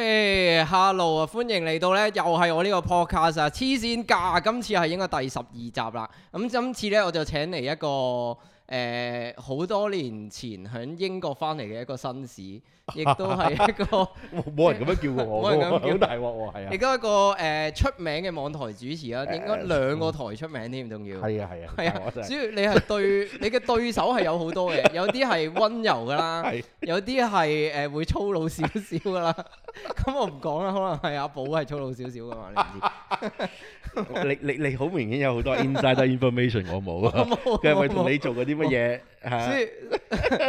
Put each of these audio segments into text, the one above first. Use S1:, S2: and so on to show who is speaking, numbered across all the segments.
S1: hello 啊，hey, hello, 歡迎嚟到呢又係我呢個 podcast 啊，黐線架，今次係應該第十二集啦。咁今次呢，我就請嚟一個。誒好多年前喺英國翻嚟嘅一個紳士，亦都係一個冇人咁樣叫我，冇人咁樣叫。大鑊喎，係啊，亦都一個誒出名嘅網台主持啦，應該兩個台出名添，仲要係啊係啊，係啊，主要你係對你嘅對手係有好多嘅，有啲係溫柔噶啦，有啲係誒會粗魯少少噶啦，咁我唔講啦，可能係阿寶係粗魯少少噶嘛，你你你
S2: 好明顯有好多 inside information 我冇啊，佢係咪同你做嗰啲？乜嘢？
S1: 所以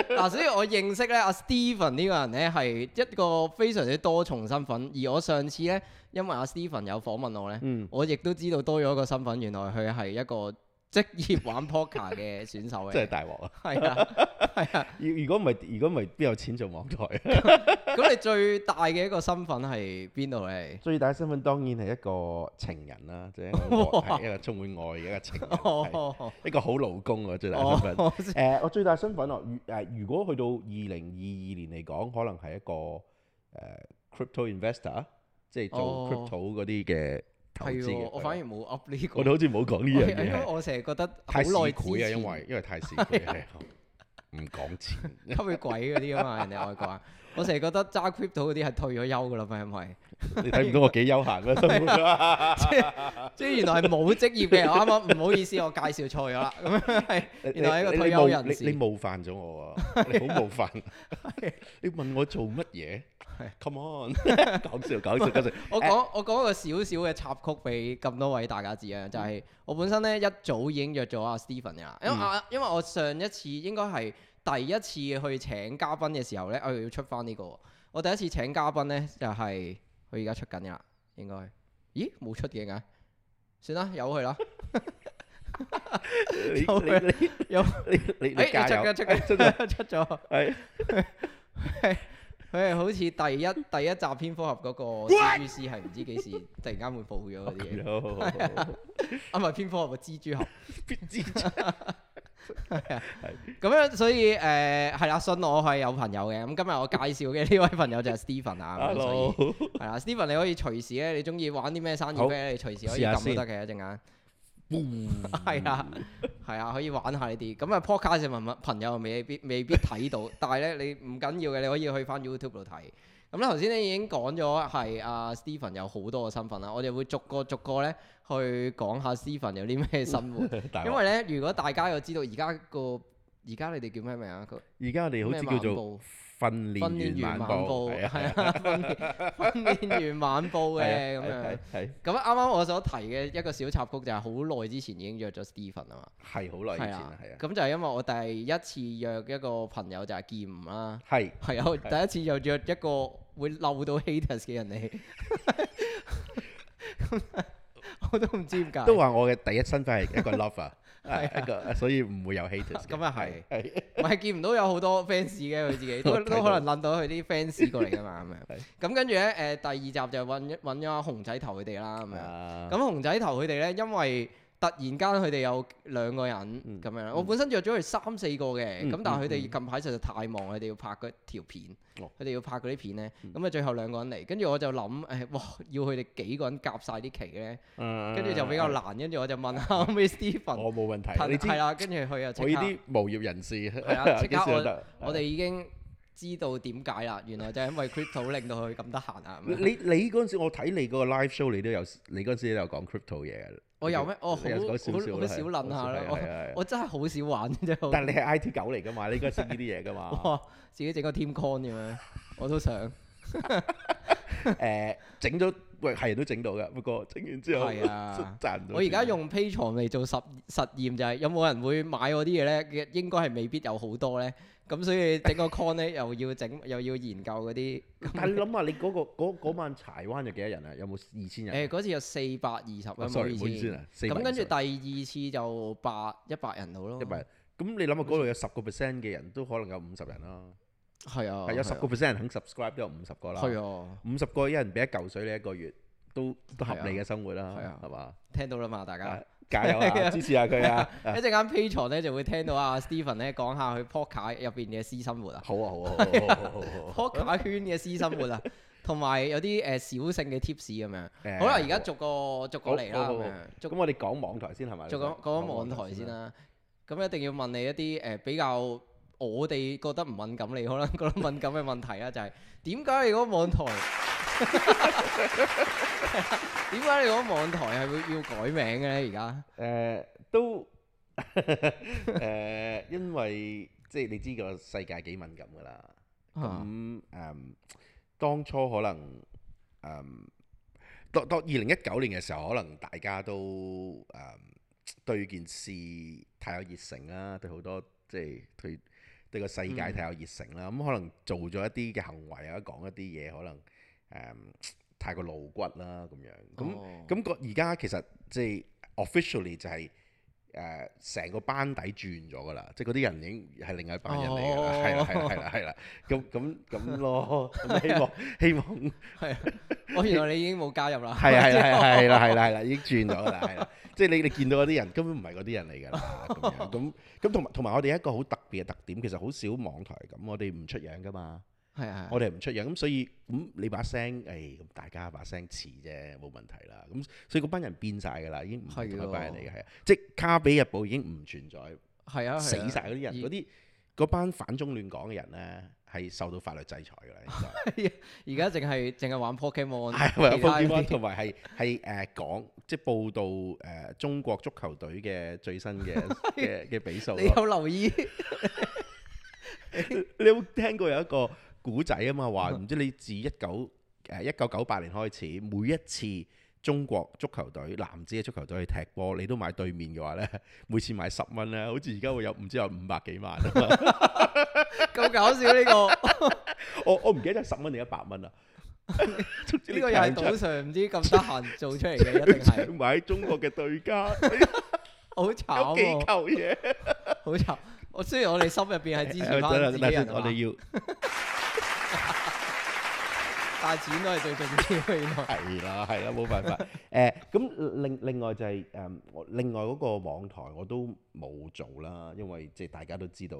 S1: 嗱，所以我認識咧阿 Stephen 呢個人咧，係一個非常之多重身份。而我上次咧，因為阿、啊、Stephen 有訪問我咧，嗯、我亦都知道多咗一個身份，原來佢係一個職業玩 poker 嘅選手嘅， 真係大鑊啊！係啊，係啊！ 如果唔係，如果唔係，邊有錢做網台啊？咁 你最大嘅一個身份係邊度咧？
S2: 最大身份當然係一個情人啦，即係
S3: 哇
S1: 一個充滿愛嘅哇一個情人，一個好老公啊！最大身份。誒、哦呃，我
S2: 最大身份哦。誒，如果去到二零二二年嚟講，可能係一個誒、呃、crypto investor，即係做 crypto 嗰啲嘅、哦。係我反而冇 up 呢個。我哋好似冇講呢樣嘢。我成日覺得好市儈啊，因為因為太市儈，
S1: 唔講錢，因為鬼嗰啲啊嘛，人哋外國話，我成日覺得揸 clip 到嗰啲係退咗休噶啦，咪係咪？你睇唔到我幾休閒咩？即係即係原來係冇職業嘅，我啱啱唔好意思，我介紹錯咗啦。咁樣係原來係一個退休人士。你冒犯咗我啊！你好冒犯，
S2: 你問我做乜嘢？Come
S1: on！搞笑搞笑搞笑！我講我講一個小小嘅插曲俾咁多位大家知啊，就係我本身咧，一早已經約咗阿 Stephen 噶啦，因為因為我上一次應該係第一次去請嘉賓嘅時候咧，我又要出翻呢個。我第一次請嘉賓咧就係佢而家出緊噶啦，應該？咦，冇出嘅咩？算啦，由佢啦。你你你加油！出咗出咗出咗。係。佢係好似第一第一集蝙蝠俠嗰個蜘蛛絲，係唔知幾時突然間會爆咗嗰啲嘢。 啊，唔係蝙蝠俠個蜘蛛俠。咁 樣、 啊、所以誒係啦，信我係有朋友嘅。咁、嗯、今日我介紹嘅呢位朋友就係 Stephen 啊。 所以，係啦 ，Stephen 你可以隨時咧，你中意玩啲咩生意咧好，你隨時可以撳都得嘅一陣間。係、嗯、 啊，係啊，可以玩下呢啲。咁啊，podcast 就問問 朋友未必未必睇到， 但係咧你唔緊要嘅，你可以去翻 YouTube 度睇。咁、嗯、咧，頭先咧已經講咗係阿、啊、Stephen 有好多嘅身份啦，我哋會逐個逐個咧去講下 Stephen 有啲咩生活。 因為咧呢， 如果大家又知道而家、個而家你哋叫咩名啊？而家我哋好似叫做。訓練完晚報，係啊，訓練完晚報嘅咁樣。咁啱啱我所提嘅一個小插曲就係好耐之前已經約咗 Stephen 啊嘛，係好耐之前，係啊，咁就係因為我第一次約一個朋友就係 Jim 啦，係係又第一次約約一個會嬲到 hater 嘅人嚟，我都唔知點解。都話
S2: 我嘅第一身份係一個 lover。係、 啊、一個，所以唔會有 haters。咁又係，我
S1: 係樂、啊嗯嗯、 見唔到有好多 fans 嘅佢自己，都都可能揾到佢啲 fans 過嚟噶嘛咁樣。咁 是、嗯、跟住咧，誒、呃、第二集就揾揾咗熊仔頭佢哋啦咁樣。咁、嗯啊、熊仔頭佢哋咧，因為。突然間佢哋有兩個人咁樣，我本身約咗佢三四個嘅，咁但係佢哋近排實在太忙，佢哋要拍嗰條片，佢哋要拍嗰啲片咧，咁啊最後兩個人嚟，跟住我就諗，誒哇，要佢哋幾個人夾晒啲期咧，跟住就比較難，跟住我就問下 Mr. Stephen，我冇問題，你知係啦，跟住佢又即刻，我啲無業人士，
S2: 即刻我
S1: 我哋已經。知道點解啦？原來就係因為 crypto 令到佢咁得閒啊！你
S2: 你嗰陣時，我睇你嗰個 live show，你都有你嗰陣時都有講 crypto 嘢。
S1: 我有咩？我好少少諗下咯。我真係好少玩，真係，但係你係 IT 狗嚟㗎嘛？你應該識呢啲嘢㗎嘛？自己整個 team coin 咁樣，我都想。誒，整咗喂，係人都整到㗎，不過整完之後賺咗。我而家用 Patreon 嚟做實實驗，就係有冇人會買我啲嘢咧？其實應該係未必有好多咧。咁所以整個 con 咧，又要整又要研究嗰啲。但你諗下，你嗰個嗰晚柴灣有幾多人啊？有冇二千人？誒嗰次有四百二十啦，冇二千。咁跟住第二次就百一百人到咯。一百。咁你諗下嗰度
S2: 有十個 percent 嘅人都可能有五十人啦。係啊。係有十個 percent 人肯 subscribe 都有五十個啦。係啊。五十個一人俾一嚿水，你一個月都都合理嘅生活啦，係嘛？
S1: 聽到啦嘛，大家。加油支持下佢啊！一陣間 Patreon 咧就會聽到阿 Steven 咧講下佢 Poker 入邊嘅私生活啊！好啊，好啊 Poker 圈嘅私生活啊，同埋有啲誒小性嘅 tips 咁樣。好啦，而家逐個逐個嚟啦咁。咁我哋講網台先係咪？逐咁我哋講網台先啦。咁一定要問你一啲誒比較。我哋覺得唔敏感，你可能覺得敏感嘅問題啊，就係點解你個網台點解你個網台係會要改名嘅咧？而家誒都誒，因為
S2: 即係你知個世界幾敏感噶啦。咁誒，當初可能誒，到到二零一九年嘅時候，可能大家都誒對件事太有熱誠啦，對好多即係對。對個世界太有熱誠啦，咁、嗯、可能做咗一啲嘅行為啊，講一啲嘢可能誒、嗯、太過露骨啦咁樣，咁咁、哦咁個而家其實即係 officially 就係、是。誒，成個班底轉咗㗎啦，即係嗰啲人已經係另一班人嚟㗎啦，
S1: 係啦係啦係啦，咁咁咁咯，咁希望希望係啊，我原來你已經冇加入啦，係啊係係啦係啦係啦，已經轉咗啦係啦，
S2: 即係你你見到嗰啲人根本唔係嗰啲人嚟㗎啦，咁咁同埋同埋我哋一個好特別嘅特點，其實好少網台咁，我哋唔出樣㗎嘛。係啊，我哋唔出樣，咁所以咁、嗯、你把聲，誒、哎，大家把聲似啫，冇問題啦。咁所以嗰班人變晒噶啦，已經唔同嘅班人嚟啊的，即係卡比日報已經唔存在，係啊的，的死晒嗰啲人，嗰啲班反中亂港嘅人咧，係受到法律制裁嘅啦。
S1: 而家淨係淨係玩 Pokemon，同埋
S2: 係係誒講，即係報道誒、呃、中國足球隊嘅最新嘅嘅嘅比數。 你有留意？ 你有冇聽過有一個？古仔啊嘛，話唔知你自一九誒一九九八年開始，每一次中國足球隊男子嘅足球隊去踢波，你都買對面嘅話咧，每次買十蚊咧，好似而家會有唔知有五百幾萬 啊！
S3: 咁搞笑，呢個， 我
S2: 我唔記得十蚊定一百蚊啊！呢個又係賭場唔知咁得閒做出嚟嘅， 一定係 買中國嘅對
S1: 家， 好慘啊！呢頭嘢好慘憐，我 憐雖然我哋心入邊係支持翻啲人啊。 但
S2: 大錢都係最重要。係啦， 係啦，冇辦法。誒、 嗯，咁另另外就係、是、誒、嗯，另外嗰個網台我都冇做啦，因為即係大家都知道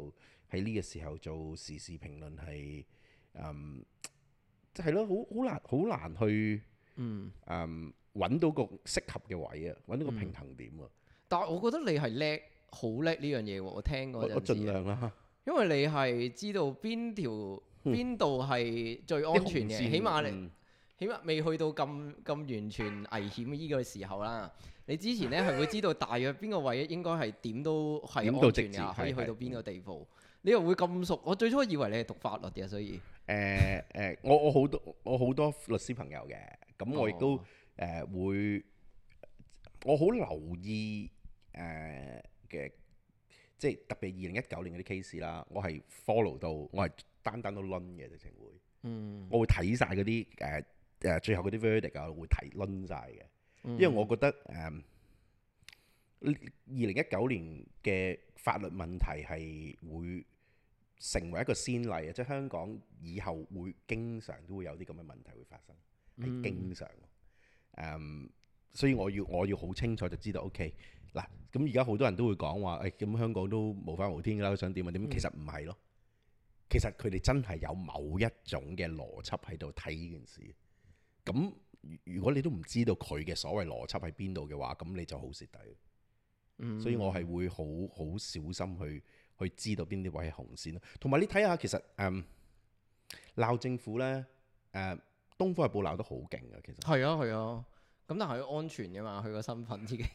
S2: 喺呢個時候做時事評論係誒，係、嗯、咯，好好難好難去嗯誒揾、嗯、到個適合嘅位啊，揾到個平
S1: 衡點啊、嗯。但係我覺得你係叻，好叻呢樣嘢喎！我聽嗰陣時，我我盡量啦因為你係知道邊條。邊度係最安全嘅？起碼你、嗯、起碼未去到咁咁完全危險呢依個時候啦。你之前呢，係會知道大約邊個位應該係點都係安全嘅，可以去到邊個地步？嗯、你又會咁熟？我最初以為你係讀法律嘅，所以
S2: 誒誒、呃呃，我我好多我好多律師朋友嘅，咁我亦都誒、哦呃、會，我好留意誒嘅、呃，即係特別二零一九年嗰啲 case 啦，我係 follow 到，我係。單單都 run 嘅直情會，嗯、我會睇晒嗰啲誒誒最後嗰啲 verdict 啊，會睇 run 晒嘅，因為我覺得誒二零一九年嘅法律問題係會成為一個先例啊！即、就、係、是、香港以後會經常都會有啲咁嘅問題會發生，
S3: 係經
S2: 常。誒、嗯嗯，所以我要我要好清楚就知道。OK，嗱，咁而家好多人都會講話誒，咁、哎、香港都無法無天㗎啦，想點啊點？嗯、其實唔係咯。其實佢哋真係有某一種嘅邏輯喺度睇呢件事，咁如果你都唔知道佢嘅所謂邏輯喺邊度嘅話，咁你就好蝕底。嗯嗯，
S3: 所以我係
S2: 會好好小心去去知道邊啲位係紅線，同埋你睇下，其實誒鬧、嗯、政府呢，誒、嗯、東方日報鬧得好勁嘅，其實
S1: 係啊係啊，咁、啊、但係安全嘅嘛，佢個 身份已經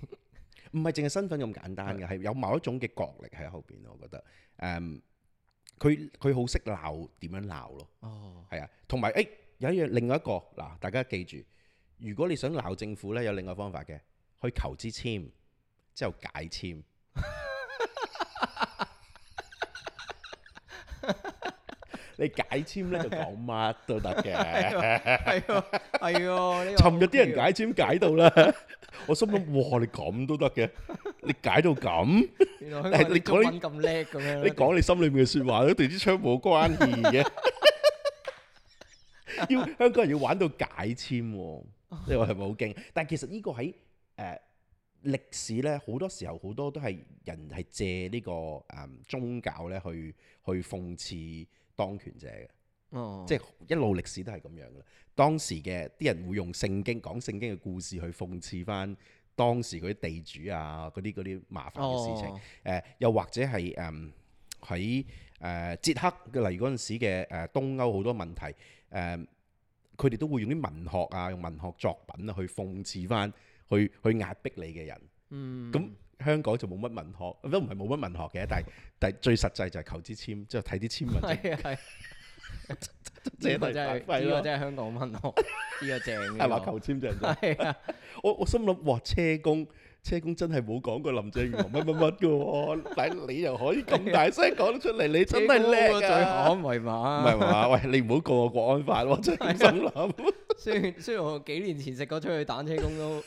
S2: 唔係淨係身份咁簡單嘅，係的有某一種嘅角力喺後邊，我覺得誒。嗯佢佢好識鬧，點樣鬧咯，係啊、哦，同埋誒有一樣另外一個嗱，大家記住，如果你想鬧政府呢，有另外方法嘅，去求支簽之後解簽。 你解簽咧就講乜都得嘅，係喎係喎。尋日啲人解簽解到啦，我心諗哇！你咁都得嘅，你解到咁，係你講啲咁
S1: 叻咁樣，你
S2: 講你心裏面嘅説話咧，對啲窗冇關係嘅。要香港人要玩到解簽，即係我係咪好驚？但係其實呢個喺誒歷史咧，好多時候好多都係人係借呢個誒宗教咧去去諷刺。當權者
S3: 嘅，哦、即
S2: 係一路歷史都係咁樣嘅。當時嘅啲人會用聖經，講聖經嘅故事去諷刺翻當時嗰啲地主啊，嗰啲嗰啲麻煩嘅事情。誒、哦呃，又或者係誒喺誒捷克嚟嗰陣時嘅誒、呃、東歐好多問題，誒佢哋都會用啲文學啊，用文學作品啊去諷刺翻，嗯、去去壓迫你嘅人。嗯。咁、嗯。香港就冇乜文學，都唔係冇乜文學嘅，但係但最實際就係求簽，之後睇啲簽文。係啊，呢
S1: 個真係呢個真係香港文學，呢個正嘅。係話求簽正。係啊，
S2: 我我心諗哇，車公車公真係冇講過林鄭月娥乜乜乜嘅喎，但係你又可以咁大聲講出嚟，你真係叻啊！國安為嘛？唔係嘛？喂，你唔好過國安法咯！真係心諗。
S3: 雖
S1: 然雖然我幾年前食過出去打車公都。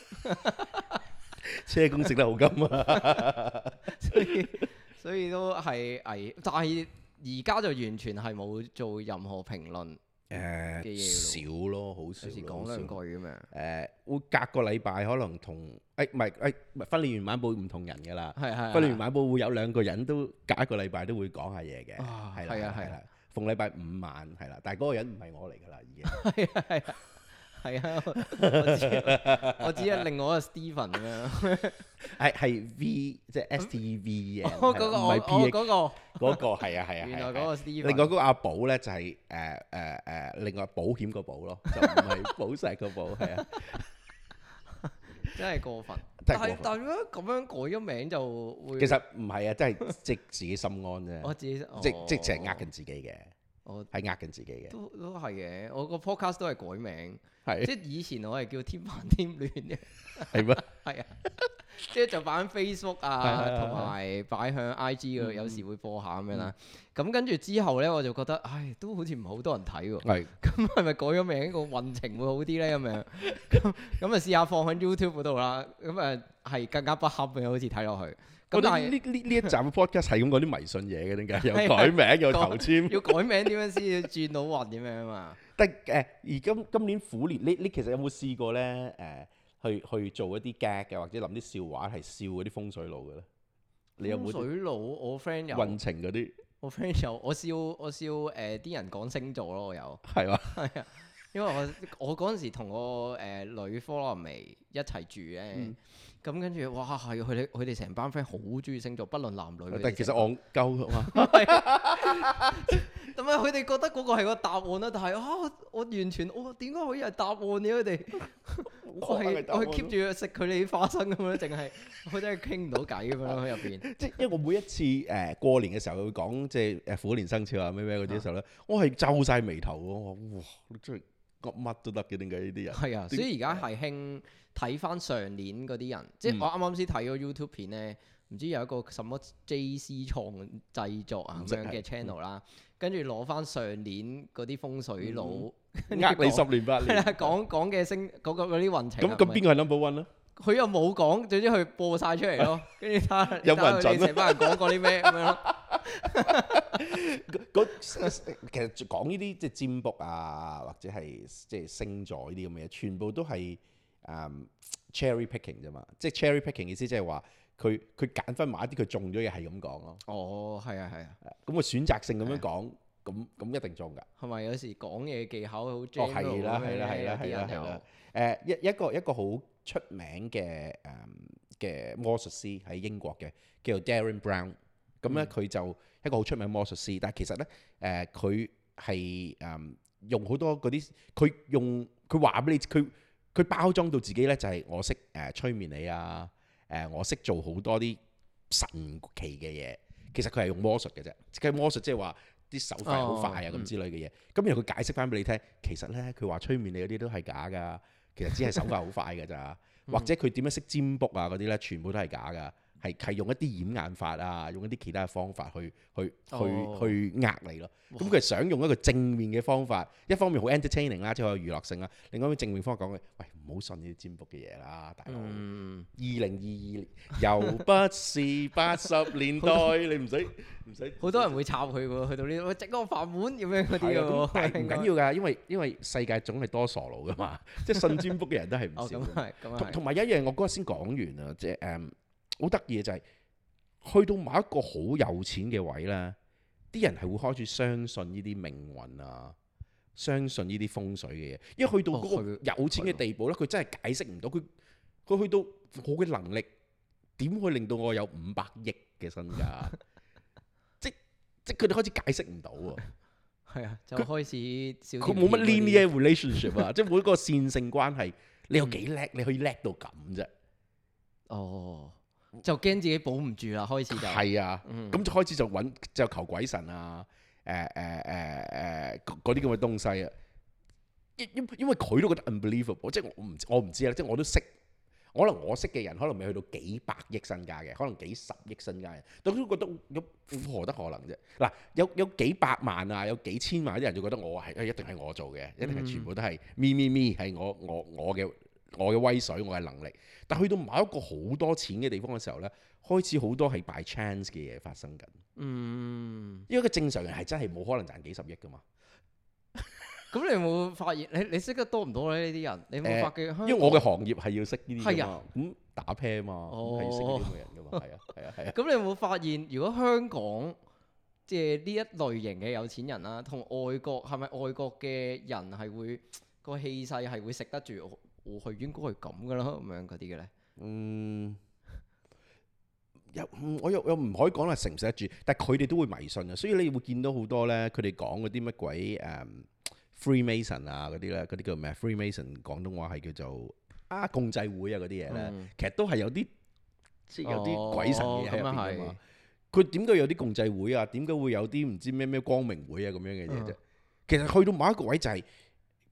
S1: 車公食得好咁啊，所以所以都係危，但係而家就完全係冇做任何評論誒嘅嘢，少咯，好少，有時講兩句咁樣。誒，會隔個禮拜可能同誒唔係誒唔
S2: 係《訓練完晚報》唔同人噶啦，係係《訓練完晚報》會有兩個人都隔一個禮拜都會講下嘢嘅，係啦係啦，逢禮拜五晚係啦，但係嗰個
S1: 人唔係我嚟噶啦，已經。係啊係啊。係啊， 我知，我知，另外一個 Stephen 咁樣，係係 V 即係 S T V 嘅，唔係 P 嗰、 嗰個，嗰、嗰個係啊係啊，啊啊啊啊個另外嗰個阿
S2: 寶咧就係誒誒誒，另外保險個寶咯，就唔係寶石個寶，係 是啊，
S1: 真係過分，真但係但係咁樣改咗名就會， 其實
S2: 唔係啊，真係即自己心安啫， 我自己、哦、即直情係呃緊自己嘅。我係呃緊自己嘅，都
S1: 都係嘅。我個 podcast 都係改名，係是的 即係以前我係叫添煩添亂嘅，係咩？係啊，即係就擺喺 Facebook 啊，同埋擺響 IG 度，有時會播下咁樣啦。咁跟住之後咧，我就覺得，唉，都好似唔係好多人睇喎。係是的， 咁係咪改咗名個運程會好啲咧？咁樣咁咁啊，試下放喺 YouTube 度啦。咁啊，係更加不恰，又好似睇落去。但我覺得呢呢呢一
S2: 集 podcast 係咁講啲迷信嘢嘅點解？又改名， 又，改名又頭籤， 要
S1: 改名點樣先至轉到運點樣啊嘛？得誒、 呃，而今今
S2: 年虎年，你你其實有冇試過咧？誒、呃，去去做一啲 gag 嘅，或者諗啲笑話係笑嗰啲風水佬嘅咧？冇有？風水佬，我 friend 有運程嗰啲，
S1: 我 friend 有我笑我笑誒啲、呃、人講星座咯，我有係嘛？係啊嗎， 因為我我嗰陣時個女女一同個誒女科羅尼一齊住咧。嗯。咁跟住，哇，係佢哋佢哋成班 friend 好中意星座，不論男女。但其實戇鳩㗎嘛。咁啊，佢哋覺得嗰個係個答案啦。但係啊，我完全我點解可以係答案嘅、啊？佢哋
S3: 我係我 keep 住
S1: 食佢哋啲花生咁樣，淨係我真係傾唔到偈咁樣
S2: 喺入邊。即係因為我每一次誒、呃、過年嘅時候，會講即係誒虎年生肖啊咩咩嗰啲時候咧，我係皺晒眉頭喎。我話、哇、哦，你真係噏乜都得嘅點解呢啲人。係啊，所以而家
S1: 係興。動動睇翻上年嗰啲人，即係我啱啱先睇個 YouTube 片咧，唔知有一個什麼 JC 創製作啊咁樣嘅 channel 啦，跟住攞翻上年嗰啲風水佬呃、嗯、 你十年八年，係講講嘅星嗰、嗰個嗰啲運程咁。咁邊個係 number one 咧？佢又冇講，總之佢播晒出嚟咯，跟住睇下有冇人準，成班人講過啲咩咁樣
S2: 咯？其實講呢啲即係占卜啊，或者係即係星座呢啲咁嘅嘢，全部都係。誒、um, cherry picking 啫嘛，即、就、係、是、cherry picking 意思，即係話佢佢揀分埋一啲佢中咗嘢係咁講咯。哦，係啊，係啊，咁佢、嗯、選擇性咁樣講，咁咁、啊、一定中㗎。
S1: 係咪有時講嘢技巧好精㗎？係啦、哦，係啦、啊，係啦、啊，
S2: 係啦、啊。誒一、啊啊啊啊呃、
S1: 一個一個好出名嘅誒嘅
S2: 魔術師喺英國嘅叫做 Darren Brown，咁咧佢就一個好出名嘅魔術師，但係其實咧誒佢係誒用好多嗰啲佢用佢話俾你佢。佢包裝到自己呢，就係我識誒催眠你啊，誒我識做好多啲神奇嘅嘢，其實佢係用魔術嘅啫，即係魔術即係話啲手法好快啊咁之類嘅嘢，咁、哦嗯、然後佢解釋翻俾你聽，其實呢，佢話催眠你嗰啲都係假噶，其實只係手法好快噶咋， 或者佢點樣識占卜啊嗰啲呢，全部都係假噶。係係用一啲掩眼法啊，用一啲其他嘅方法去去去去壓你咯。咁佢係想用一個正面嘅方法，一方面好 entertaining 啦，即係有娛樂性啦。另外，用正面方法講嘅，喂唔好信呢啲占卜嘅嘢啦，大佬。二零二二又不
S1: 是八十年代，你唔使唔使。好多人會插佢喎。去到呢度，整個飯碗咁樣，嗰啲嘅唔緊要
S2: 㗎，因為因為世界總係多傻佬㗎嘛，即係信占卜嘅人都係唔少。同埋一樣，我嗰日先講完啊。即係誒。好得意嘅就係、是、去到某一個好有錢嘅位咧，啲人係會開始相信呢啲命運啊，相信呢啲風水嘅嘢。因為去到嗰個有錢嘅地步咧，佢、哦、真係解釋唔到。佢佢去到我嘅能力點會令到我有五百億嘅身價？ 即即佢哋開始解釋唔到
S1: 喎。係啊， 就開始佢冇乜 linear relationship, relationship
S2: 啊， 即每一個線性關係。你有幾叻，你可以叻到咁啫。哦。就驚自己保唔住啦，開始就係啊，咁就、嗯、開始就揾就求鬼神啊，誒誒誒誒嗰啲咁嘅東西啊，因因因為佢都覺得 unbelievable，即係我唔我唔知啦，即係我都識，可能我識嘅人可能未去到幾百億身家嘅，可能幾十億身家嘅，都覺得有何得可能啫。嗱、啊，有有幾百萬啊，有幾千萬啲人就覺得我係一定係我做嘅，一定係、嗯、全部都係咪咪咪係我我我嘅。我嘅威水，我嘅能力，但去到某一個好多錢嘅地方嘅時候咧，開始好多係 by chance 嘅嘢發生緊。嗯，因為個正常人係真係冇可能賺幾十億噶嘛。
S1: 咁、 嗯、你有冇發現？你你識得多唔多咧？呢啲人，你冇發覺？因為我嘅行
S2: 業係要識呢啲嘅嘛，咁人、嗯、打 pair 嘛，係、哦、要識呢啲嘅人噶嘛，係 啊，係啊，係、啊。
S1: 咁、嗯、 你有冇發現？如果香港即係呢一類型嘅有錢人啦、啊，同外國係咪外國嘅人係會個氣勢係會食得住？我係應該係咁噶啦，咁樣嗰啲嘅咧，嗯，
S2: 有我又又唔可以講係承唔承受得住，但係佢哋都會迷信嘅，所以你會見到好多咧，佢哋講嗰啲乜鬼誒，Freemason 啊嗰啲咧，嗰啲叫咩 Freemason，廣東話係叫做啊共濟會啊嗰啲嘢咧，其實都係有啲
S3: 即係有啲鬼神嘢喺入邊啊嘛。
S2: 佢點解有啲共濟會啊？點解會有啲唔知咩咩光明會啊咁樣嘅嘢啫？其實去到某一個位就係。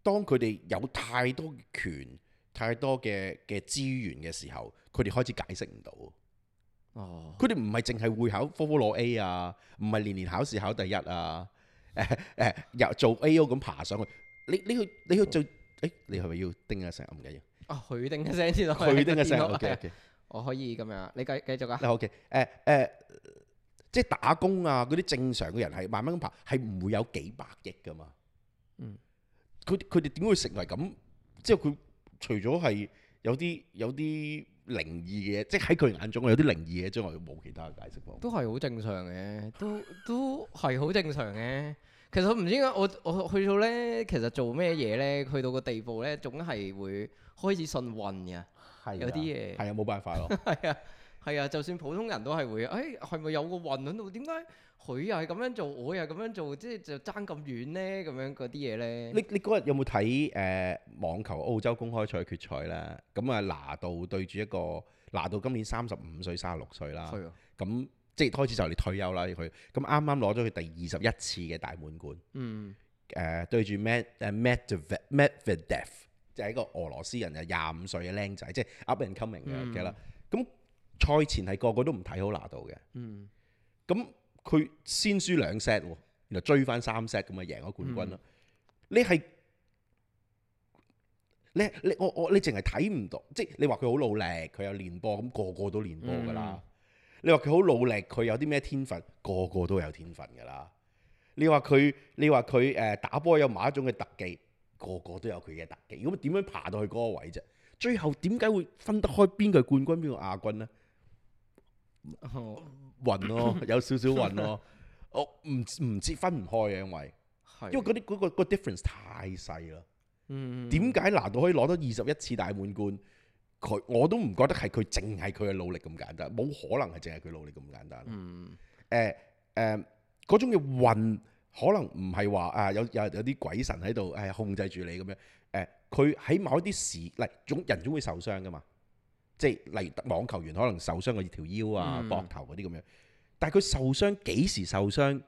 S2: 當佢哋有太多權、太多嘅嘅資源嘅時候，佢哋開始解釋唔到。哦，佢哋唔係淨係會考科科攞 A 啊，唔係年年考試考第一啊。誒、哎、誒，由做 A.O. 咁爬上去，你你去你去做，誒好、哎，你係咪要叮一聲？我唔緊要。
S1: 啊，佢叮一聲先佢叮一聲好，OK OK。我可以咁樣，你繼繼續啊。好嘅、okay.
S2: 哎，誒、哎、誒，即係打工啊！嗰啲正常嘅人係慢慢咁爬，係唔會有幾百億㗎嘛。嗯。佢佢哋點會成為咁？即係佢除咗係有啲有啲靈異嘅，即係喺佢眼中，有啲靈異嘅，之外冇其他嘅解釋都。
S1: 都係好正常嘅，都都係好正常嘅。其實唔知點解，我我去到咧，其實做咩嘢咧，去到個地步咧，總係會開始信運嘅。係有啲嘢係啊，冇、啊、辦法咯。係啊，係 啊，啊，就算普通人都係會，誒係咪有個運喺度？點解？佢又係咁樣做，我又咁樣做，即係就爭咁遠呢。咁樣嗰啲嘢呢，你
S2: 你嗰日有冇睇誒網球澳洲公開賽決賽咧？咁啊，拿杜對住一個拿杜今年三十五歲、三十六歲啦。歲啊！咁即係開始就嚟退休啦，佢咁啱啱攞咗佢第二十一次嘅大滿貫。嗯。誒、呃、對住 Matt 誒 Medvedev，就係一個俄羅斯人啊，廿五歲嘅僆仔，即係 Up and Coming 嘅啦。咁、嗯、賽前係個個都唔睇好拿杜嘅。嗯。咁、嗯。嗯。佢先輸兩 set 喎，然後追翻三 set 咁啊贏咗冠軍啦、嗯！你係你我我你我我你淨係睇唔到，即係你話佢好努力，佢有練波，咁個個都練波㗎啦。嗯、你話佢好努力，佢有啲咩天分，個個都有天分㗎啦。你話佢你話佢誒打波有某一種嘅特技，個個都有佢嘅特技。咁點樣爬到去嗰個位啫？最後點解會分得開邊個冠軍邊個亞軍呢？哦。運咯、啊，有少少運咯， 我唔唔知分唔開嘅、啊，因為是因為嗰啲嗰個、嗰個 difference 太細啦。嗯，點解難道可以攞到二十一次大滿貫？佢我都唔覺得係佢淨係佢嘅努力咁簡單，冇可能係淨係佢努力咁簡單。嗯，誒誒、欸，嗰、呃、種嘅運可能唔係話啊有有有啲鬼神喺度誒控制住你咁樣。佢、欸、喺某一啲時，嗱，總人總會受傷噶嘛。即係例如網球員可能受傷嗰條腰啊、膊頭嗰啲咁樣，但係佢受傷幾時受傷？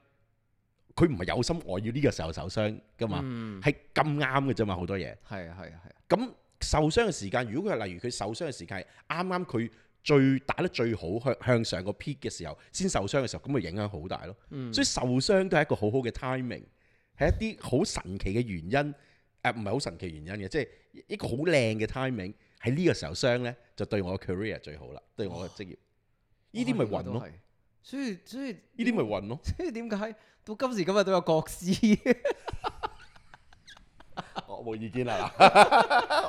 S2: 佢唔係有心我要呢個時候受傷㗎嘛，係咁啱嘅啫嘛，好多嘢。係啊，係啊，係啊。咁受傷嘅時間，如果佢係例如佢受傷嘅時間係啱啱佢最打得最好向向上個 peak 嘅時候先受傷嘅時候，咁咪影響好大咯。所以受傷都係一個好好嘅 timing，係一啲好神奇嘅原因，誒唔係好神奇原因嘅，即係一個好靚嘅 timing。喺呢個時候傷咧，就對我嘅 career 最好啦，對我嘅職業，
S1: 呢啲咪運咯。所以所以呢啲咪運咯。即係點解到今時今日都有國師？
S2: 我冇意見啊！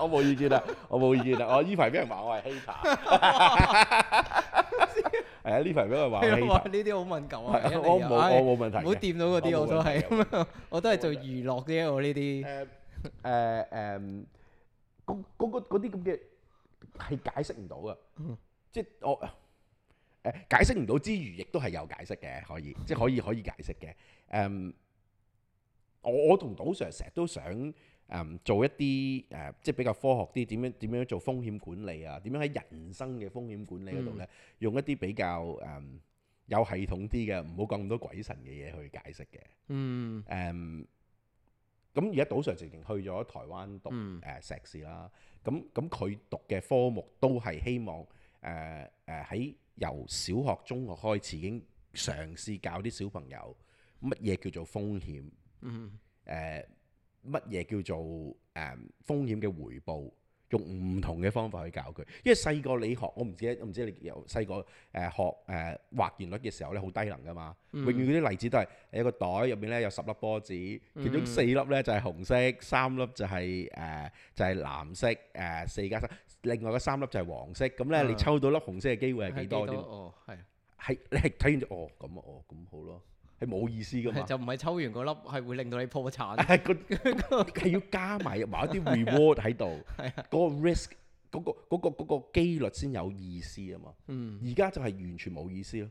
S2: 我冇意見啊！我冇意見啊！我呢排俾人話我
S1: 係 hater。係啊，呢排俾人話我係呢啲好敏感啊！我冇我冇問題，唔好掂到嗰啲我都係，我都係做娛樂嘅，我呢啲誒誒。
S2: 嗰啲咁嘅係解釋唔到嘅，嗯、即係我誒解釋唔到之餘，亦都係有解釋嘅，可以、嗯、即係可以可以解釋嘅。誒、嗯，我我同賭 Sir 成日都想誒、嗯、做一啲誒、呃，即係比較科學啲，點樣點樣做風險管理啊，點樣喺人生嘅風險管理嗰度咧，嗯、用一啲比較誒、嗯、有系統啲嘅，唔好講咁多鬼神嘅嘢去解釋嘅。嗯。誒。咁而家賭上直情去咗台灣讀誒碩士啦，咁咁佢讀嘅科目都係希望誒誒喺由小學、中學開始已經嘗試教啲小朋友乜嘢叫做風險，誒乜嘢叫做誒、呃、風險嘅回報。用唔同嘅方法去教佢，因為細個你學，我唔知，唔知你由細個誒學誒畫概率嘅時候咧，好、呃呃、低能㗎嘛，嗯、永遠啲例子都係一個袋入面咧有十粒波子，其中四粒咧就係、是、紅色，三粒就係、是、誒、呃、就係、是、藍色誒四加三，呃、3，另外嗰三粒就係黃色，咁咧、嗯、你抽到粒紅色嘅機會係幾多添？哦，係，你係睇完哦咁、啊、哦咁、哦、好咯。係冇意思噶嘛，就
S1: 唔係抽完嗰粒係會令到你破產。
S2: 係 要加埋埋一啲 reward 喺度、 啊。係、啊、個 risk 嗰、嗰個嗰、嗰個嗰個機率先有意思啊嘛。嗯。而家就係完全冇意思咯。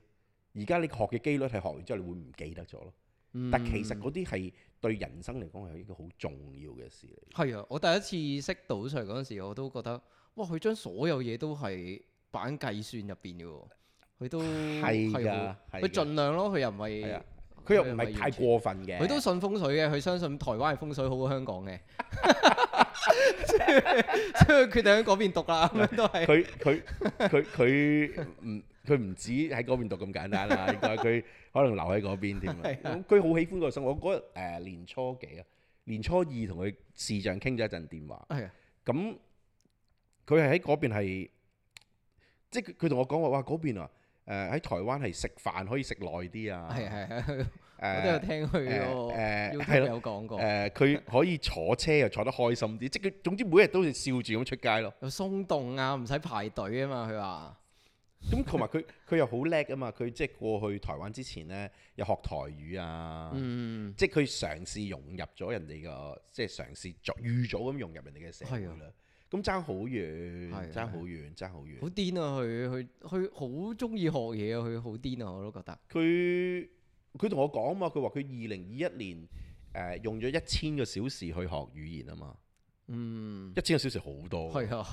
S2: 而家你學嘅機率係學完之後你會唔記得咗咯。
S3: 嗯、
S1: 但其實嗰啲係對人生嚟講係一個好重
S2: 要嘅事嚟。
S1: 係啊，我第一次識到上嗰陣時，我都覺得哇！佢將所有嘢都係擺喺計算入邊嘅喎。
S2: 佢都係㗎。佢盡
S1: 量咯，佢又唔係、啊。佢又唔係太過分嘅，佢都信風水嘅，佢相信台灣嘅風水好過香港嘅，所以佢決定喺嗰邊讀啦。佢佢佢佢唔
S2: 佢唔止喺嗰邊讀咁簡單啦，應該係佢 可能留喺嗰邊添。佢好 喜歡嗰個生活。我嗰日誒、呃、年初幾啊，年初二同佢視像傾咗一陣電話。係咁， 佢係喺嗰邊係，即係佢同我講話，哇嗰邊啊，誒、呃、喺台灣係食飯可以食耐啲啊，係係 我都有聽佢嘅 YouTube 有講過。誒、啊，佢、啊、可以坐車又坐得開心啲， 即係佢總之每日都要笑住咁出街咯。又鬆動啊，唔使排隊啊嘛，佢話。咁同埋佢佢又好叻啊嘛，佢即係過去台灣之前咧，又學台語啊。嗯。即係佢嘗試融入咗人哋個，即、就、係、是、嘗試咗預早咁融入人哋嘅社會
S1: 啦。咁爭好遠，爭好的遠，爭好的遠。好癲啊！佢佢佢好中意學嘢啊！佢好癲啊！我都覺得。佢。佢同我講嘛，佢話佢二
S2: 零二一年誒、呃、用咗一千個小時去學語言啊嘛，嗯，
S3: 一
S2: 千個小時好多，係啊，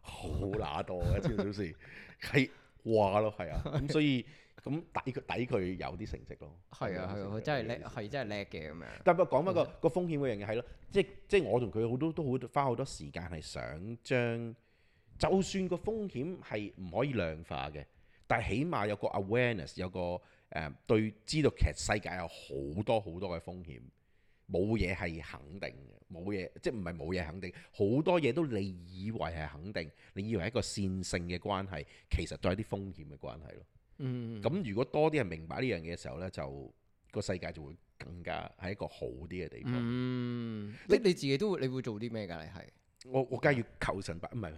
S2: 好乸多一千個小時，係哇咯，係啊，咁、啊嗯、所以咁、嗯、抵佢抵佢有啲成績咯，係啊係啊，佢真係叻，係
S1: 真係叻嘅咁樣。
S2: 但不過講翻個個風險嗰樣嘢係咯，即即、即係即係、我同佢好多都好花好多時間係想將，就算個風險係唔可以量化嘅，但係起碼有個 awareness 有個 awareness，有個。誒、嗯、對，知道其實世界有好多好多嘅風險，冇嘢係肯定嘅，冇嘢即係唔係冇嘢肯定，好多嘢都你以為係肯定，你以為係一個線性嘅關係，其實都係啲風險嘅關係咯。嗯，咁如果多啲人明白呢樣嘢嘅時候呢，就個世界就會更加係一個好啲嘅地方。嗯、你你自己都會你會做啲咩㗎？你係？我我梗要求神拜唔係，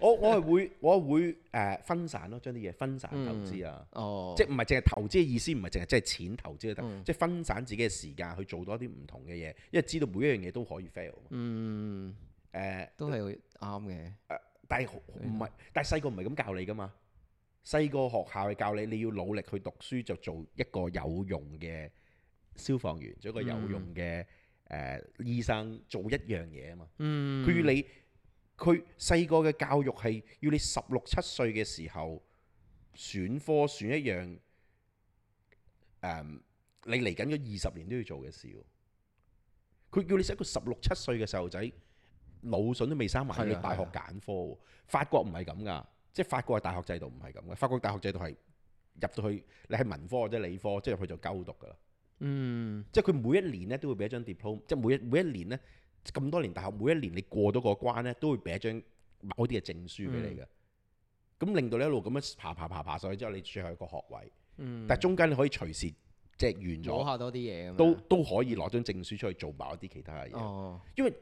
S2: 我我係會我會誒分散咯，將啲嘢分散投資啊，嗯哦、即係唔係淨係投資嘅意思，唔係淨係即係錢投資就得，嗯、即係分散自己嘅時間去做多啲唔同嘅嘢，因為知道每一樣嘢都可以 fail、嗯。
S1: 嗯
S3: 誒、
S2: 呃，都係會啱嘅。但係唔係？但係細個唔係咁教你噶嘛。細個學校係教你，你要努力去讀書，就做一個有用嘅消防員，做一個有用嘅。嗯誒、呃、醫生做一樣嘢啊嘛，佢、嗯、要你佢細個嘅教育係要你十六七歲嘅時候選科選一樣誒、嗯，你嚟緊嗰二十年都要做嘅事喎。佢叫你一個十六七歲嘅細路仔，腦筍都未生埋，你大學揀科。啊、法國唔係咁噶，即係法國嘅大學制度唔係咁嘅，法國大學制度係入到去，你係文科或者理科，即係入去就修讀噶啦。嗯，即係佢每一年咧都會俾一張 diploma，即係每一每一年咧咁多年大學，每一年你過到個關咧都會俾一張某一啲嘅證書俾你嘅，咁令到你一路咁樣爬爬爬爬上去之後，你最後一個學位，
S3: 嗯、但係
S2: 中間你可以隨時即係完咗，補下
S1: 多啲嘢，都
S2: 都可以攞張證書出去做某一啲其他嘅嘢，哦、因為。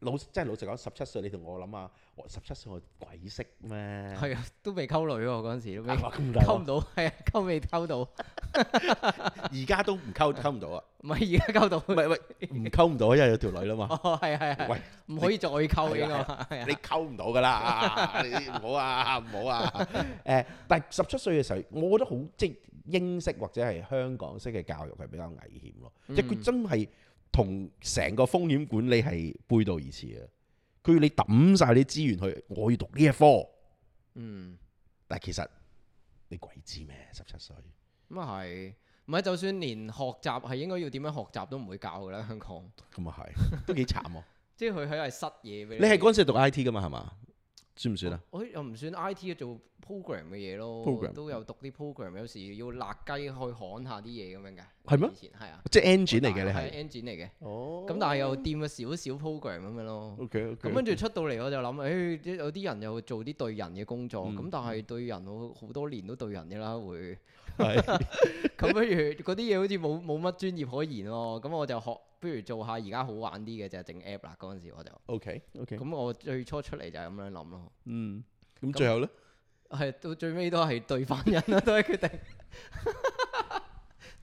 S2: 老即係老實講，十七歲你同我諗下，十七歲我鬼識咩？係啊，
S1: 都未溝女喎，嗰陣時都溝唔到，係啊，溝未溝到，而家都唔溝溝唔到啊！唔係而家溝到，唔係唔溝唔到，因為有條女啦嘛。哦，係係。喂，唔可
S2: 以再溝嘅呢個。你溝唔到㗎啦，你唔好啊唔好啊！誒，但係十七歲嘅時候，我覺得好即英式或者係香港式嘅教育係比較危險咯，
S3: 即係佢真係。
S2: 同成個風險管理係背道而馳啊！佢要你抌晒啲資源去，我要讀呢一科。嗯，但係其實你鬼知咩？十七歲
S1: 咁啊係，唔係就算連學習係應該要點樣學習都唔會教嘅啦，香港。咁啊係，都幾慘喎，啊！ 即係佢喺度失嘢俾你。你係嗰陣
S2: 時讀 IT 噶嘛？係嘛？算唔算啊？
S1: 我又唔算 IT 啊，做 program 嘅嘢咯，program，都有讀啲 program，有時要辣雞去攪下啲嘢咁樣嘅。係咩？係嗎啊，即 engine 嚟嘅，你係 engine 嚟嘅。啊、哦。咁但係又掂咗少少 program 咁樣咯。OK OK 咁跟住出到嚟我就諗，誒、哎、有啲人又做啲對人嘅工作，咁、嗯、但係對人我好多年都對人嘅啦會。係，咁 不如嗰啲嘢好似冇冇乜專業可言咯，咁我就學，不如做下而家好玩啲嘅就整 app 啦。嗰陣時我就，OK，OK，Okay, okay. 咁我最初出嚟就係咁樣諗咯。嗯，咁最後咧，係到最尾都係對翻人啦，都係決定，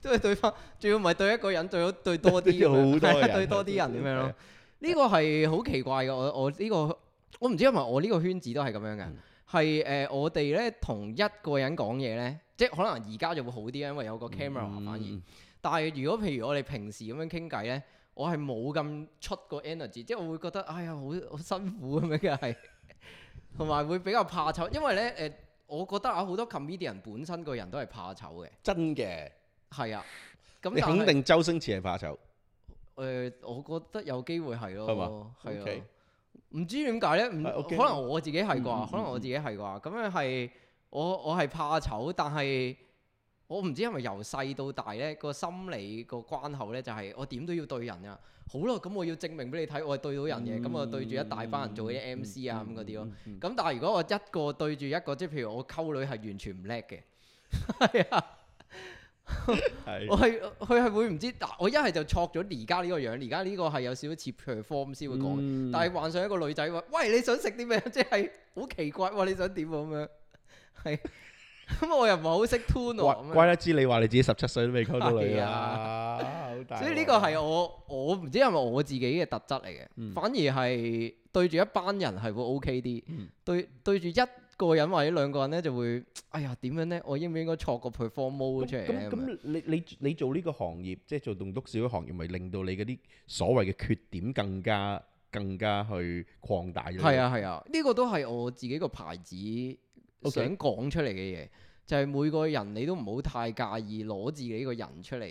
S1: 都係對翻，仲要唔係對一個人，最好對多啲，對多啲人咁樣咯。呢 個係好奇怪嘅，我、這個、我呢個我唔知，因為我呢個圈子都係咁樣嘅，係誒 我哋咧同一個人講嘢咧。即係可能而家就會好啲，因為有個 camera 反而。嗯、但係如果譬如我哋平時咁樣傾偈咧，我係冇咁出個 energy，即係我會覺得哎呀好好辛苦咁樣嘅係，同 埋會比較怕醜，因為咧誒、呃，我覺得啊好多 comedian 本身個人都係怕醜嘅。真嘅的。係啊，咁你肯定
S2: 周星馳係怕醜。
S1: 誒、呃，我覺得有機會係咯，係啊，唔知點解咧？可能我自己係啩，可能我自己係啩，咁樣係。我我係怕醜，但係我唔知因為由細到大呢個心理個關口呢，就係我點都要對人啊！好啦，咁我要證明俾你睇，我係對到人嘅，咁、嗯、我對住一大班人做啲 MC 啊咁嗰啲咯。咁、嗯嗯嗯、但係如果我一個對住一個，即係譬如我溝女係完全唔叻嘅，係 啊的， 我係佢係會唔知？我一係就錯咗而家呢個樣，而家呢個係有少少似 perform 先會講。嗯、但係幻想一個女仔話，喂，你想食啲咩？即係好奇怪，你想點咁樣？ 係，咁 我又唔係好識 tune，怪
S2: 得之你話你自己十七歲都未溝到女啊。啊
S3: 所以呢個係我
S1: 我唔知係咪我自己嘅特質嚟嘅，嗯、反而係對住一班人係會 OK 啲、嗯，對對住一個人或者兩個人咧就會，哎呀，點樣咧，我應唔應該錯個 perform mode 出嚟來？咁咁你你你做呢個行業，
S2: 即係做棟篤笑嘅行業，咪、就是、令到你嗰啲所謂嘅缺點更加更加去擴大咗？係啊係啊，呢、
S1: 這個都係我自己個牌子。Okay. 我想講出嚟嘅嘢，就係、是、每個人你都唔好太介意攞自己個人出嚟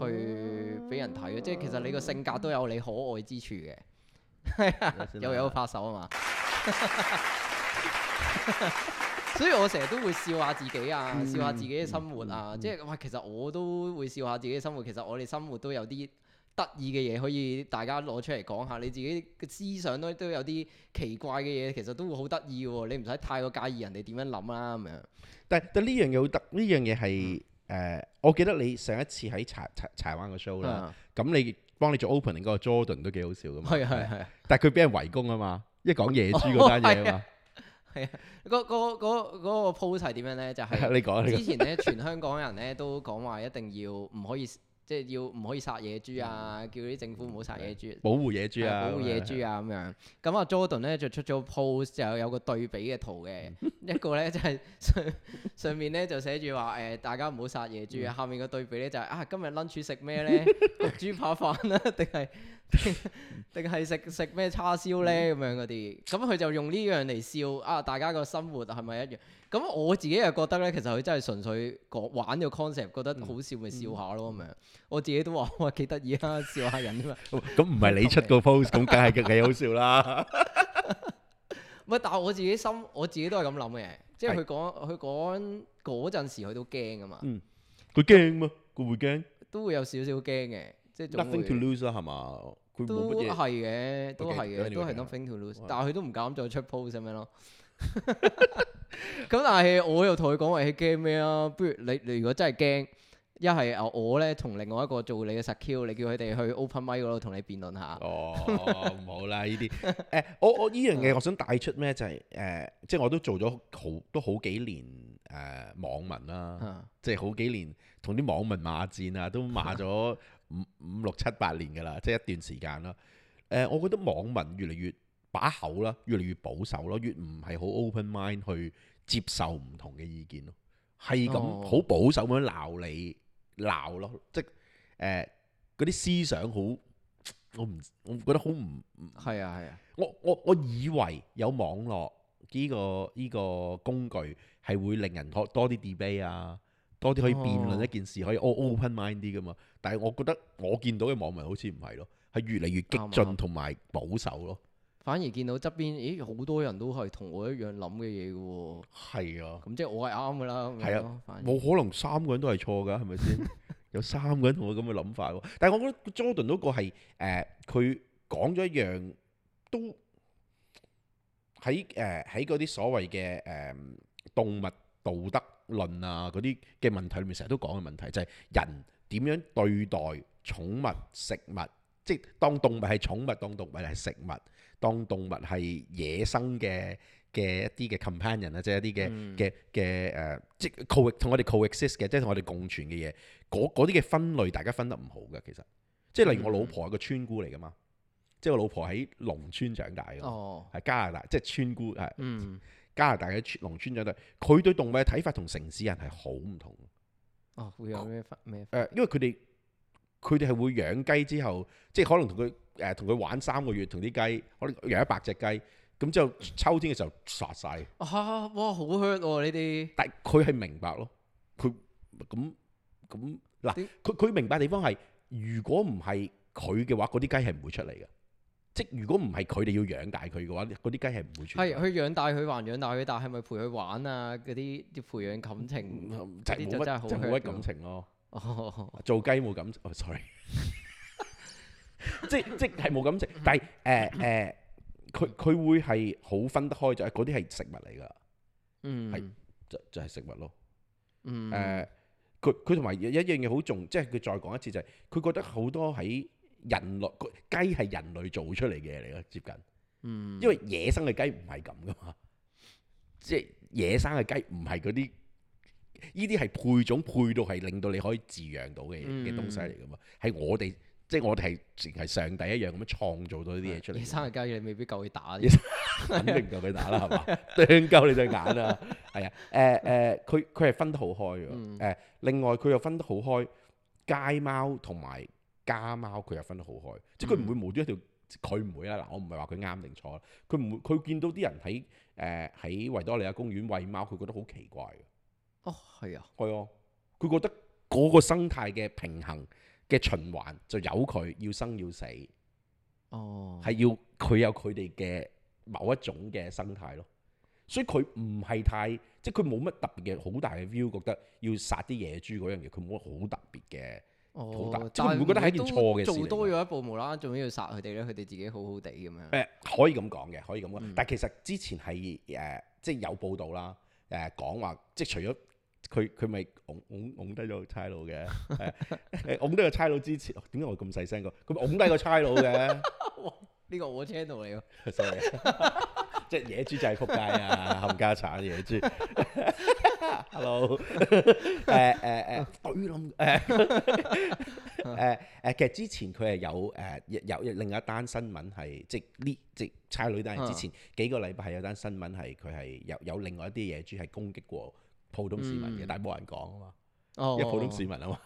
S1: 去俾人睇嘅，啊、即係其實你個性格都有你可愛之處嘅，又、嗯嗯、 有發手啊嘛，所以我成日都會笑下自己啊，笑下自己嘅生活啊，嗯嗯、即係喂，其實我都會笑下自己嘅生活，其實我哋生活都有啲。得意嘅嘢可以大家攞出嚟講下，你自己嘅思想都都有啲奇怪嘅嘢，其實都會好得意喎。你唔使太過介意人哋點樣諗啦咁樣。
S2: 但但呢樣嘢好得，呢樣嘢係誒，我記得你上一次喺柴柴柴灣個 show 啦是、啊，咁你幫你做 opening 個 Jordan 都幾好笑㗎嘛。係係係。但係佢俾人圍攻啊嘛，一講野豬嗰單嘢啊嘛。
S1: 係啊，嗰嗰、啊啊嗰個 post 係點樣咧？就係、是、 你講。你 之前咧，全香港人咧都講話一定要唔可以。即係要唔可以殺野豬啊！叫啲政府唔好殺野豬，保
S2: 護野豬、啊啊，保護野豬啊！保護野
S1: 豬啊咁樣。咁的樣啊，Jordan 咧就出咗 post，就有個對比嘅圖嘅。 一個咧就係、是、上上面咧就寫住話誒，大家唔好殺野豬啊。嗯、下面個對比咧就係、是、啊，今日 lunch 食咩咧？ 焗豬扒飯啊？定係定係食食咩叉燒咧咁、嗯、樣嗰啲。咁佢就用呢樣嚟笑啊！大家個生活係咪一樣？咁我自己又覺得咧，其實佢真係純粹講玩個 concept，覺得好笑咪笑下咯咁樣。我自己都話：哇幾得意啦，笑下人啊嘛。咁唔係你出個 post，咁梗係你好笑啦。唔係，但係我自己心，我自己都係咁諗嘅。即係佢講，佢講嗰陣時，佢都驚噶嘛。
S2: 嗯，佢驚嘛？佢會驚。
S1: 都會有少少驚嘅，即係。Nothing to lose 啦，係嘛？都係嘅，都係嘅，都係 nothing to lose。但係佢都唔敢再出 post 咁樣咯。咁 但係我又同佢講話，你驚咩啊？不如你，你如果真係驚，一係我咧，同另外一個做你嘅 secure，你叫佢哋去 open mic 嗰度同你辯論下哦。哦，冇啦，呢啲誒，
S2: 我我呢樣嘢，我、這個、我想帶出咩就係、是、誒、呃，即係我都做咗好都好幾年誒、呃、網民啦，即係 好幾年同啲網民罵戰啊，都罵咗五五六七八年噶啦，即、就、係、是、一段時間啦。誒、呃，我覺得網民越嚟越。把口啦，越嚟越保守咯，越唔係好 open mind 去接受唔同嘅意見咯，係咁好保守咁樣鬧你鬧咯，即係誒嗰啲思想好，我唔我覺得好唔係啊係啊！啊我我我以為有網絡呢個呢個工具係會令人學多啲 debate 啊，多啲可以辯論一件事，哦、可以 open mind 啲㗎嘛。但
S1: 係我覺得我見到嘅網民好似唔係咯，係
S2: 越嚟越激進同埋、嗯、保守咯。
S1: 反而見到側邊，咦好多人都係同我一樣諗嘅嘢嘅喎，係啊，咁即係我係啱嘅啦。係啊，冇可
S2: 能三個人都係錯㗎，係咪先？有三個人同我咁嘅諗法，但係我覺得 Jordan 嗰個係誒，佢講咗一樣都喺誒喺嗰啲所謂嘅誒動物道德論啊嗰啲嘅問題裏面，成日都講嘅問題就係人點樣對待寵物食物，即係當動物係寵物，當動物係食物。當動物係野生嘅嘅一啲嘅 companion 啊，即係一啲嘅嘅嘅誒，即係同我哋 coexist 嘅，即係同我哋共存嘅嘢，嗰啲嘅分類大家分得唔好嘅其實，即係例如我老婆係個村姑嚟噶嘛，嗯、即係我老婆喺農村長大嘅，喺、哦、加拿大即係、就係、村姑係、嗯、加拿大嘅村農村長大，佢對動物嘅睇法同城市人係好唔同。
S1: 哦，會有咩分咩
S2: 誒？因為佢哋。佢哋係會養雞之後，即係可能同佢誒同佢玩三個月，同啲雞，可能養一百隻雞，咁之後秋天嘅時候殺晒。
S1: 啊。哇，好香喎呢啲。
S2: 但係佢係明白咯，佢咁咁嗱，佢佢些明白地方係，如果唔係佢嘅話，嗰啲雞係唔會出嚟嘅。即如果唔係佢哋要養大佢嘅話，嗰啲雞係唔會出嚟。係佢
S1: 養大佢還養大佢，但係咪陪佢玩啊？嗰啲要培養感情，啲就係好 h 感情咯。Oh.
S2: 做雞冇敢哦、oh，sorry， 即
S1: 即係冇敢食， 但係誒誒，
S2: 佢、呃、佢、呃、會係好分得開就係嗰啲係食物嚟噶，
S3: 嗯、mm.，係
S2: 就係、就係、係、食物咯，嗯、mm. 呃，誒，佢佢同埋一一樣嘢好重，即係佢再講一次就係、係，佢覺得好多喺人類雞係人類做出嚟嘅嚟咯，接近，嗯
S3: ，mm. 因為野生
S2: 嘅雞唔係咁噶嘛，即係野生嘅雞唔係嗰啲。呢啲係配種配到係令到你可以飼養到嘅嘅東西嚟噶嘛？係、嗯、我哋即係我哋係係上帝一樣咁樣創造到呢啲嘢出嚟。你生日雞你未必
S1: 夠佢打， 肯
S2: 定夠佢打啦，係嘛 吧？對夠你隻眼啊！係、呃、啊，誒、呃、誒，佢佢係分得好開嘅。誒、嗯，另外佢又分得好開，街貓同埋家貓，佢又分得好開。嗯、即係佢唔會無端一條佢唔會啦。嗱，我唔係話佢啱定錯，佢唔佢見到啲人喺誒喺維多利亞公園餵貓，佢覺得好奇怪。哦，係啊，係啊。佢覺得嗰個生態嘅平衡嘅循環就由佢要生要死，哦，係要佢有佢哋嘅某一種嘅生態咯，所以佢唔係太，即係佢冇乜特別嘅好大嘅 view，覺、覺得要殺啲野豬嗰樣嘢，佢冇乜好特別嘅，大哦，即係唔會覺得係一件錯嘅事？做多
S1: 咗一步，冇啦啦，仲要殺佢哋咧，佢哋自己好好地咁樣。誒、呃，可
S2: 以咁講嘅，可以咁講，嗯、但係其實之前係誒、呃，即係有報道啦，誒、呃、講話，即係除咗。佢佢咪擁擁擁低咗個差佬嘅，誒擁低個差佬之前，點、啊、解我咁細聲個？佢擁低個差佬嘅，
S1: 呢個 我 channel 嚟喎，sorry，即
S2: 係野豬就
S1: 係撲街啊，
S2: 冚 家產野豬。 Hello，誒誒誒，對於諗誒誒其實之前佢係有誒、啊、有另一單新聞係即呢即差佬但係之前、嗯、幾個禮拜係有一單新聞係佢係有有，有另外一啲野豬係攻擊過。普通市民嘅，但係冇人講啊嘛，因為普通市民啊嘛，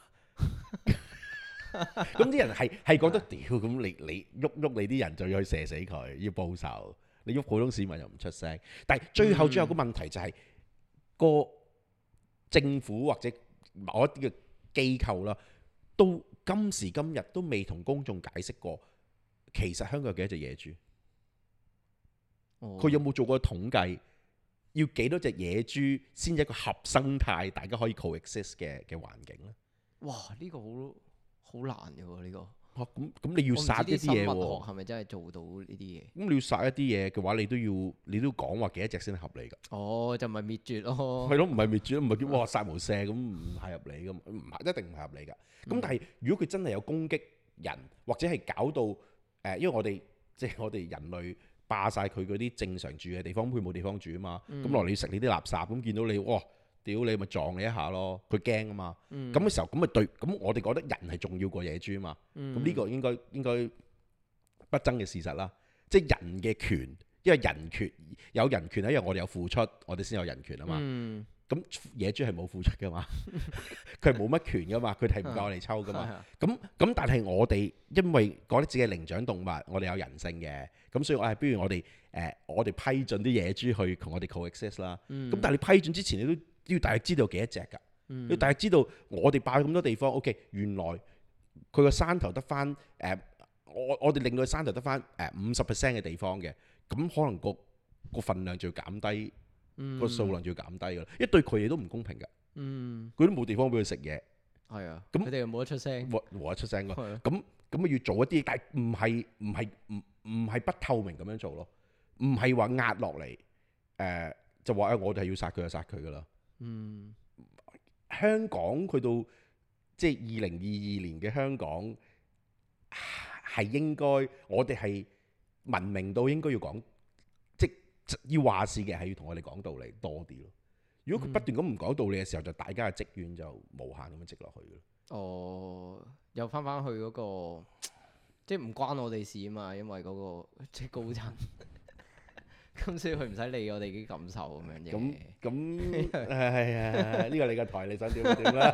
S2: 咁啲人係係覺得屌，咁你你喐喐你啲人就要去射死佢，要報仇，你喐普通市民又唔出聲，但係最後最後個問題就係個政府或者某一啲嘅機構啦，都今時今日都未同公眾解釋過，其實香港有幾多隻野豬，
S1: 佢有
S2: 冇做過統計？要幾多隻野豬先一個合生態，大家可以 coexist 嘅嘅環境咧？
S1: 哇！呢、呢個好好難嘅喎、啊，呢、呢個咁咁、啊、你，你要殺一啲嘢喎？係咪真係做到呢啲嘢？咁你要
S2: 殺一啲嘢嘅話，你都要你都講話幾多隻先係合理
S1: 㗎？哦，就咪係滅絕咯？係咯，
S2: 唔係滅絕，唔係叫哇殺無赦咁唔係合理嘅，唔係一定唔係合
S1: 理㗎。咁但
S2: 係如果佢真係有攻擊人，或者係搞到誒、呃，因為我哋即係我哋人類。霸晒佢嗰啲正常住嘅地方，佢冇地方住啊嘛，咁落、嗯、你食呢啲垃圾，咁見到你，哇、哦，屌你咪撞你一下咯，佢驚啊嘛，咁嘅、嗯、時候咁咪對，咁我哋覺得人係重要過野豬啊嘛，咁呢、嗯、個應該應該不爭嘅事實啦，即係人嘅權，因為人權有人權係因為我哋有付出，我哋先有人權啊嘛。嗯咁野豬係冇付出㗎嘛？佢係冇乜權㗎嘛？佢係唔夠我哋抽㗎嘛？咁咁， 但係我哋因為講得自己係靈長動物，我哋有人性嘅，咁所以我係不如我哋誒，我哋批准啲野豬去同我哋 coexist 啦。咁、嗯、但係你批准之前，你都要大約知道幾多隻㗎？嗯、要大約知道我哋霸咁多地方，OK，原來佢個山頭得返誒，我我哋令佢山頭得返誒五十 percent 嘅地方嘅，咁可能、嗰個、嗰個份量就要減低。個數量就要減低噶啦，一對佢哋都唔公平噶，嗯，佢都冇地方俾佢食嘢，係啊，咁佢哋又冇得出聲，冇冇得出聲咯，咁咁啊要做一啲，但係唔係唔係唔唔係不透明咁樣做咯，唔係話壓落嚟，誒，就話啊，我哋係要殺佢就殺佢噶啦，嗯，香港去到即係二零二二年嘅香港係應該，我哋係文明到應該要講。要話事嘅係要同我哋講道理多啲咯。如果佢不斷咁唔講道理嘅時候，嗯、就大家嘅積怨就無限咁樣直落去咯。
S1: 哦、嗯，又翻翻去嗰、那個，即係唔關我哋事啊嘛，因為嗰個即係高層、 嗯，所以佢唔使理我哋啲感受咁樣嘢。咁咁係啊，呢、 這個你嘅台 你想點就點啦。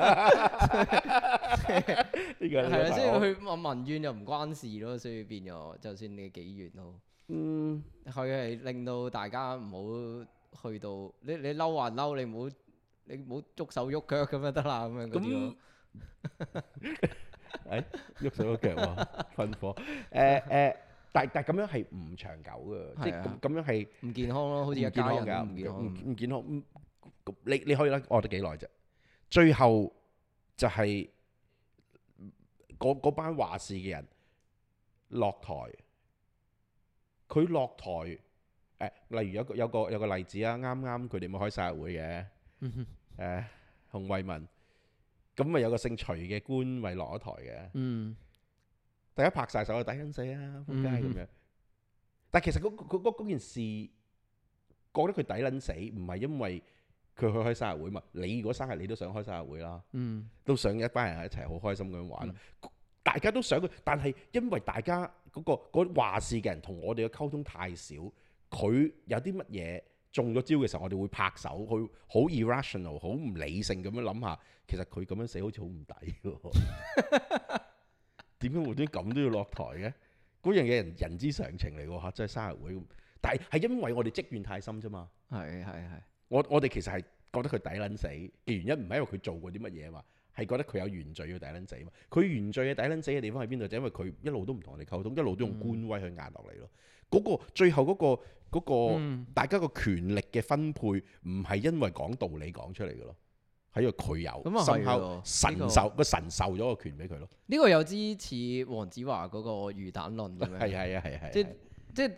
S1: 呢、 這個係即先佢，問民怨又唔關事咯？所以變咗，就算你幾遠都。嗯，佢係令到大家唔好去到，你你嬲還嬲，你唔好你唔好喐手喐腳咁樣得啦，咁樣嗰啲。
S2: 咁喐手喐腳啊，噴火！誒誒，但但咁樣係唔長久嘅，
S1: 即係咁樣係唔健康咯，好似一家人唔健康，唔健康。
S2: 你你，你可以咧，我都幾耐啫，最後就係嗰班話事嘅人落台。佢落台，誒，例如有個有個有個例子啊，啱啱佢哋咪開生日會嘅，誒，洪慧文，咁咪有個姓徐嘅官咪落咗台嘅，大家拍曬手啊，抵撚死啊，撲街咁樣。但係其實嗰嗰嗰嗰件事覺得佢抵撚死，唔係因為佢去開生日會嘛，你如果生日你都想開生日會啦，都想一班人一齊好開心咁樣玩，大家都想佢，但係因為大家。嗰、嗰個嗰個話事嘅人同我哋嘅溝通太少，佢有啲乜嘢中咗招嘅時候，我哋會拍手，佢好 irrational，好唔理性咁樣諗下，其實佢咁樣死好似好唔抵喎，點解 無端端咁都要落台嘅？嗰樣嘢人人，人之常情嚟喎嚇，即係生日會，但係係因為我哋積怨太深啫嘛，係係係，我我哋其實係覺得佢抵撚死嘅原因，唔係因為佢做過啲乜嘢嘛。係覺得佢有原罪嘅底撚仔嘛，佢原罪嘅底撚仔嘅地方喺邊度？就因為佢一路都唔同我哋溝通，一路都用官威去壓落嚟咯。嗰個最後嗰、嗰個大家個權力嘅分配，唔係因為講道理講出嚟嘅咯，係因為佢有，然後神授個神受咗個權俾佢咯。
S1: 呢個有啲似黃子華嗰個魚蛋論咁樣、就係，係係啊係係。即即。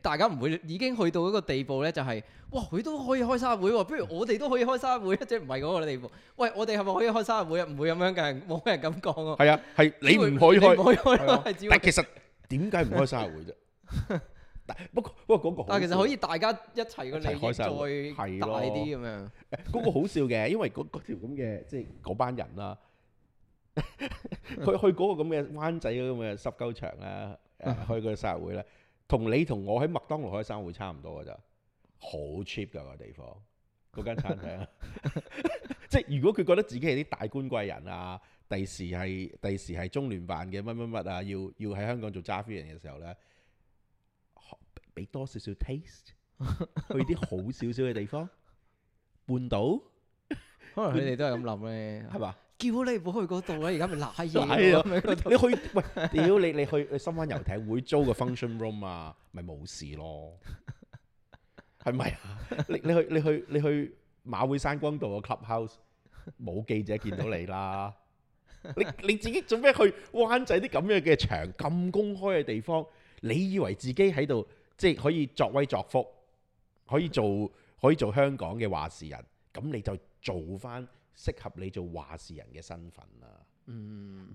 S1: 大家唔會已經去到一個地步咧、就係，就係哇佢都可以開生日會、哦，不如我哋都可以開生日會，即係唔係嗰個地步？喂，我哋係咪可以開生日會，會啊？唔會咁樣嘅，冇咩人咁講咯。係啊，係你唔可以開，唔可以開、係、啊、其實
S2: 點解唔開生日會啫？ 不過，哇、嗰、嗰個
S1: 但其實可以大家一齊嘅利益再大啲咁樣。
S2: 嗰 個好笑嘅，因為嗰條咁嘅即係嗰班人啦、啊，佢 去嗰個咁嘅灣仔嘅咁嘅濕鳩場啦、啊，開個生日會啦。同你同我喺麥當勞開生會差唔多嘅咋，好 cheap 㗎個地方，嗰間餐廳啊， 即係如果佢覺得自己係啲大官貴人啊，第時係第時係中聯辦嘅乜乜乜啊，要要喺香港做揸 fit 人嘅時候咧，俾多少少 taste，去啲好少少嘅地方，半島，可能佢哋都係咁諗咧，係嘛？
S1: 叫你唔好去嗰度啊，而家咪瀨嘢咁。你去
S2: 喂，屌你你去去深灣遊艇會租個 function room 啊，咪冇事咯。係咪啊？你去你去你去你去馬會山光道個 clubhouse，冇記者見到你啦。 你你自己做咩去灣仔啲咁樣嘅場咁 公開嘅地方？你以為自己喺度即係可以作威作福，可以做可以做香港嘅話事人？咁你就做翻。適合你做話事人嘅身份
S3: 啊。嗯，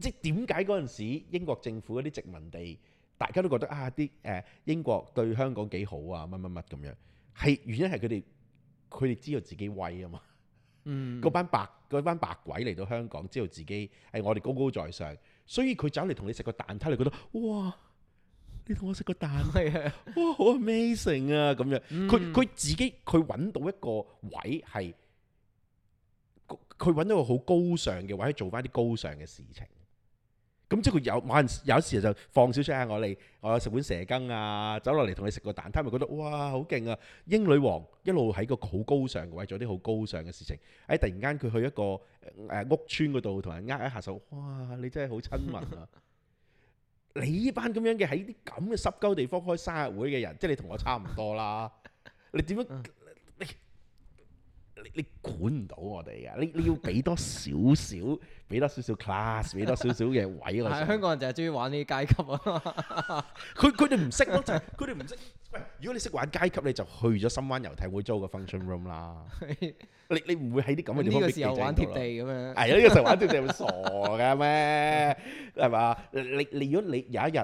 S2: 即係點解嗰陣時英國政府嗰啲殖民地，大家都覺得啊，啲、啊、誒英國對香港幾好啊，乜乜乜咁樣，係原因係佢哋佢哋知道自己威啊嘛。
S3: 嗯，
S2: 班白班白鬼嚟到香港，知道自己係、哎、我哋高高在上，所以佢走嚟同你食個蛋撻，你覺得哇，你同我食個蛋係啊，的哇，好 amazing 啊咁樣。佢佢、嗯、自己佢揾到一個位係。佢揾到個好高尚嘅位，做翻啲高尚嘅事情。咁即係佢有晚有時就放少少下我哋，我食碗蛇羹啊，走落嚟同你食個蛋撻，咪覺得哇好勁啊！英女王一路喺個好高尚嘅位做啲好高尚嘅事情。哎，突然間佢去一個誒屋村嗰度同人握一下手，哇！你真係好親民啊！你呢班咁樣嘅喺啲咁嘅濕鳩地方開生日會嘅人，即係你同我差唔多啦。你點樣？你你管唔到我哋啊，你你要俾多少少，俾多少少 class，俾多少少嘅位。係香
S1: 港人就係中意玩呢啲階級啊！佢佢哋唔識咯，就係佢哋
S2: 唔識。喂，如果你識玩階級，你就去咗深灣遊艇會租個 function room 啦。你你唔會喺啲咁嘅地方玩貼地咁樣。係啊，呢個時候玩貼地會傻噶咩？係嘛？你你如果你有一日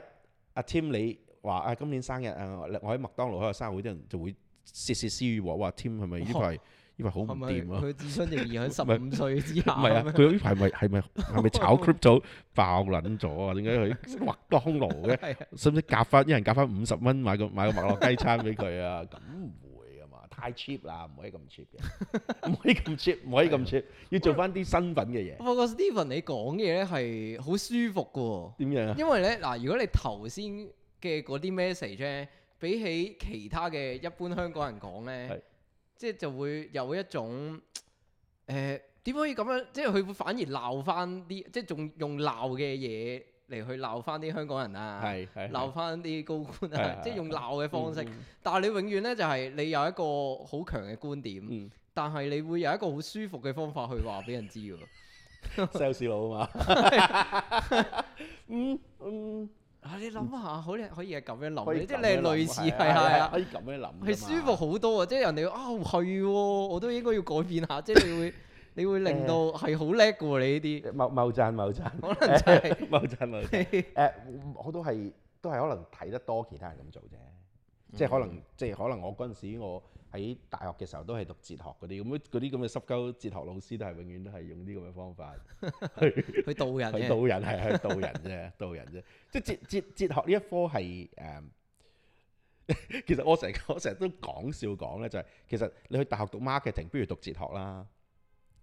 S2: 阿 Tim 你話啊，今年生日啊，我喺麥當勞開個生日會，啲人就會竊竊私語話話 Tim 係咪依個係？因為好唔掂啊！佢智商仍然喺十五歲之下。唔係啊！佢呢排咪係咪係咪炒 crypto 爆撚咗啊？點解佢麥當勞嘅？使唔使夾翻一人夾翻五十蚊買個買個麥樂雞餐俾佢啊？咁
S1: 唔會啊嘛！太 cheap 啦，唔可以咁 cheap 嘅，
S2: 唔可以咁 cheap，唔可以咁 cheap，要做翻啲身份嘅嘢。
S1: 不過 Stephen 你講嘅嘢咧係好舒服嘅。點樣？因為咧嗱，如果你頭先嘅嗰啲 message 咧比起其他嘅一般香港人講咧。即係就會有一種誒點、呃、可以咁樣？即係佢會反而鬧翻啲，即係仲用鬧嘅嘢嚟去鬧翻啲香港人啊！係係鬧翻啲高官啊！是是是即係用鬧嘅方式。嗯、但係你永遠咧就係、是、你有一個好強嘅觀點，嗯、但係你會有一個好舒服嘅方法去話俾人知㗎喎。sales 佬啊嘛！嗯嗯。啊、你諗下，好咧，可以係咁樣諗嘅，即係你係類似係係啊，可以咁樣諗，係舒服好多啊！即係人哋啊，係喎，我都應該要改變下， 即係你會你會令到係好叻嘅喎，你呢啲，某茂贊茂贊，贊可能就係、係、某 贊茂。
S2: 誒、欸，我都係都係可能睇得多其他人咁做啫、嗯，即係可能即係可能我嗰陣時我。喺大學嘅時候都係讀哲學嗰啲，咁樣嗰啲咁嘅濕鳩哲學老師都係永遠都係用啲咁嘅方法去 去導人 去導人，去導人係去導人啫，導人啫。即係哲哲哲學呢一科係誒、嗯，其實我成日我成日都講笑講咧，就係、係、其實你去大學讀 marketing，不如讀哲學啦。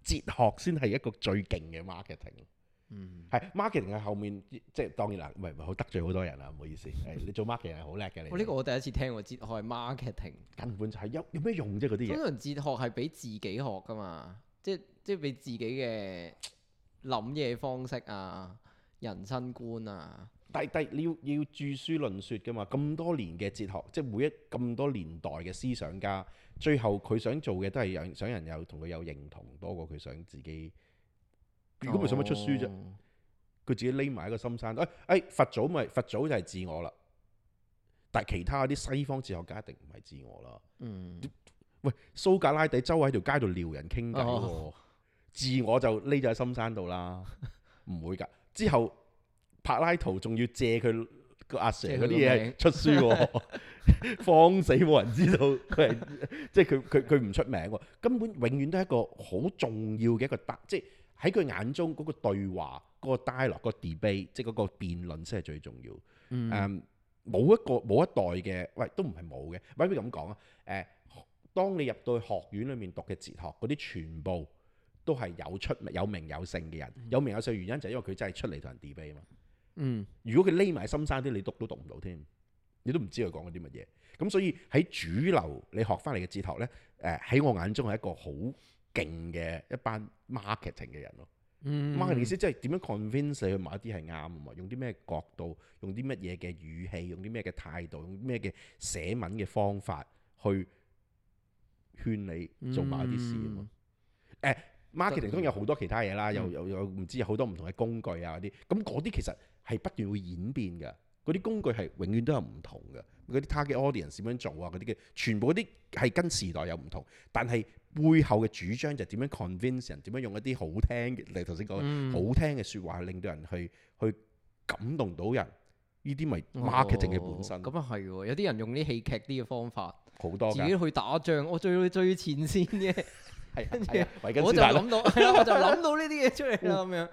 S2: 哲學先係一個最勁嘅 marketing。嗯，係 marketing 啊，後面即係當然啦，唔係唔係好得罪好多人啊，唔好意思。係 你做 marketing 係好叻嘅你
S1: 們。呢個、哦、我第一次聽過，哲學係 marketing 根本就係有有咩用啫？嗰啲嘢。通常哲學係俾自己學噶嘛，即係即係俾自己嘅諗嘢方式啊，人生觀啊。但係但你要要著書論說噶嘛，咁多
S2: 年嘅哲學，即係每一咁多年代嘅思想家，最後佢想做嘅都係有想人有同佢有認同多過佢想自己。如果佢使乜出書啫？佢、哦、自己匿埋喺個深山。誒、哎、誒、哎，佛祖咪佛祖就係、是、自我啦。但係其他啲西方哲學家一定唔係自我啦。嗯。喂，蘇格拉底周圍喺條街度撩人傾偈喎。哦、自我就匿咗喺深山度啦。唔會噶。之後柏拉圖仲要借佢個阿 Sir 嗰啲嘢出書。 放死冇人知道，即係佢佢佢唔出名。根本永遠都係一個好重要嘅一個特，即係。喺佢眼中嗰個對話、嗰個 dialogue、個 debate，即係嗰個辯論先係最重要。誒、嗯嗯，冇一個冇一代嘅，喂，都唔係冇嘅。喂，不如咁講啊，誒、呃，當你入到去學院裏面讀嘅哲學，嗰啲全部都係有出名有名有姓嘅人，有名有姓原因就係因為佢真係出嚟同人 debate 啊嘛。嗯，如果佢匿埋深山啲，你讀都讀唔到添，你都唔知佢講緊啲乜嘢。咁所以喺主流你學翻嚟嘅哲學咧，誒、呃、喺我眼中係一個好勁嘅一班 marketing 嘅人咯、嗯、
S3: marketing 意
S2: 思即係點樣 convince 你去買一啲係啱啊嘛，用啲咩角度，用啲乜嘢嘅語氣，用啲咩嘅態度，用啲咩嘅寫文嘅方法去勸你做埋一啲事、嗯、啊嘛。誒，marketing 中有好多其他嘢啦，嗯、有有有唔知有好多唔同嘅工具啊啲，咁嗰啲其實係不斷會演變㗎。嗰啲工具係永遠都有唔同嘅，嗰啲 target audience 點樣做啊？嗰啲嘅全部嗰啲係跟時代有唔同，但係背後嘅主張就點樣 convince 人？點樣用一啲好聽嘅，你頭先講好聽嘅説話，令
S1: 到人去去感動到人，呢啲咪 marketing 係本身？咁啊係喎，有啲人用啲戲劇啲嘅方法，好多自己去打仗，我最最前線嘅，係啊，我就諗到，我就諗到呢啲嘢出嚟啦咁樣。嗯嗯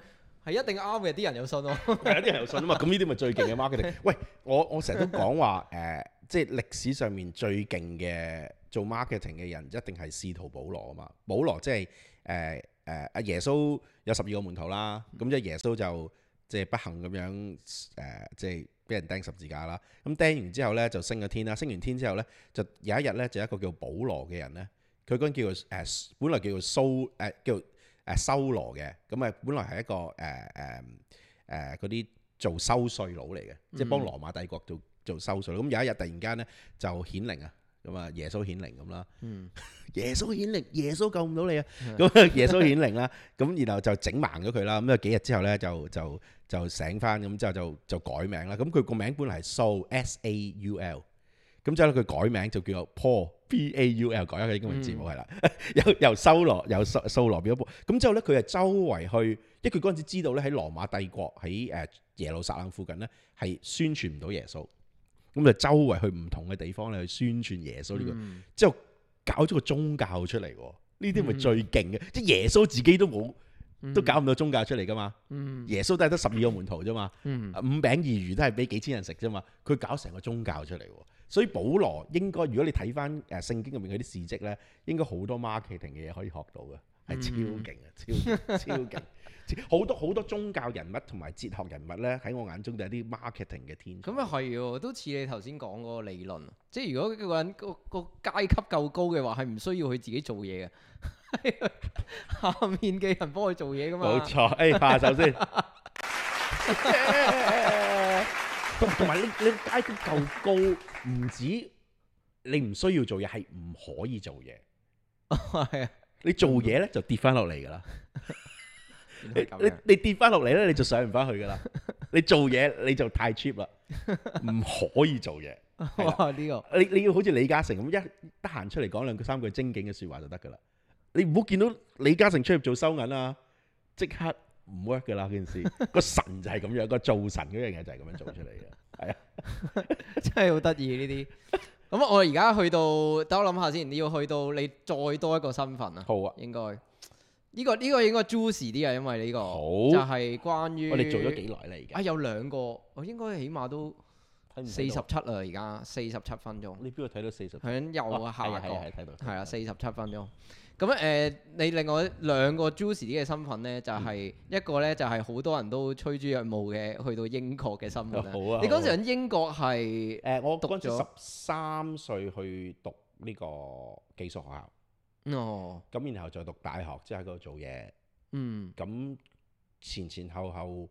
S1: 係一定啱嘅，啲人有信喎、哦。 係有
S2: 啲人有信啊嘛。咁呢啲咪最勁嘅 marketing。 喂，我我成日都講話誒，即係歷史上面最勁嘅做 marketing 嘅人，一定係使徒保羅啊嘛。保羅即係誒誒阿耶穌有十二個門徒啦。咁、嗯、即係耶穌就即係不幸咁樣誒、呃，即係俾人釘十字架啦。咁釘完之後咧，就升咗天啦。升完天之後咧，就有一日咧，就有一個叫保羅嘅人咧，佢嗰個人叫做誒、呃，本來叫做蘇誒、呃、叫。誒修羅嘅，咁啊本來係一個誒誒誒嗰啲做收稅佬嚟嘅，即係幫羅馬帝國做做收稅佬。咁有一日突然間咧就顯靈啊，咁啊耶穌顯靈咁啦。嗯，耶穌顯靈，耶穌救唔到你啊！咁啊耶穌顯靈啦，咁然後就整盲咗佢啦。咁啊幾日之後咧就就就醒返，咁之後就就改名啦。咁佢個名本嚟係 Saul，咁之後咧佢改名就叫做 Paul。Paul 改一個英文字母係啦，又、嗯、 由收羅，由收收羅變咗波，咁之後咧，佢係周圍去，因為佢嗰陣時知道咧喺羅馬帝國喺誒耶路撒冷附近咧係宣傳唔到耶穌，咁就周圍去唔同嘅地方咧去宣傳耶穌呢個，之、嗯、後搞咗個宗教出嚟，呢啲咪最勁嘅，嗯、即耶穌自己都冇，
S3: 都搞
S2: 唔到宗教出嚟噶嘛，嗯、耶穌都係得十二個門徒啫嘛，嗯嗯、五餅二魚都係俾幾千人食啫嘛，佢搞成個宗教出嚟。所以保羅應該，如果你睇翻誒聖經入面嗰啲事蹟咧，應該好多 marketing 嘅嘢可以學到嘅，係、嗯、超勁啊！超勁，超勁！好 多好多宗教人物
S1: 同埋哲學人物咧，喺我眼中就係啲 marketing 嘅天、嗯。咁啊係喎，都似你頭先講嗰個理論，即係如果個人個個階級夠高嘅話，係唔需要佢自己做嘢嘅， 下面嘅人幫佢做嘢噶嘛。冇錯，哎、下手先。 yeah! 同埋你你階級夠高，
S2: 唔止你唔需要做嘢，係唔可以做嘢。係啊，你做嘢咧就跌翻落嚟噶啦。
S3: 你你
S2: 你跌翻落嚟咧，你就上唔翻去噶啦。你做嘢你就太 cheap 啦，唔可以做嘢。哇！呢個你你要好似李嘉誠咁，一得閒出嚟講兩句三句精警嘅説話就得噶啦。你唔好見到李嘉誠出去做收銀啊，即刻唔 work 噶啦！件事個
S1: 神就係咁樣，個造神嗰樣嘢就係咁樣做出嚟嘅。係是啊 真，真係好得意呢啲。咁、 嗯、我而家去到，等我諗下先。你要去到你再多一個身份啊？好啊應該，應該呢個呢、這個應該 juicy 啲啊，因為呢、這個好就係關於。我哋做咗幾耐啦而家？啊、哎，有兩個，我應該起碼都四十七啦，而家四十七分鐘。你邊度睇到四十七？哦、分響右啊，下一係啊，四十七分鐘。咁咧、呃，你另外兩個 juice 啲嘅身份呢，就係、是、一個呢，就係、是、好多人都趨之若鶩嘅，去到英國嘅身份。好啊！你嗰陣時喺英國係誒、呃，我嗰陣十三歲去讀呢個技術學校。哦。咁
S2: 然後再讀大學，即喺嗰度做嘢。
S1: 嗯。咁前前後
S2: 後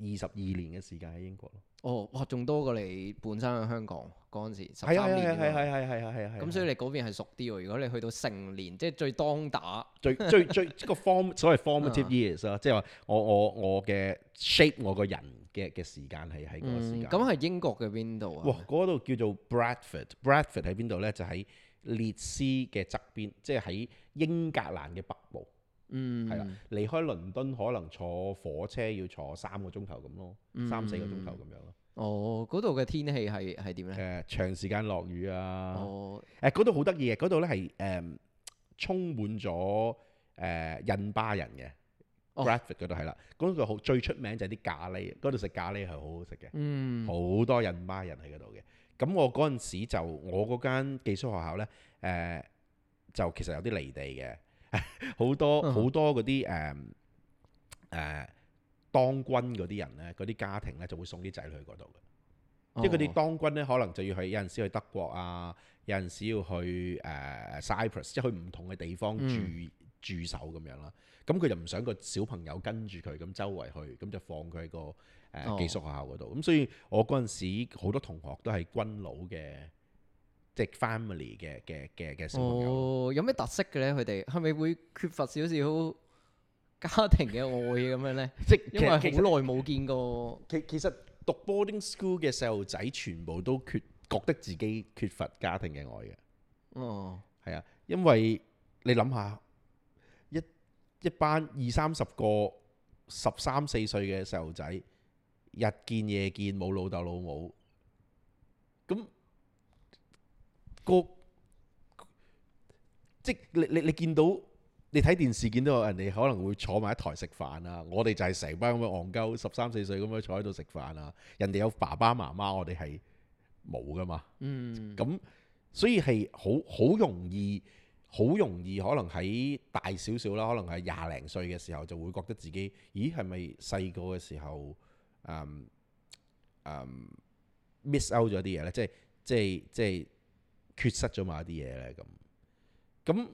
S2: 二十二年嘅時間喺英國。
S1: 哦，哇，仲多過你本身喺香港嗰陣時十三年㗎嘛，咁所以你嗰邊係熟啲喎。如果你去到成年，即係最當打、最最最
S2: 即 個 form 所謂 formative years 啦、嗯，即係話我我我嘅 shape 我個人嘅嘅時間係喺嗰個時間。咁係、嗯、英國嘅邊度啊？哇，嗰度叫做 Bradford，Bradford 喺 Brad 邊度咧？就喺列斯嘅側邊，即係喺英格蘭嘅北部。嗯，係啦，離開倫敦可能坐火車要坐三個鐘頭咁咯，嗯、三四個鐘頭咁樣咯。哦，嗰度嘅天氣係係點咧？誒、呃，長時間落雨啊。哦，誒嗰度好得意嘅，嗰度咧係誒充滿咗誒、呃、印巴人嘅，Bradford 嗰度係啦。嗰度好最出名就係啲咖喱，嗰度食咖喱係好好食嘅。嗯，好多印巴人喺嗰度嘅。咁我嗰陣時就我嗰間寄宿學校咧，誒、呃、就其實有啲離地嘅。好 多好、嗯、多嗰啲誒誒當軍嗰啲人咧，嗰啲家庭咧就會送啲仔女去嗰度嘅，哦、即係佢哋當軍咧，可能就要去有陣時去德國啊，有陣時要去誒、uh, Cyprus 即係去唔同嘅地方駐駐守咁樣啦。咁佢、嗯、就唔想個小朋友跟住佢咁周圍去，咁就放佢喺、個誒、uh, 寄宿學校嗰度。咁、哦、所以，我嗰陣時好多同學都係軍佬嘅。即 family 嘅嘅嘅嘅小朋友，the,
S1: the, the 哦，有咩特色嘅咧？佢哋係咪會缺乏少少家庭嘅愛咁樣咧？即 因為好耐冇見過其，其實其實讀 boarding school 嘅細路仔全部都缺覺
S2: 得自己缺乏家庭嘅愛嘅，哦，係啊，因為你諗下一一班二三十個十三四歲嘅細路仔日見夜見冇老豆老母。個即你你你見到你睇電視見到人哋可能會坐埋一台食飯啊，我哋就係成班咁樣憨鳩十三四歲咁樣坐喺度食飯啊。人哋有爸爸媽媽，我哋係冇噶嘛。咁、嗯、所以係好好容易，好容易可能喺大少少啦，可能係廿零歲嘅時候就會覺得自己，咦係咪細個嘅時候、嗯嗯、miss out 咗啲嘢呢？即係即係即係。缺失咗某啲嘢咧，咁，咁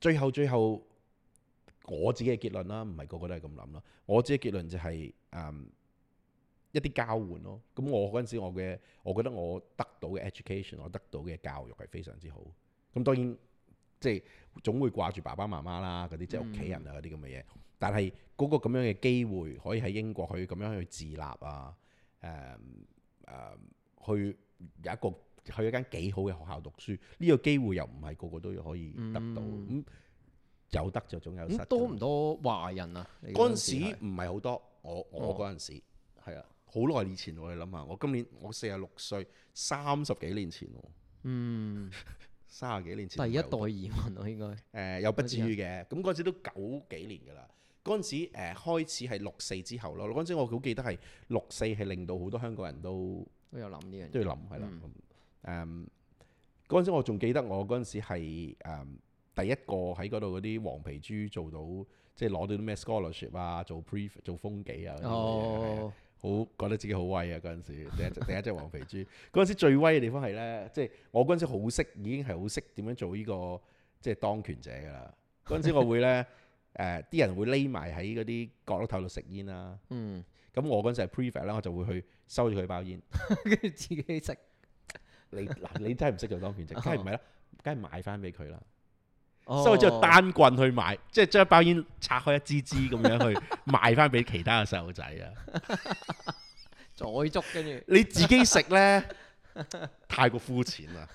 S2: 最後最後我自己嘅結論啦，唔係個個都係咁諗啦。我自己嘅結、結論就係、是、誒、嗯、一啲交換咯。咁我嗰陣時我嘅，我覺得我得到嘅 education，我得到嘅教育係非常之好。咁當然即係、就是、總會掛住爸爸媽媽啦，嗰啲即係屋企人啊嗰啲咁嘅嘢。嗯、但係嗰、那個咁樣嘅機會，可以喺英國去咁樣去自立啊，誒、嗯。誒去有一個去一間幾好嘅學校讀書，呢、這個機會又唔係個個都可以得到，咁、嗯嗯、有得就總有失。咁、嗯、多唔多華人啊？嗰陣時唔係好多，我我嗰陣時係啊，好耐、哦、以前我哋諗下，我今年我四十六歲，三十幾年前喎，嗯，三十幾年前，第一代移民咯、啊、應該，誒、呃、又不至於嘅，咁嗰陣時都九幾年㗎喇。嗰陣時，誒開始係六四之後咯。嗰陣時，我好記得係六四係令到好多香港人都都有諗呢樣，都要諗係啦。誒，嗰陣、嗯嗯、時我仲記得我嗰陣時係、嗯、第一個喺嗰度嗰啲黃皮豬做到，即係攞到啲咩 scholarship 啊，做 pref 做風紀啊嗰好覺得自己好威啊！嗰陣時第一第一隻黃皮豬，嗰陣 時最威嘅地方係咧，即、就、係、是、我嗰陣時好識，已經係好識點樣做呢、這個即係、就是、當權者噶啦。嗰陣時我會咧。 誒啲、呃、人會匿埋喺嗰啲角落頭度食煙啦、啊，嗯，嗯，咁我嗰陣時係 prefect 啦，我就會去收住佢包煙，跟
S1: 住 自己食你。
S2: 你嗱 你真係唔識做當權者，梗係唔係啦？梗係賣翻俾佢啦，哦、收咗之後單棍去賣，即係將一包煙拆開一支支咁樣去賣翻俾其他細路仔啊！
S1: 再捉跟
S3: 住你自己食咧，
S2: 太過膚淺啦。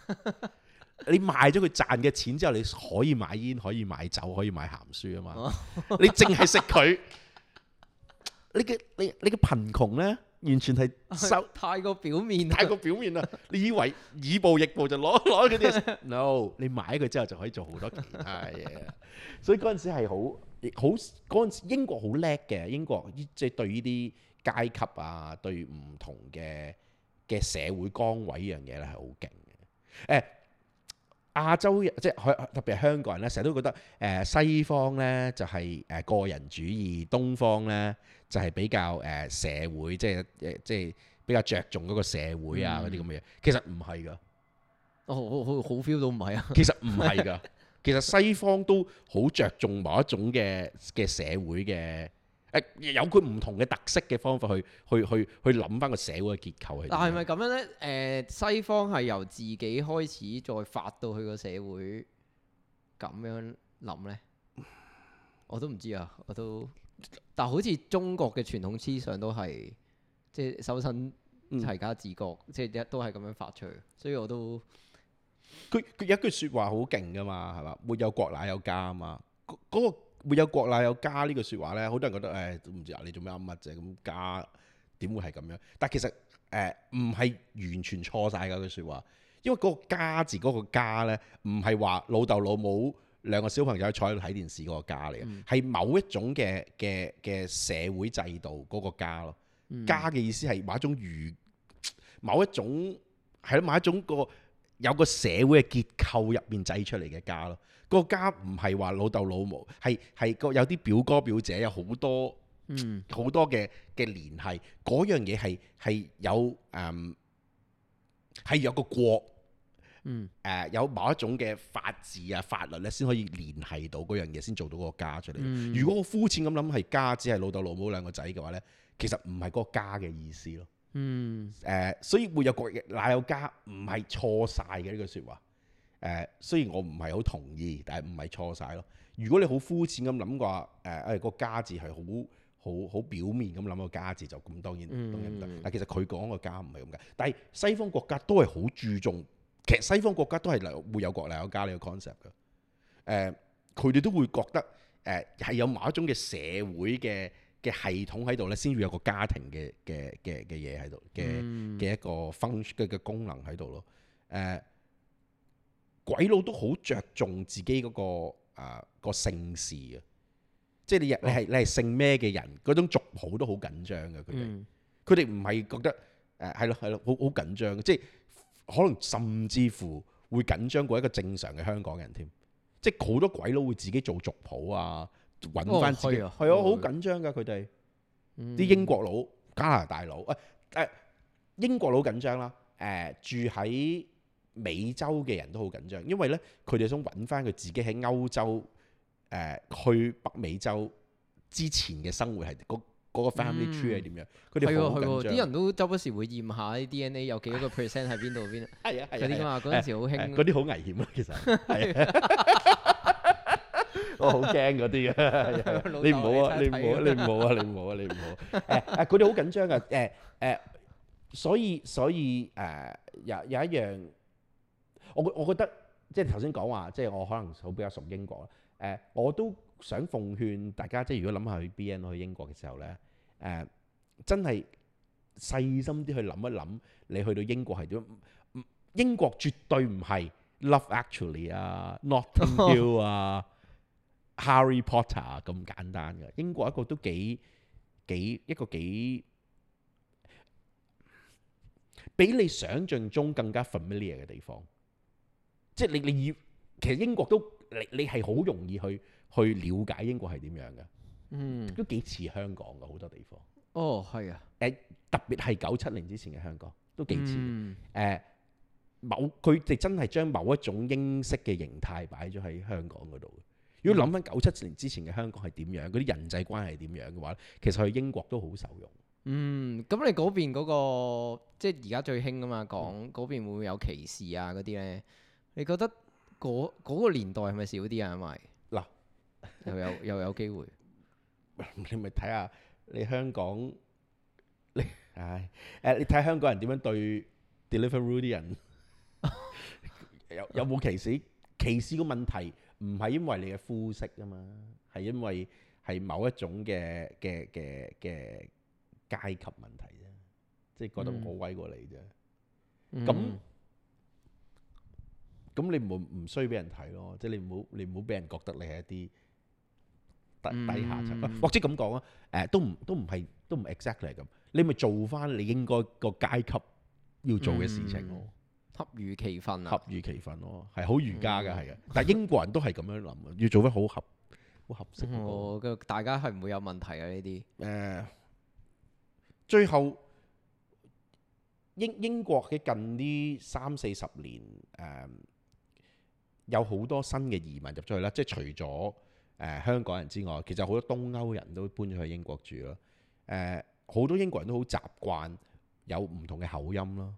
S2: 你賣咗佢賺嘅錢之後，你可以買煙，可以買酒，可以買咸書啊嘛。你淨係食佢，你嘅你你嘅貧窮咧，完全係收太過表面，太過表面啦。你以為以暴易暴就攞攞嗰啲？No，你買佢之後就可以做好多其他嘢。所以嗰陣時係好好嗰陣時英，英國好叻嘅。英國即係對呢啲階級啊，對唔同嘅嘅社會崗位呢樣嘢咧，係好勁嘅。誒。亞洲人，即係特別香港人咧，成日都覺得誒西方咧就係誒個人主義，東方咧就係比較誒社會，即係誒即係比較着重嗰個社會啊嗰啲咁嘅嘢。嗯、其實唔係㗎，哦、
S1: 好好好 feel 到
S2: 唔係啊。其實唔係㗎，其實西方都好着重某一種嘅嘅社會嘅。有佢唔同嘅特色嘅方法去去去去諗翻個社會嘅結構係。但係咪
S1: 咁樣咧？誒，西方係由自己開始再發到佢個社會，咁樣諗咧？我都唔知啊，我都。但好似中國嘅傳統思想都係，即係修身齊家治國，嗯、即係一都係咁樣發出去。所以我都。佢佢
S2: 有一句説話好勁噶嘛，係嘛？沒有國哪有家啊嘛？嗰會有國啦有家呢句説話呢，好多人覺得誒都唔知啊，你做咩啱乜啫？咁家點會係咁樣？但其實誒唔係完全錯晒，㗎呢句説話，因為嗰個家字嗰、嗰個家呢，唔係話老豆老母兩個小朋友坐喺度睇電視嗰個家嚟嘅，係、嗯、某一種嘅嘅嘅社會制度嗰個家咯。嗯、家嘅意思係某一種如某一種係咯某一種個有個社會嘅結構入面製出嚟嘅家咯。個家唔係話老豆老母，係係個有啲表哥表姐有，嗯、有好多好多嘅嘅聯繫。嗰樣嘢係係有誒係有個國，嗯誒、呃、有某一種嘅法治啊法律咧，先可以聯繫到嗰樣嘢，先做到個家出嚟。嗯、如果我膚淺咁諗，係家只係老豆老母兩個仔嘅話呢，其實唔係嗰個家嘅意思咯。嗯誒、呃，所以沒有國，哪有家？唔係錯晒嘅呢句説話。誒，uh, 雖然我唔係好同意，但係唔係錯晒咯。如果你好膚淺咁諗話，誒、呃，誒、個家字係好好好表面咁諗、個家字就咁，當然當唔得。但係其實佢講個家唔係咁嘅。但係西方國家都係好注重，其實西方國家都係有會有國、會有家呢個 concept 嘅。誒、呃，佢哋都會覺得誒係、呃、有某一種嘅社會嘅嘅系統喺度咧，先要有個家庭嘅嘅嘅嘅嘢喺度嘅嘅一個嘅功能喺度咯。誒、嗯。嗯鬼佬都好着重自己嗰、嗰個啊姓氏啊，即係你你係你係姓咩嘅人，嗰種族譜都好緊張嘅佢哋。佢哋唔係覺得誒係咯係咯，好、啊、好緊張，即係可能甚至乎會緊張過一個正常嘅香港人添。即係好多鬼佬會自己做族譜啊，揾翻自己係、哦、啊，好、啊、緊張㗎佢哋。啲、嗯、英國佬、加拿大佬誒誒英國佬緊張啦，誒、哎、住喺美洲嘅人都好緊張，因為咧佢哋想揾翻佢自己喺歐洲、誒去北美洲之前嘅生活係嗰個 family tree 係點樣？係喎去喎，啲人
S1: 都周不時會驗下啲 DNA 有幾多個 percent 喺邊度邊？係啊係嗰啲嘛，嗰陣時好興，嗰啲好危險啊，其實
S2: 係我好驚嗰啲嘅，你唔好啊你唔好你唔好啊你唔好啊你唔好！誒誒，佢哋好緊張㗎誒誒，所以所以誒有有一樣。我我覺得即係頭先講話，即係我可能好比較熟英國啦。誒，我都想奉勸大家，即係如果諗下去 BNO 去英國嘅時候咧，誒，真係細心啲去諗一諗，你去到英國係點？英國絕對唔係 Love Actually 啊，Notting Hill 啊，Harry Potter 咁簡單嘅。英國一個都幾幾一個幾比你想象中更加 familiar 嘅地方。即係你你要，其實英國都你你係好容易去去了解英國係點樣嘅，嗯，都幾似香港噶好多地方。哦，係啊。誒、呃，特別係九七年之前嘅香港，都幾似。誒、嗯呃，某佢哋真係將某一種英式嘅形態擺咗喺香港嗰度。如果諗翻九七年之前嘅香港係點樣，嗰啲、嗯、人際關係點樣嘅話，其實去英國都好受用。
S1: 嗯，咁你嗰邊嗰個，即係而家最興噶嘛，講嗰邊會唔會有歧視啊嗰啲咧？你覺得嗰個年代係咪少啲啊？因為嗱又有又有機會， 你咪睇下你香港你唉誒，你
S2: 睇、哎、香港人點樣對 Deliveroo 啲人 有有冇歧視？ 歧視個問題唔係因為你嘅膚色啊嘛，係因為係某一種嘅嘅嘅嘅階級問題啫，嗯、即係覺得我威過你啫，咁、嗯。咁你唔唔衰俾人睇咯，哦，即、就、係、是、你唔好你唔好俾人覺得你係一啲低低下層，嗯、或者咁講啊？誒、呃，都唔都唔係都唔 exactly 咁，你咪做翻你應該個階級要做嘅事情咯，恰如、嗯、
S1: 其分啊，恰如其分咯，係好儒
S2: 家噶係啊，嗯、但係英國人都係咁樣諗啊，要做翻好合好合適、嗯哦、大家係唔會有問題啊呢啲誒，最後英英國嘅近呢三四十年誒。嗯有好多新嘅移民入咗去啦，即係除咗誒、呃、香港人之外，其實好多東歐人都搬咗去英國住咯。誒、呃，好多英國人都好習慣有唔同嘅口音咯。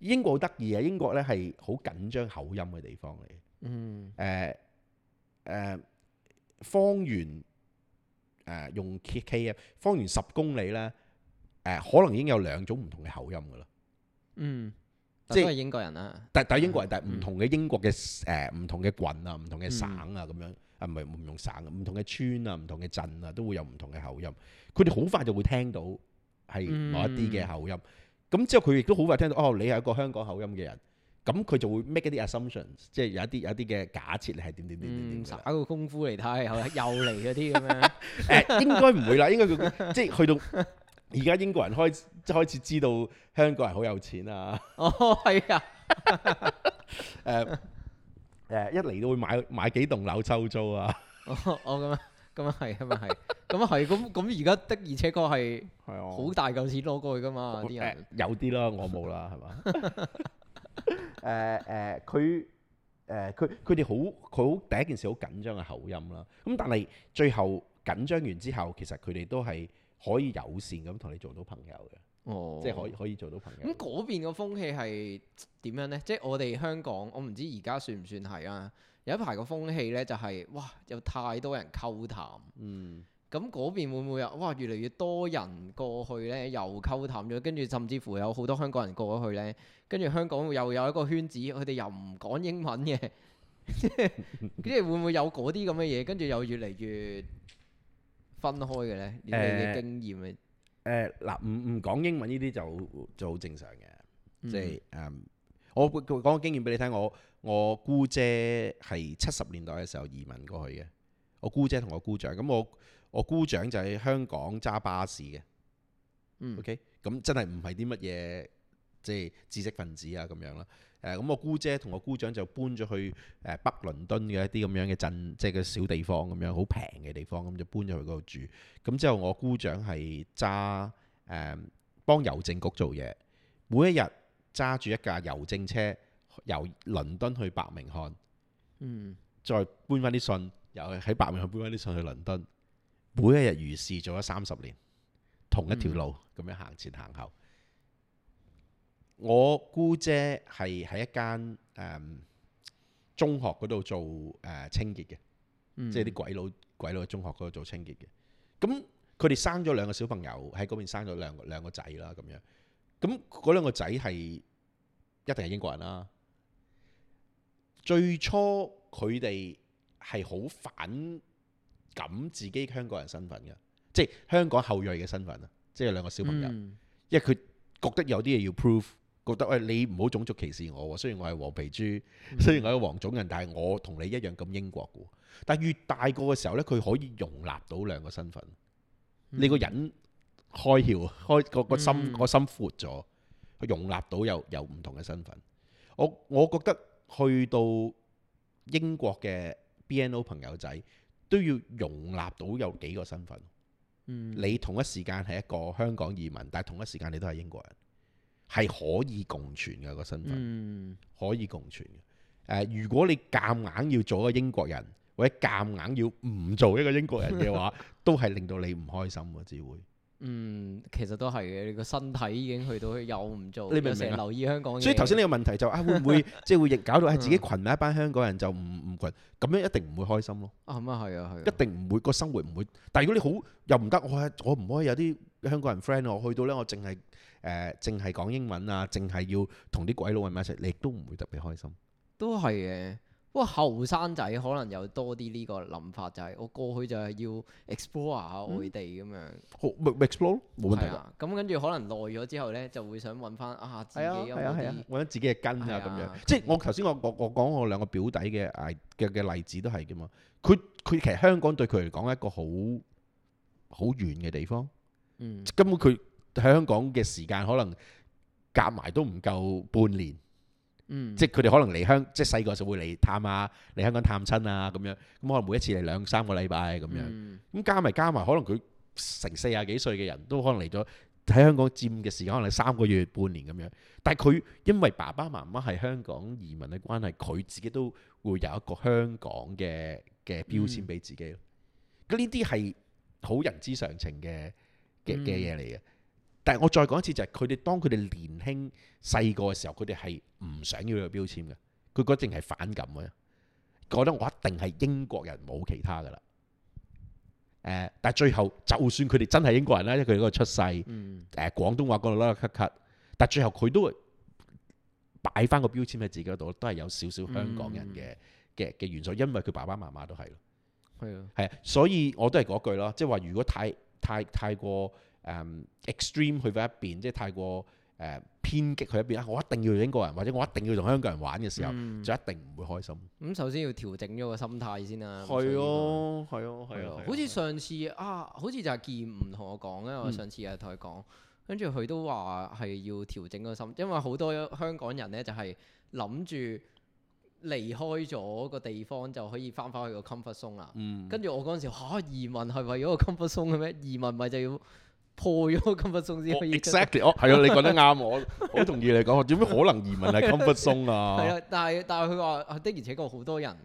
S2: 英國好得意啊！英國咧係好緊張口音嘅地方嚟。嗯、呃。誒、呃、誒，方圓誒、呃、用 K K 啊，方圓十公里咧，誒、呃、可能已經有兩種唔同嘅口音噶啦。嗯。
S1: 即係但英國人
S2: 啦、啊，嗯、但係英國人，但係唔同嘅英國嘅誒，唔同嘅郡啊，唔同嘅省啊，咁樣、嗯、啊，唔係唔用省、啊，唔同嘅村啊，唔同嘅鎮啊，都會有唔同嘅口音。佢哋好快就會聽到係某一啲嘅口音，咁、嗯、之後佢亦都好快聽到哦，你係一個香港口音嘅人，咁佢就會 make 一啲 assumptions，即係有一啲有一啲嘅假設你係點點點點點，耍、嗯、個功夫嚟睇，又嚟嗰啲咁樣，誒應該唔會啦，應該佢即係去到。去到而家英國人開即係開始知道香港人好有錢、哦、啊。哦、 呃，係啊！
S1: 誒誒，一嚟都會買買幾棟樓抽租啊！哦，咁、哦、啊，咁啊係啊，咪係，咁啊係，咁咁而家的而且確係係好大嚿錢攞過去噶嘛啲、哦呃、有啲啦，我冇啦係嘛？誒誒， 佢
S2: 誒佢佢哋好佢好第一件事好緊張嘅口音啦，咁但係最後緊張完之後，其實佢哋都係。可以友善咁同你做到朋友嘅，哦，即係可以可
S1: 以做到朋友。咁嗰邊個風氣係點樣咧？即係我哋香港，我唔知而家算唔算係啊。有一排個風氣呢，就係，就係哇，有太多人溝談。嗯，咁嗰邊會唔會有？「哇，越嚟越多人過去呢，又溝談咗，跟住甚至乎有好多香港人過咗去呢。跟住香港又有一個圈子，佢哋又唔講英文嘅，即 係會唔會有嗰啲咁嘅嘢？跟住又越嚟越分開嘅咧，你嘅經驗咧、呃？
S2: 嗱、呃，唔、呃、唔講英文呢啲就就好正常嘅，即係誒，我講個經驗俾你聽，我我姑姐係七十年代嘅時候移民過去嘅，我姑姐同我姑丈，咁我我姑丈就喺香港揸巴士嘅
S3: ，OK
S2: 咁真係唔係啲乜嘢？即係知識分子啊，咁樣啦。誒，咁我姑姐同我姑丈就搬咗去誒、呃、北倫敦嘅一啲咁樣嘅鎮，即係個小地方咁樣，好平嘅地方，咁就搬咗去嗰度住。咁之後我姑丈係揸誒幫郵政局做嘢，每一日揸住一架郵政車由倫敦去白明漢，嗯，再搬翻啲信由喺白明漢搬翻啲信去倫敦，嗯、每一日如是做咗三十年，同一條路咁、嗯、樣行前行後。我姑姐係喺一間誒、嗯、中學嗰度做誒、呃、清潔嘅，嗯、即係啲鬼佬鬼佬中學嗰度做清潔嘅。咁佢哋生咗兩個小朋友喺嗰邊，邊生咗兩個兩個仔啦咁樣。咁嗰兩個仔係一定係英國人啦。最初佢哋係好反感自己香港人身份嘅，即係香港後裔嘅身份啊！即係兩個小朋友，嗯、因為佢覺得有啲嘢要 prove。覺得，喂，你唔好種族歧視我喎，雖然我係黃皮豬，雖然我係黃種人，但係我同你一樣咁英國嘅。但越大個嘅時候呢，佢可以容納到兩個身份。你個人開竅開個個心個心闊咗，佢容納到有有唔同嘅身份。我我覺得去到英國嘅 BNO 朋友仔都要容納到有幾個身份。嗯，你同一時間係一個香港移民，但係同一時間你都係英國人。係可以共存嘅個身份，可以共存嘅。誒，如果你夾硬要做一個英國人，或者夾硬要唔做一個英國人嘅話，都係令到你唔開心嘅，只會。
S1: 嗯，其實都係嘅。你個身體已經去到又唔做，你咪成日留意香港。所以頭先呢個
S2: 問題就，啊，會唔會即係會亦搞到係自己羣，埋一班香港人就唔唔羣？咁樣一定唔會開心咯。啊
S1: 咁，啊，係啊，係。
S2: 一定唔會，個生活唔會。但係如果你好又唔得，我我唔可以有啲香港人 friend，我去到咧，我淨係。誒，淨係、呃、講英文啊，淨係要同啲鬼佬喺埋一齊，你亦都唔會特別開心。都係嘅，
S1: 不過後生仔可能有多啲呢個諗法，就係、是、我過去就係要 explore 下外地咁樣。嗯、
S2: 好，explore，冇問題啊。
S1: 咁跟住可能耐咗之後呢，就會想揾翻啊自己嗰啲，揾、
S2: 啊啊啊、自己嘅根啊咁、啊、樣。即係我頭先我我我講我兩個表弟嘅例嘅嘅例子都係嘅嘛。佢佢其實香港對佢嚟講，一個好好遠嘅地方。嗯、根本佢。喺香港嘅時間可能夾埋都唔夠半年，嗯、即係佢哋可能嚟香，即係細個就會嚟探下、啊，嚟香港探親啊咁樣，咁可能每一次嚟兩三個禮拜咁樣，咁加埋加埋，可能佢成四十幾歲嘅人都可能嚟咗喺香港佔嘅時間可能係三個月半年咁樣，但係佢因為爸爸媽媽係香港移民嘅關係，佢自己都會有一個香港嘅嘅標籤俾自己咯。咁呢啲係好人之常情嘅嘅嘢嚟嘅。但係我再講一次，就係佢哋當佢哋年輕細個嘅時候，佢哋係唔想要個標籤嘅，佢淨係反感嘅，覺得我一定係英國人，冇其他噶啦。但係最後就算佢哋真係英國人啦，因為佢嗰度出世，誒廣東話嗰度啦咳咳，但最後佢、嗯呃那個、都會擺翻個標籤喺自己嗰度，都係有少少香港人嘅嘅嘅元素，嗯、因為佢爸爸媽媽都係咯。係啊、嗯的，所以我都係嗰句咯，即係話如果太太太過。Um, extreme 去翻一邊，即係太過誒偏、uh, 激去一邊啊！我一定要英國人，或者我一定要同香港人玩嘅時候，嗯、就一定唔會開心。
S1: 咁、嗯、首先要調整咗個心態先啦、啊。係咯、啊，係咯，係咯、啊。啊啊啊啊、好似上次啊，好似就係健唔同我講咧。我上次又同佢講，跟住佢都話係要調整個心，因為好多香港人呢，就係諗住離開咗個地方就可以翻返去個 comfort zone 啦。跟住我嗰陣時啊移民係為咗個 comfort zone 嘅咩？移民咪就要～破咗 Comfort Zone 先可以，exactly 哦，係啊，你講得啱，我
S2: 好同意你講。點樣可能移民係 Comfort Zone 啊？係啊，
S1: 但係但係佢話的而且確好多人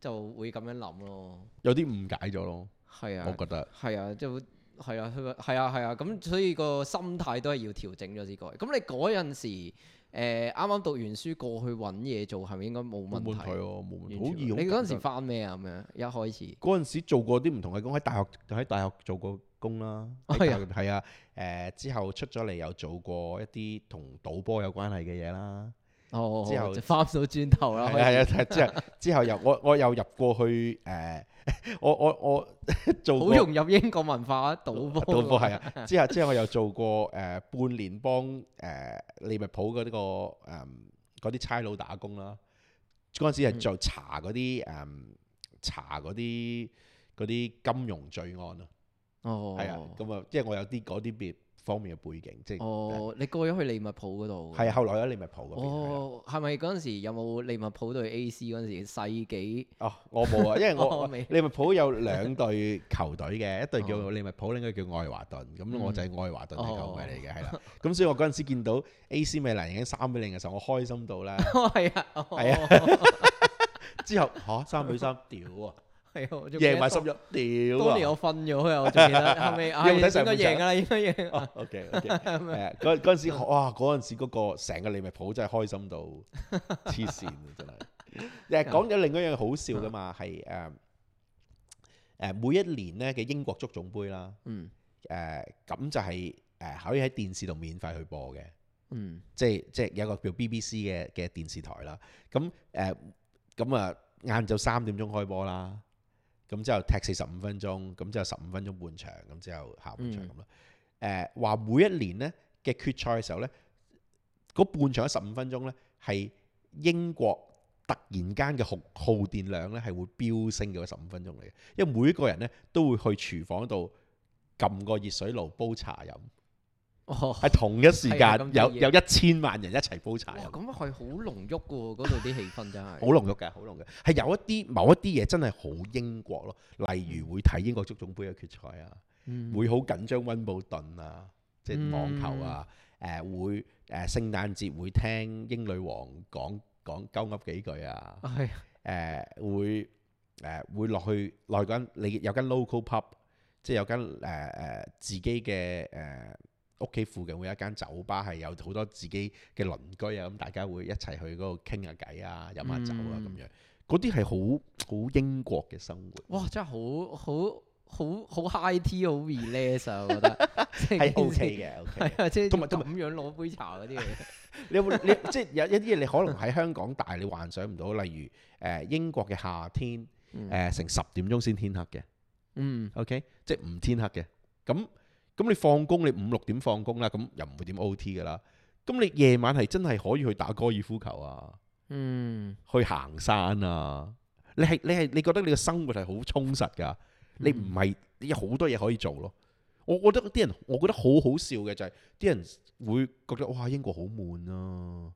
S1: 就會咁樣諗咯。
S2: 有啲誤解咗咯，
S1: 係啊，我覺得係啊，就係啊，佢話係啊，係啊，咁所以個心態都係要調整咗啲嘅。咁你嗰陣時誒啱啱讀完書過去揾嘢做，係咪應該冇問題？冇問題，好易用。你嗰陣時返咩啊？咁樣一開始
S2: 嗰陣時做過啲唔同嘅工，喺大學喺大學做過工啦，係啊，誒、啊呃，之後出咗嚟又做過一啲同賭波有關係嘅嘢啦，之後就翻到轉頭啦，係啊，即係之後又我我又入過去誒、呃，我我我 做好過融入英國
S1: 文化啊，賭波賭波係啊，之後之
S2: 後我又做過誒、呃、半年幫誒、呃、利物浦嗰啲、個誒嗰啲差佬打工啦，嗰陣時係做查嗰啲誒查嗰啲啲金融罪案啊。
S1: 哦，係啊，咁啊，即係我有啲嗰啲別方面嘅背景，即係。哦，你過咗去利物浦嗰度。係啊，後來喺利物浦邊？哦，係咪嗰陣時有冇利物浦對 A.C. 嗰陣時世紀？哦，我冇啊，因為我 利
S2: 物浦有兩隊球隊嘅，一隊叫利物浦，另一隊叫愛華頓。咁、嗯、我就係愛華頓嘅球迷嚟嘅，係啦。咁所以我嗰陣時見到 A.C. 米蘭已經三比零嘅時候，我開心到啦。哦，係啊，係啊。之後嚇三比三，屌
S1: 啊！贏埋十一，屌啊！當年我瞓咗又，我仲記得後尾應該贏噶啦，應該贏。OK OK，係嗰
S2: 嗰陣時哇，嗰陣時嗰個成個利物浦真係開心到黐線啊！真係。誒，講咗另一樣好笑噶嘛，係誒誒，每一年咧嘅英國足總杯啦，嗯，誒咁就係誒可以喺電視度免費去播嘅，嗯，即係即係有個叫 BBC 嘅嘅電視台啦，咁誒咁啊晏晝三點鐘開波啦。咁之後踢四十五分鐘，咁之後十五分鐘半場，咁之後下半場咁咯。誒話、嗯呃、每一年咧嘅決賽嘅時候呢，嗰半場十五分鐘呢，係英國突然間嘅耗耗電量呢係會飆升嘅嗰十五分鐘嚟嘅，因為每一個人呢都會去廚房度撳個熱水爐煲茶飲。哦，係 同一時間，噢有有一千萬人一齊煲茶，哇！
S1: 咁係好濃郁嘅喎，嗰度啲氣氛真係好濃郁嘅，好濃嘅。係有一啲某一
S2: 啲嘢真係好英國咯，例如會睇英國足總杯嘅決賽啊， 會好緊張温布頓啊，即係網球啊，誒、 呃、會誒、呃、聖誕節會聽英女王講講鳩噏幾句啊，係誒、 呃呃、會誒落、呃、去內間你有間 local pub，即係有間誒誒自己嘅誒。ata 屋企附近會有一間酒吧，係有好多自己嘅鄰居啊！咁大家會一齊去嗰度傾下偈啊，飲下酒啊，咁、嗯、樣嗰啲係好好英國嘅生活。
S1: 哇！真係好好好 high tea，好 relax 我覺得係 OK 嘅，係、okay、啊，即係同埋都係咁樣攞杯茶嗰啲嘢。
S2: 你會你即係有一啲嘢，你可能喺香港大，你幻想唔到，例如誒、呃、英國嘅夏天，誒、嗯呃、成十點鐘先天黑嘅，嗯，OK，即係唔天黑嘅咁。咁你放工你五六點放工啦，咁又唔會點 O.T. 噶啦。咁你夜晚係真係可以去打高爾夫球啊，
S3: 嗯，
S2: 去行山啊。你係你係你覺得你嘅生活係好充實噶，你唔係你有好多嘢可以做咯。我覺得啲人，我覺得好好笑嘅就係、是、啲人會覺得哇英國好悶啊！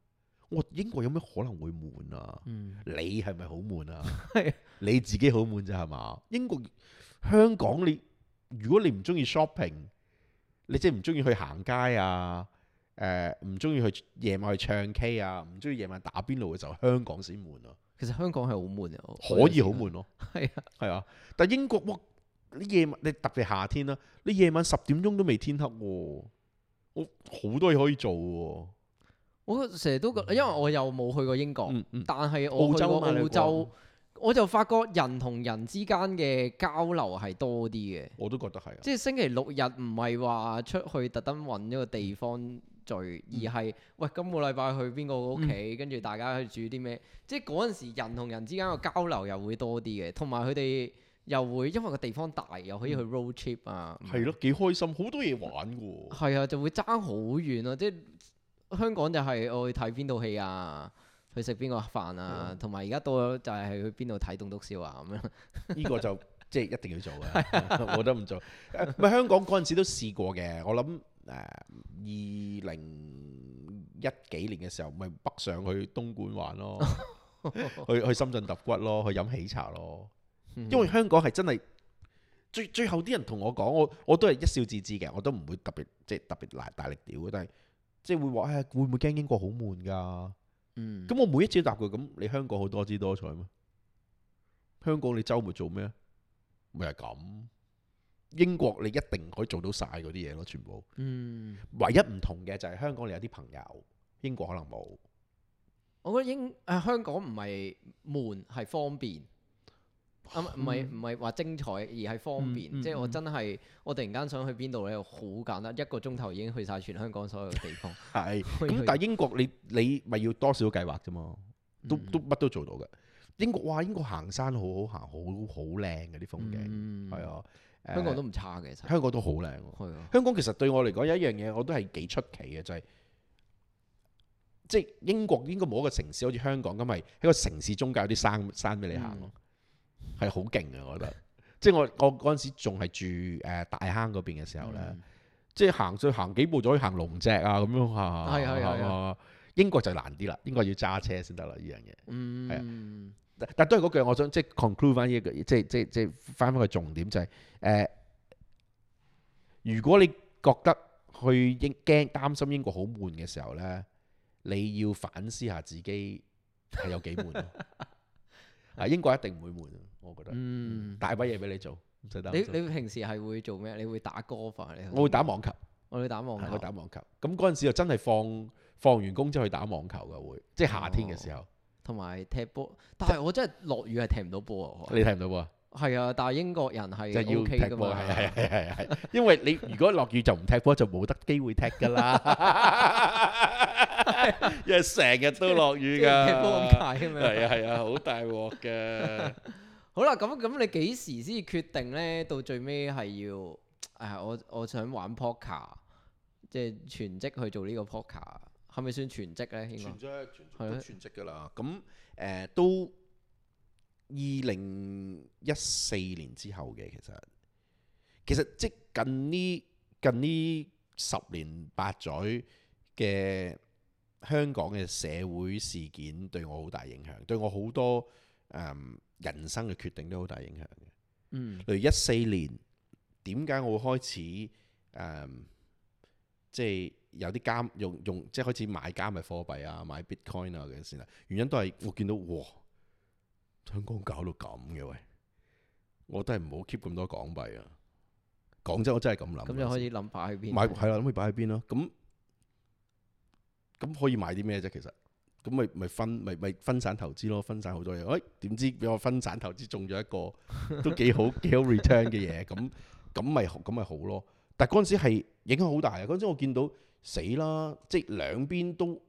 S2: 我英國有咩可能會悶啊？嗯、你係咪好悶啊？ 你自己好悶咋係嘛？英國香港你如果你唔中意 shopping。你即係唔中意去行街啊？誒、呃，唔中意去夜晚去唱 K 啊？唔中意夜晚打邊爐嘅時候，香港先悶咯、啊。其實香港係好悶嘅，可以好悶咯。係啊 的，係啊。但英國喎，你夜晚你特別夏天啦，你夜晚十點鐘都未天黑喎、啊，我好多嘢可以做
S1: 喎、啊。我成日都覺得，因為我又冇去過英國，嗯、但係我去過澳洲。澳洲我就發覺人同人之間嘅交流係多啲嘅，我都覺得係。即係星期六日唔係話出去特登揾一個地方聚，嗯、而係喂今個禮拜去邊個屋企，跟住、嗯、大家去煮啲咩？即係嗰陣時人同人之間嘅交流又會多啲嘅，同埋佢哋又會因為個地方大，又可以去 road trip 啊。係咯、嗯，幾係開心，好多嘢玩喎。係啊，就會爭好遠啊。即係香港就係、係、我去睇邊套戲啊。去食邊個飯啊？同埋而家到咗就係去邊度睇棟篤笑啊？咁樣呢個就 即係一定要做嘅， 我都唔做。
S2: 咪、呃、香港嗰陣時都試過嘅。我諗誒、呃、二零一幾年嘅時候，咪北上去東莞玩咯， 去去深圳揼骨咯，去飲喜茶咯。因為香港係真係最最後啲人同我講，我我都係一笑置之嘅，我都唔會特別即係特別大力屌。但係即係會話誒、哎，會唔會驚英國好悶㗎？咁、嗯、我每一次都答佢，咁你香港好多姿多彩咩？香港你周末做咩？咪係咁？英國你一定可以做到晒嗰啲嘢咯，全部。嗯，唯一唔同嘅就係香港你有啲朋友，
S1: 英國可能冇。我覺得英誒、啊、香港唔係悶，係方便。唔係唔係話精彩，而係方便。嗯嗯、即係我真係我突然間想去邊度呢？好簡單，一個鐘頭已經去晒全香港所有嘅地方。係
S2: 是。咁去但係英國你你咪要多少計劃啫嘛、嗯？都都乜都做到㗎。英國哇，英國行山好好行，好好靚嘅啲風景，係、嗯、啊。
S3: 香港都唔
S2: 差嘅，其實。香港都好靚。係、啊、香港其實對我嚟講有一樣嘢，我都係幾出奇嘅，就係、是、即係英國應該冇一個城市好似香港咁係喺個城市中間有啲山山俾你行咯。嗯係好勁嘅，我覺得。即、就、係、是、我我嗰陣時仲係住誒大坑嗰邊嘅時候咧，嗯、即係行最行幾步就可以行龍脊啊咁樣吓。係係係。啊、英國就難啲啦，英國要揸車先得啦呢樣嘢。
S3: 嗯。係啊。
S2: 但但都係嗰句，我想即係 conclude 翻呢個，即係即係即係翻返個重點就係、是、誒、呃，如果你覺得去英驚擔心英國好悶嘅時候咧，你要反思下自己係有幾悶。係英國一定唔會悶，我覺得，嗯、大把嘢俾你做，唔使擔心。你你
S1: 平時係會做咩？你會打 golf 啊？我會打網球，我打網球。我會打網球。我打
S2: 網球。咁嗰陣時又真係放
S1: 放完工之後去打網球㗎，會即係夏天嘅時候。同埋、哦、踢波，但係我真係落雨係踢唔到波、就是、你踢唔到波啊？係啊，但係英國人係、OK、要踢波係係係係係，
S2: 因為你如果落雨就唔踢波，就冇得機會踢㗎啦。 因為成日都落雨噶，係啊係啊，好大
S1: 鑊嘅。 好啦，咁咁你幾時先決定咧？到最尾係要，誒、哎，我我想玩 Poker，即係全職去做呢個 Poker，係咪算全職咧？全職，全職都全職噶啦。咁誒、 呃，都
S2: 二零一四年之後嘅，其實其實即近呢近呢十年八載嘅。香港嘅社會事件對我好大影響，對我好多誒、嗯、人生嘅決定都好大影響嘅、嗯。
S3: 嗯，
S2: 例如一四年，點解我會開始誒即係有啲監用用即係開始買加密貨幣啊，買 Bitcoin 啊嗰啲先啊？原因都係我見到哇，香港搞到咁嘅喂，我都係唔好 keep 咁多港幣啊！講真我真係咁諗。咁就開始諗擺喺邊？買係啦，諗可以擺喺邊咯？咁。咁可以買啲咩啫？其實咁咪咪分咪咪分散投資咯，分散好多嘢。誒點知俾我分散投資中咗一個都幾好幾好 return 嘅嘢，咁咁咪咁咪好咯。但嗰陣時係影響好大啊！嗰陣時我見到死啦，即兩邊都唔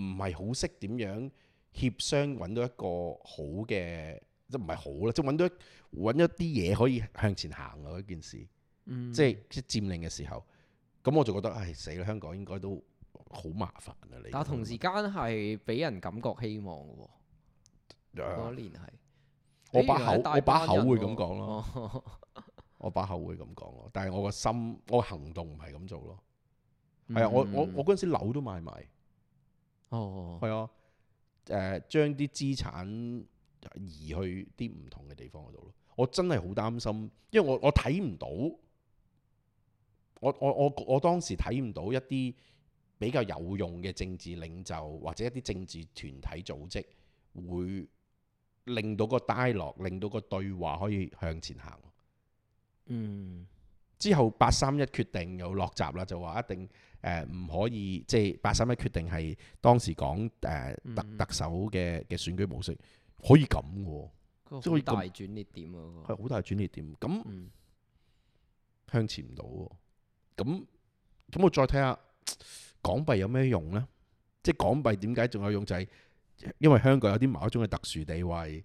S2: 係好識點樣協商，揾到一個好嘅即唔係好啦，即揾到揾一啲嘢可以向前行啊！嗰件事，即即佔領嘅時候，咁我就覺得唉死啦！香港應該都。好麻煩
S3: 啊！你但同
S1: 時間係俾人感覺希望嘅有年係誒我把口，哦、我把口會咁
S2: 講咯。哦、我把口會咁講咯，但係我個心，嗯、我行動唔係咁做咯。係、嗯、啊，我我我嗰陣時樓都買埋，哦，係啊，誒、呃，將啲資產移去啲唔同嘅地方嗰度咯。我真係好擔心，因為我我睇唔到，我我我我，我，我當時睇唔到一啲。比較有用嘅政治領袖或者一啲政治團體組織，會令到個低落，令到個對話可以向前行。嗯，之後八三一決定又落閘啦，就話一定誒唔、呃、可以，即係八三一決定係當時講誒特特首嘅嘅選舉模式可以咁嘅，
S3: 即大轉捩點啊，係好大轉捩點、啊。咁那、嗯、
S2: 向前唔到，咁咁我再睇下。港幣有咩用呢？即係港幣點解仲有用？就係因為香港有啲某種嘅特殊地位，誒、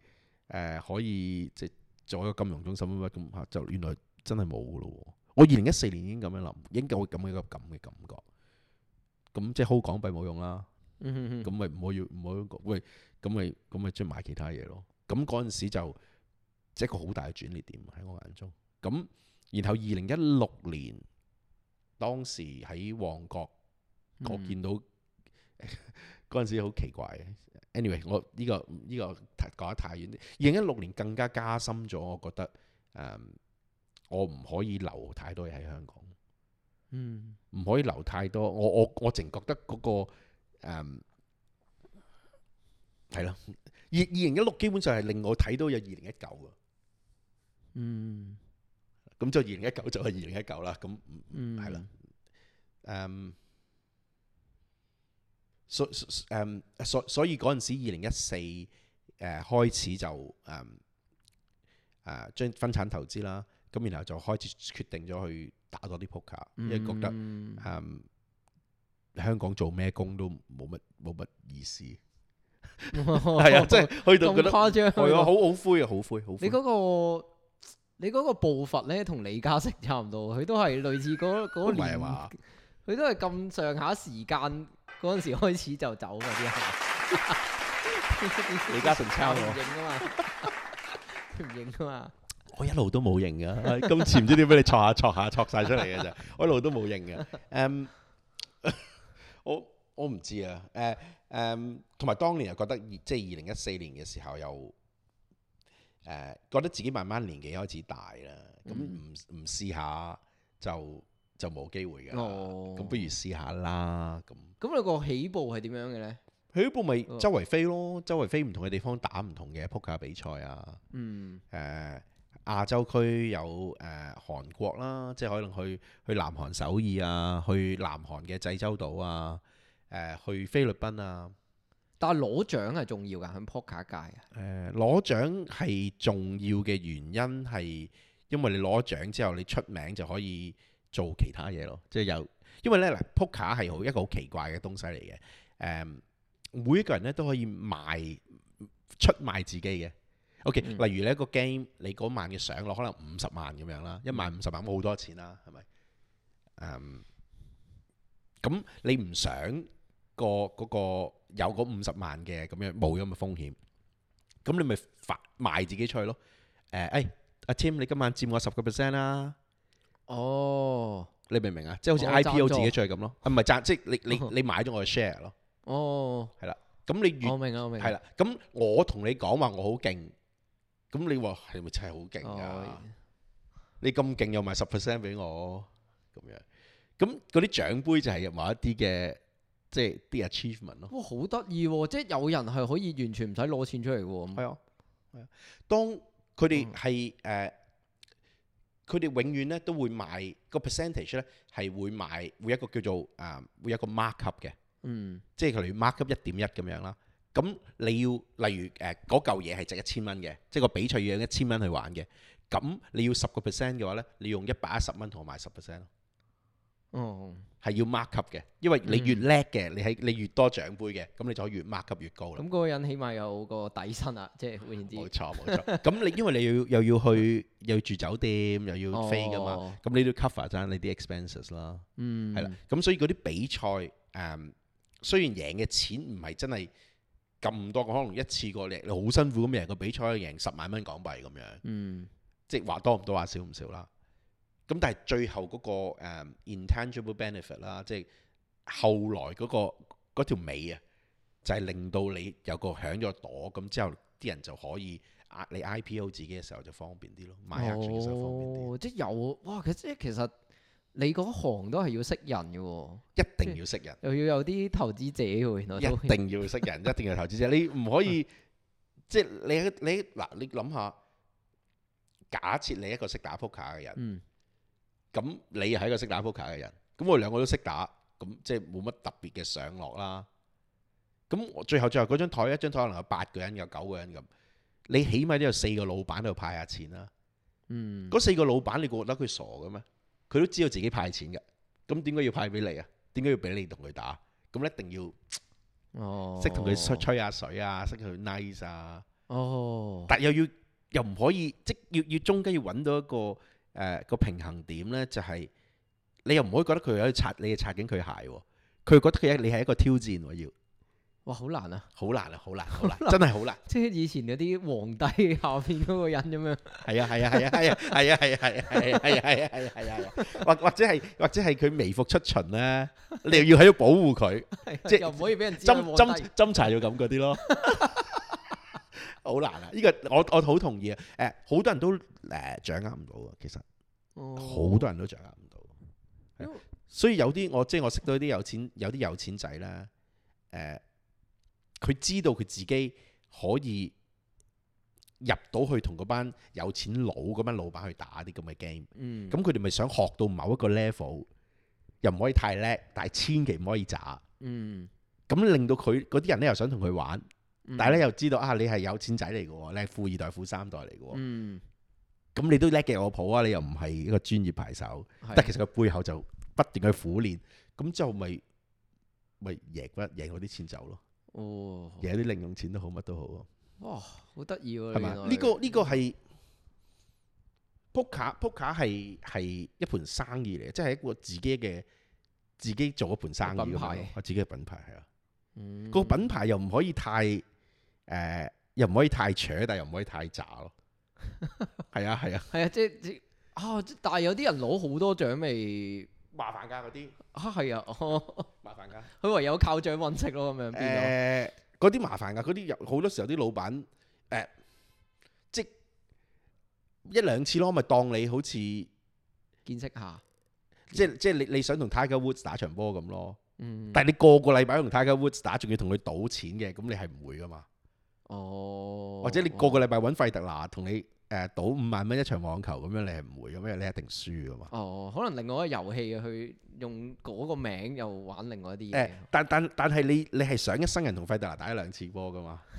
S2: 呃，可以即係做一個金融中心咁吓，就原來真係冇噶咯。我二零一四年已經咁樣諗，已經有咁一個咁嘅感覺。咁即係 hold 港幣冇用啦，咁咪唔好要唔好喂，咁咪咁咪即係買其他嘢咯。咁嗰陣時就即係一個好大嘅轉捩點喺我眼中。咁然後二零一六年，當時喺旺角。我見到嗰陣時好奇怪嘅，anyway，我呢個呢個講得太遠啲。二零一六年更加加深咗，我覺得誒，我唔可以留太多嘢喺香港。嗯，唔可以留太多。我我我淨覺得嗰個誒係咯。二二零一六基本上係令我睇到有二零一九喎。嗯。咁就二零一九就係二零一九啦。咁嗯係啦。誒。所誒，所所以嗰陣時，二零一四誒開始就誒誒、um, uh，將分產投資啦。咁然後就開始決定咗去打多啲撲克，uh, poker，嗯、因為覺得誒、um，香港做咩工都冇乜冇乜意思，
S3: 係啊，即係去到覺得咁誇張啊、係啊，好
S1: 好灰啊，好灰好。你嗰個你嗰個步伐咧，同李嘉誠差唔多，佢都係類似嗰嗰、那個、年，佢、嗯、都係咁上下時間。嗰陣時開始就走嘅啲啊，李嘉誠抄我，唔認啊嘛，佢唔認啊嘛。
S2: 我一路都冇認嘅，今次唔知點俾你撮下撮下撮晒出嚟嘅啫。我一路都冇認嘅。誒，我我唔知啊。誒誒，同埋當年又覺得，即係二零一四年嘅時候又誒、呃，覺得自己慢慢年紀開始大啦，咁唔唔試下就。 就冇機會㗎，咁、哦、不如試下啦。咁
S1: 咁你個起步係點樣嘅呢？
S2: 起步咪周圍飛咯，哦、周圍飛唔同嘅地方打唔同嘅撲卡比賽啊。嗯，誒、呃、亞洲區有誒、呃、韓國啦、啊，即係可能去去南韓首爾啊，去南韓嘅濟州島啊，誒、呃、去
S1: 菲律賓啊。但係攞獎係重要㗎，喺撲卡界誒、啊、
S2: 攞、呃、獎係重要嘅原因係因為你攞獎之後你出名就可以，做其他嘢咯，即係有，因為咧嗱，Poker 係好一個好奇怪嘅東西嚟嘅。誒，每一個人咧都可以賣出賣自己嘅。O K，例如咧個 game 你嗰晚嘅上落可能五十萬咁樣啦，一晚五十萬咁好多錢啦，係咪？嗯，咁你唔想個嗰個有嗰五十萬嘅咁樣冇咁嘅風險，咁你咪賣賣自己出去咯？誒，誒，阿 Tim 你今晚佔我十個 percent 啦。哦，你明唔明啊？即係好似 IPO 自己做咁咯，係咪？賺，即係你你你買咗我嘅 share 咯。
S1: 哦，
S2: 係啦，咁你我明我明。係啦，咁我同你講話我好勁，咁你話係咪真係好勁啊？哎、你咁勁又賣十 percent 俾我，咁樣，咁嗰啲獎杯就係入埋一啲嘅、就是哦啊，即係啲
S1: achievement 咯。哇，好得意，即係有人係可以完全唔使攞錢出嚟。係啊，係啊，當佢哋係誒。嗯佢哋永遠咧都會賣
S2: 個 percentage 咧，係會賣會一個叫做啊會一個 mark up 嘅，嗯即 1. 1、呃那個1，即係佢哋 mark up 一點一咁樣啦。咁你要例如誒嗰嚿嘢係值一千蚊嘅，即係個比賽要用一千蚊去玩嘅。咁你要十個 percent 嘅話咧，你用一百一十蚊同我買十 percent。哦，係要
S1: mark 級嘅，因為你越叻嘅，嗯、你喺你越多獎杯嘅，咁你就越 mark 級越高啦。咁嗰、嗯嗰個人起碼有個底薪啊，啊即係換言之。冇錯冇錯。
S2: 咁 你因為你要又，又要去又要住酒店又要飛噶嘛，咁、哦、你都 cover 翻你啲 expenses 啦。嗯。係啦，咁所以嗰啲比賽誒、嗯，雖然贏嘅錢唔係真係咁多，可能一次過你你好辛苦咁贏、個比賽贏十萬蚊港幣咁樣。
S3: 嗯。
S2: 即係話多唔多話少唔少啦。咁但係最後嗰、那個、um, intangible benefit 啦，即係後來嗰、那個條尾啊，就係、是、令到你有個響咗朵，咁之後啲人就可以啊，你 IPO 自己嘅時候就方便啲咯，
S1: 賣 a c t 方便啲，哦。即係有哇，即係其實你嗰行都係要識人嘅喎，一定要識人，又要有啲投資者喎、啊，一定要識人，一定要投資者，你唔可以 即係你你嗱，
S2: 你諗下，假設你一個識打撲克嘅人。嗯。咁你又係一個識打 Poker 嘅人，咁我兩個都識打，咁即係冇乜特別嘅上落啦。咁我最後最後嗰張台，一張台可能有八個人，有九個人咁，你起碼都有四個老闆喺度派下錢啦。
S3: 嗯，
S2: 四個老闆你覺得佢傻嘅咩？佢都知道自己派錢嘅，咁點解要派俾你啊？點解要俾你同佢打？咁一定要，哦，識同佢吹下水啊，識佢 nice 啊。
S3: 哦，但又
S2: 要又唔可以，即要要中間要揾到一個。誒個、呃、平衡點咧，就係你又唔可以覺得佢喺度擦你係擦緊佢鞋喎，佢覺得佢你係一個挑戰喎，要
S1: 哇難、啊、好難啊，好難啊，好難，好難，真係好難。即係以前嗰啲皇帝下邊嗰個人咁樣。係 啊，係啊，係啊，係啊，係啊，係啊，係啊，係啊，係啊，係啊，係啊， 或或者係
S2: 或者係佢微服出巡咧，你又要喺度保護佢，
S1: 即係是 又唔可以俾人
S3: 針針
S2: 針扎咁嗰啲咯。 好難啊！呢、這個我我好同意啊！誒，好多人都誒、呃、掌握唔到啊，其實好、哦、多人都掌握唔到、啊啊。所以有啲我即係我識到啲有錢有啲有錢仔呢，佢、呃、知道佢自己可以入到去同嗰班有錢佬嗰班老闆去打啲咁嘅 game。咁佢哋咪想學到某一個 level，又唔可以太叻，但係千祈唔可以渣。咁、嗯、令到佢嗰啲人呢，又想同佢玩。但係咧又知道啊，你係有錢仔嚟嘅，你係富二代、富三代嚟嘅。嗯，咁你都叻嘅我抱啊，你又唔係一個專業牌手，但其實個背後就不斷去苦練，咁之後咪咪贏不贏嗰啲錢走咯。哦，贏啲零用錢都好，乜都好
S1: 啊。哇，好得意喎！係嘛？呢個呢
S2: 個係 Poker，Poker 係係一盤生意嚟，即係一個自己嘅自己做一盤生意咁樣咯。啊，自己嘅品牌係啊，個品牌又唔可以太。誒、呃，又唔可以太扯，但又唔可以太渣
S1: 咯。係啊，係 啊，係啊，即係 啊！但係有啲人攞好多獎咪麻煩噶嗰啲啊，係、哦、啊，麻煩噶，佢唯有靠獎運食咯咁樣變咗。誒，
S2: 嗰啲、呃、麻煩噶，嗰啲好多時候啲老闆誒、呃，即一兩次咯，咪當你好似見識下，即係即係你你想同 Tiger Woods 打，打場波咁咯。嗯、但係你個個禮拜同 Tiger Woods 打，仲要同佢賭錢嘅，咁你係
S1: 唔會噶嘛？哦，或者你個個禮
S2: 拜揾費特拿同你誒賭五萬蚊一場網球咁樣，你係唔會咁樣，你一定輸噶嘛。
S1: 哦，可能另外一個遊戲啊，佢用嗰個名又玩另外一啲嘢，欸。
S2: 但但但係你你係想一生人同費特拿打一兩次波噶嘛？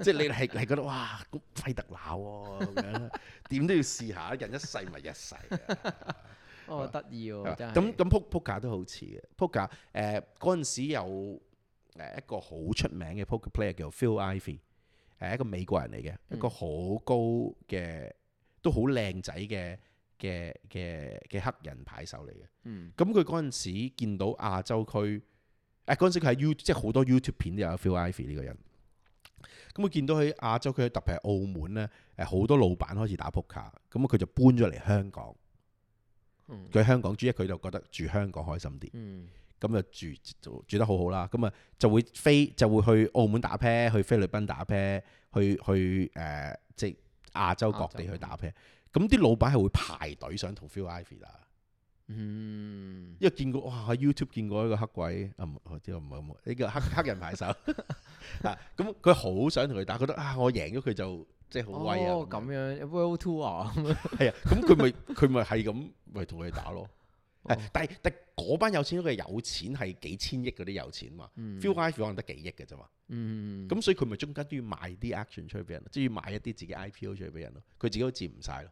S1: 即係你係係覺
S2: 得哇，費特拿喎，點 都要試下，人一世咪一世。 哦，得意喎，真係。咁咁撲撲架都好似嘅，撲架誒嗰陣時有誒一個好出名嘅 poker player 叫 Phil Ivey。係一個美國人嚟嘅，一個好高嘅，都好靚仔嘅嘅嘅嘅黑人牌手嚟嘅。咁佢嗰陣時見到亞洲區，誒嗰陣時佢喺 You 即係好多 YouTube 片都有 Phil Ivey 呢個人。咁佢見到喺亞洲區，特別係澳門咧，誒好多老闆開始打撲卡，咁佢就搬咗嚟香港。
S3: 佢
S2: 香港主要，佢就覺得住香港開心啲。咁就住住住得好好啦，咁、嗯、啊就會飛就會去澳門打 pair，去菲律賓打 pair，去去誒、呃、即亞洲各地去打 pair。咁啲洲老闆係會排隊想同 Phil Ivey 打，嗯，因為見過哇喺 YouTube 見過一個黑鬼啊，唔知我唔係冇呢個黑黑人牌手 啊，咁佢好想同佢打，覺得啊我贏咗佢就即係好威啊，咁、哦、麼樣 Welcome to 啊，係啊，咁佢咪佢咪係咁咪同佢打咯。誒、哦，但係但嗰班有錢，佢係有錢係幾千億嗰啲有錢嘛？Phil、嗯、Ivey 可能得幾億嘅啫嘛。咁、嗯、所以佢咪中間都要賣啲 Action 出去俾人，即、就是、要賣一啲自己 IPO 出去俾人咯。佢自己都接唔晒咯。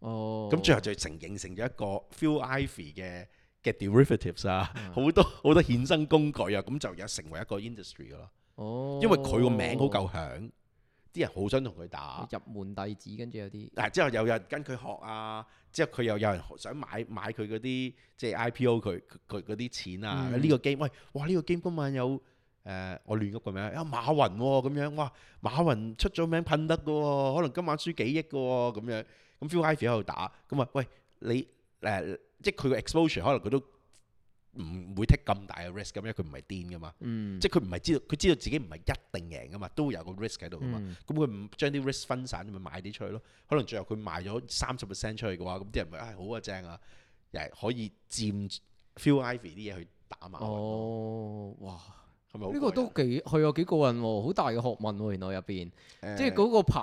S2: 哦。咁最後就成形成咗一個 Phil Ivey 嘅嘅 derivatives 啊，好、嗯、多好多衍生工具啊，咁就而家成為一個 industry 咯。
S3: 哦。因為佢個名好夠響，
S2: 啲、哦、人好想同佢打。入門弟子跟住有啲。嗱，之後有人跟佢學啊。之後佢又有人想買買佢嗰啲即係 IPO 佢佢嗰啲錢啊！呢、嗯、個 game 喂，哇呢、這個 game 今晚有誒、呃、我亂噏個名啊馬雲，咁、哦、樣，哇馬雲出咗名噴得嘅喎、哦，可能今晚輸幾億嘅喎咁樣，咁 Phil Ivey 喺度打咁啊！喂你誒、呃、即係佢個 exposure 可能佢都。唔會 take 咁大嘅 risk，咁因為佢唔係癲嘅嘛，嗯、即係佢唔係知道佢知道自己唔係一定贏嘅嘛，都有個 risk 喺度嘅嘛。咁佢唔將啲 risk 分散，咁咪買啲出去咯。可能最後佢賣咗三十 percent 出去嘅話，咁啲人咪唉、哎、好啊正啊，又係
S1: 可以佔 Phil Ivey 啲嘢去打麻。哦、哇！呢個都幾係啊，幾過癮喎！好大嘅學問喎，原來入邊，即係嗰個牌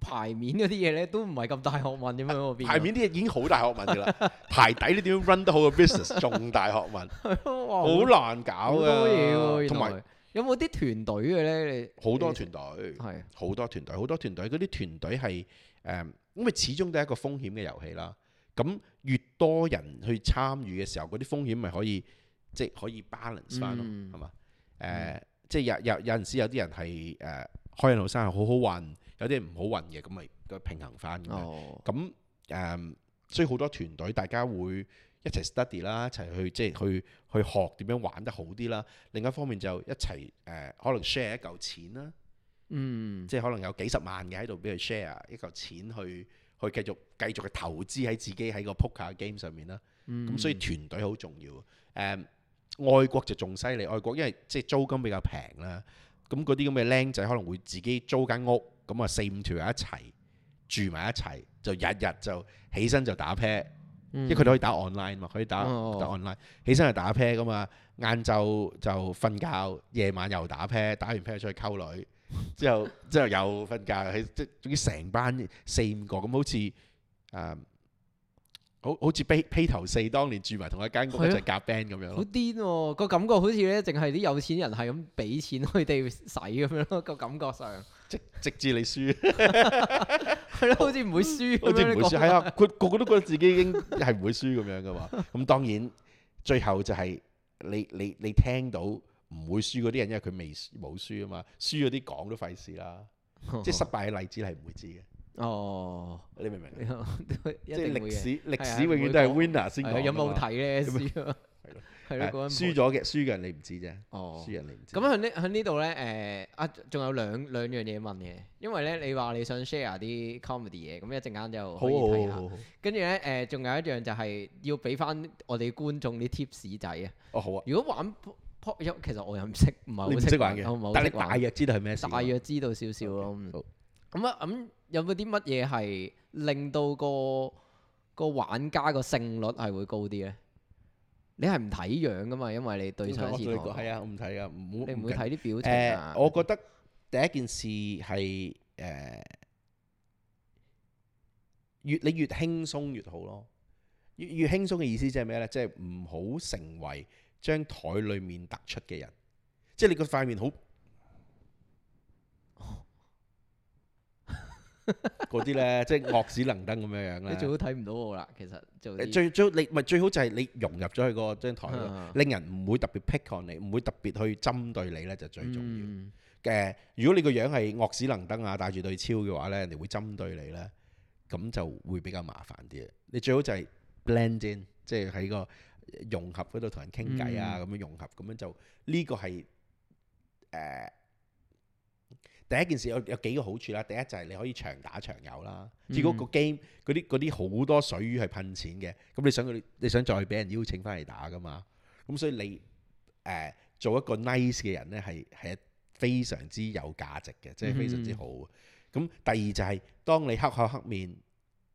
S1: 牌面嗰啲嘢咧，都唔係咁大學問咁樣嗰邊。牌面啲嘢已經好大學問噶啦，牌底你點
S2: 樣 run 得好嘅 business，重大學問，
S3: 好難搞嘅。好多嘢喎，原來。
S2: 有冇啲團隊嘅咧？你好多團隊，係好多團隊，好多團隊嗰啲團隊係誒，因為始終都係一個風險嘅遊戲啦。咁越多人去參與嘅時候，嗰啲風險咪可以即係可以 balance 翻咯，係嘛？誒、嗯呃，即係有有有陣時有啲人係誒、呃、開人頭山係好好運，有啲唔好運嘅，咁咪都平衡翻嘅。咁誒、哦哦呃，所以好多團隊大家會一齊 study 啦，一齊去即係去去學點樣玩得好啲啦。另一方面就一齊誒、呃，可能 share 一嚿錢啦，嗯，即係可能有幾十萬嘅喺度俾佢 share 一嚿錢去去繼續繼續去投資喺自己喺個 Poker game 上面啦。咁、啊嗯嗯、所以團隊好重要誒。呃外國就仲犀利，外國因為即係租金比較平啦，咁嗰啲咁嘅僆仔可能會自己租間屋，咁啊四五條友一齊住埋一齊，就日日就起身就打啤，即佢哋可以打 online 嘛，可以打、哦、打 online，起身就打啤噶嘛，晏晝就瞓覺，夜晚又打啤，打完啤出去溝女，之後 之後又瞓覺，係即係總之成班四五個咁好似誒。呃好好似披披頭四當年住埋同一間屋就夾 band 咁樣，好
S1: 癲個感覺好似咧，淨係啲有錢人係咁俾錢佢哋使咁樣咯，個感覺上直 直至你輸，
S3: 係咯， 好似唔會輸，好似唔會輸，係啊，
S1: 個個都覺得自己已經係唔會輸咁樣噶嘛。
S2: 咁當然最後就係你你你，你聽到唔會輸嗰啲人，因為佢未冇輸啊嘛，輸嗰啲講都費事啦，即係失敗嘅例子係唔會知嘅。哦，你明唔明？即係歷史歷史永遠都係 winner 先講。有冇睇咧？輸咗嘅，輸嘅人你唔知啫。哦，輸
S1: 人你唔知。咁喺呢喺呢度咧，誒啊，仲有兩兩樣嘢問嘅，因為咧你話你想 share 啲 comedy 嘢，咁一陣間就好好。跟住咧誒，仲有一樣就係要俾翻我哋觀眾啲 tips 仔啊。哦，好啊。如果玩 Poker，其實我又唔識，唔係好識玩嘅。但你大約知道係咩？大約知道少少咯。咁啊咁。有冇啲乜嘢係令到個個玩家個勝率係會高啲咧？你係唔睇樣噶嘛？因為你對上一次。係啊、嗯，唔睇噶，唔會唔會睇啲表情啊、呃。我覺得第一件事係誒
S2: 越你越輕鬆越好咯。越越輕鬆嘅意思即係咩咧？即係唔好成為張台裏面突出嘅人，即係你個塊面好。嗰啲咧，即係惡死能登咁樣樣咧。你最好睇
S1: 唔到我啦，其實就最最
S2: 好你唔係最好就係你融入咗去個張台度，令、啊、人唔會特別 pick on 你，唔會特別去針對你咧就是、最重要嘅、嗯呃。如果你個樣係惡死能登啊，戴住對超嘅話咧，人哋會針對你咧，咁就會比較麻煩啲。你最好就係 blend in，即係喺個融合嗰度同人傾偈啊，咁、嗯、樣融合，咁樣就呢、這個係誒。呃第一件事有有幾個好處啦，第一就係你可以長打長有啦。如果個 game 嗰啲啲好多水魚係噴錢嘅，咁你想佢你想再俾人邀請返嚟打㗎嘛？咁所以你誒、呃、做一個 nice 嘅人呢，係係非常之有價值嘅，即係非常之好。咁、嗯、第二就係、是、當你黑口黑，黑面誒、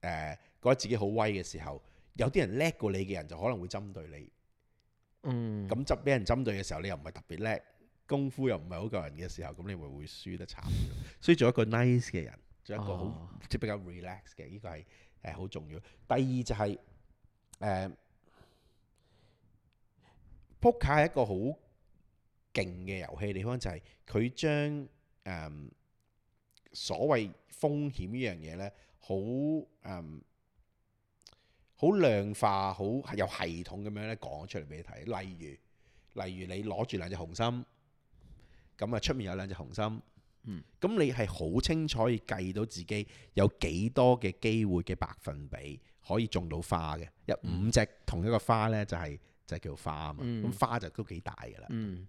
S2: 呃、覺得自己好威嘅時候，有啲人叻過你嘅人就可能會針對你。
S3: 嗯。咁
S2: 就俾人針對嘅時候，你又唔係特別叻。功夫又唔係好夠人嘅時候，咁你咪會，會輸得慘。 所以做一個 nice 嘅人，做一個好即比較 relax 嘅，呢、哦、個係誒好重要。第二就係誒 Poker 係一個好勁嘅遊戲，地方就係佢將誒所謂風險呢樣嘢呢，好誒好量化、好有系統咁樣咧講出嚟俾你睇。例如例如你攞住兩隻紅心。咁啊，出面有兩隻紅心，嗯，咁你係好清楚計到自己有幾多嘅機會嘅百分比可以中到花嘅，嗯、有五隻同一個花呢，就係、是、就係、是、叫花啊嘛，咁、嗯、花就都幾大㗎喇，嗯。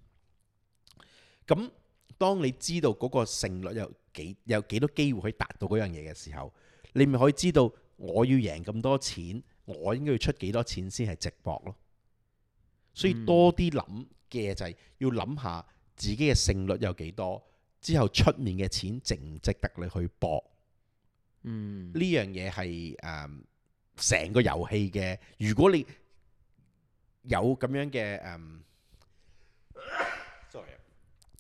S2: 咁當你知道嗰個勝率有幾有幾多機會可以達到嗰樣嘢嘅時候，你咪可以知道我要贏咁多錢，我應該要出幾多錢先係值博咯。
S3: 所以多
S2: 啲諗嘅就係要諗下。嗯嗯自己嘅勝率有幾多？之後出面嘅錢值唔值得你去搏？嗯，呢樣嘢係誒成個遊戲嘅。如果你有咁樣嘅誒、嗯、，sorry，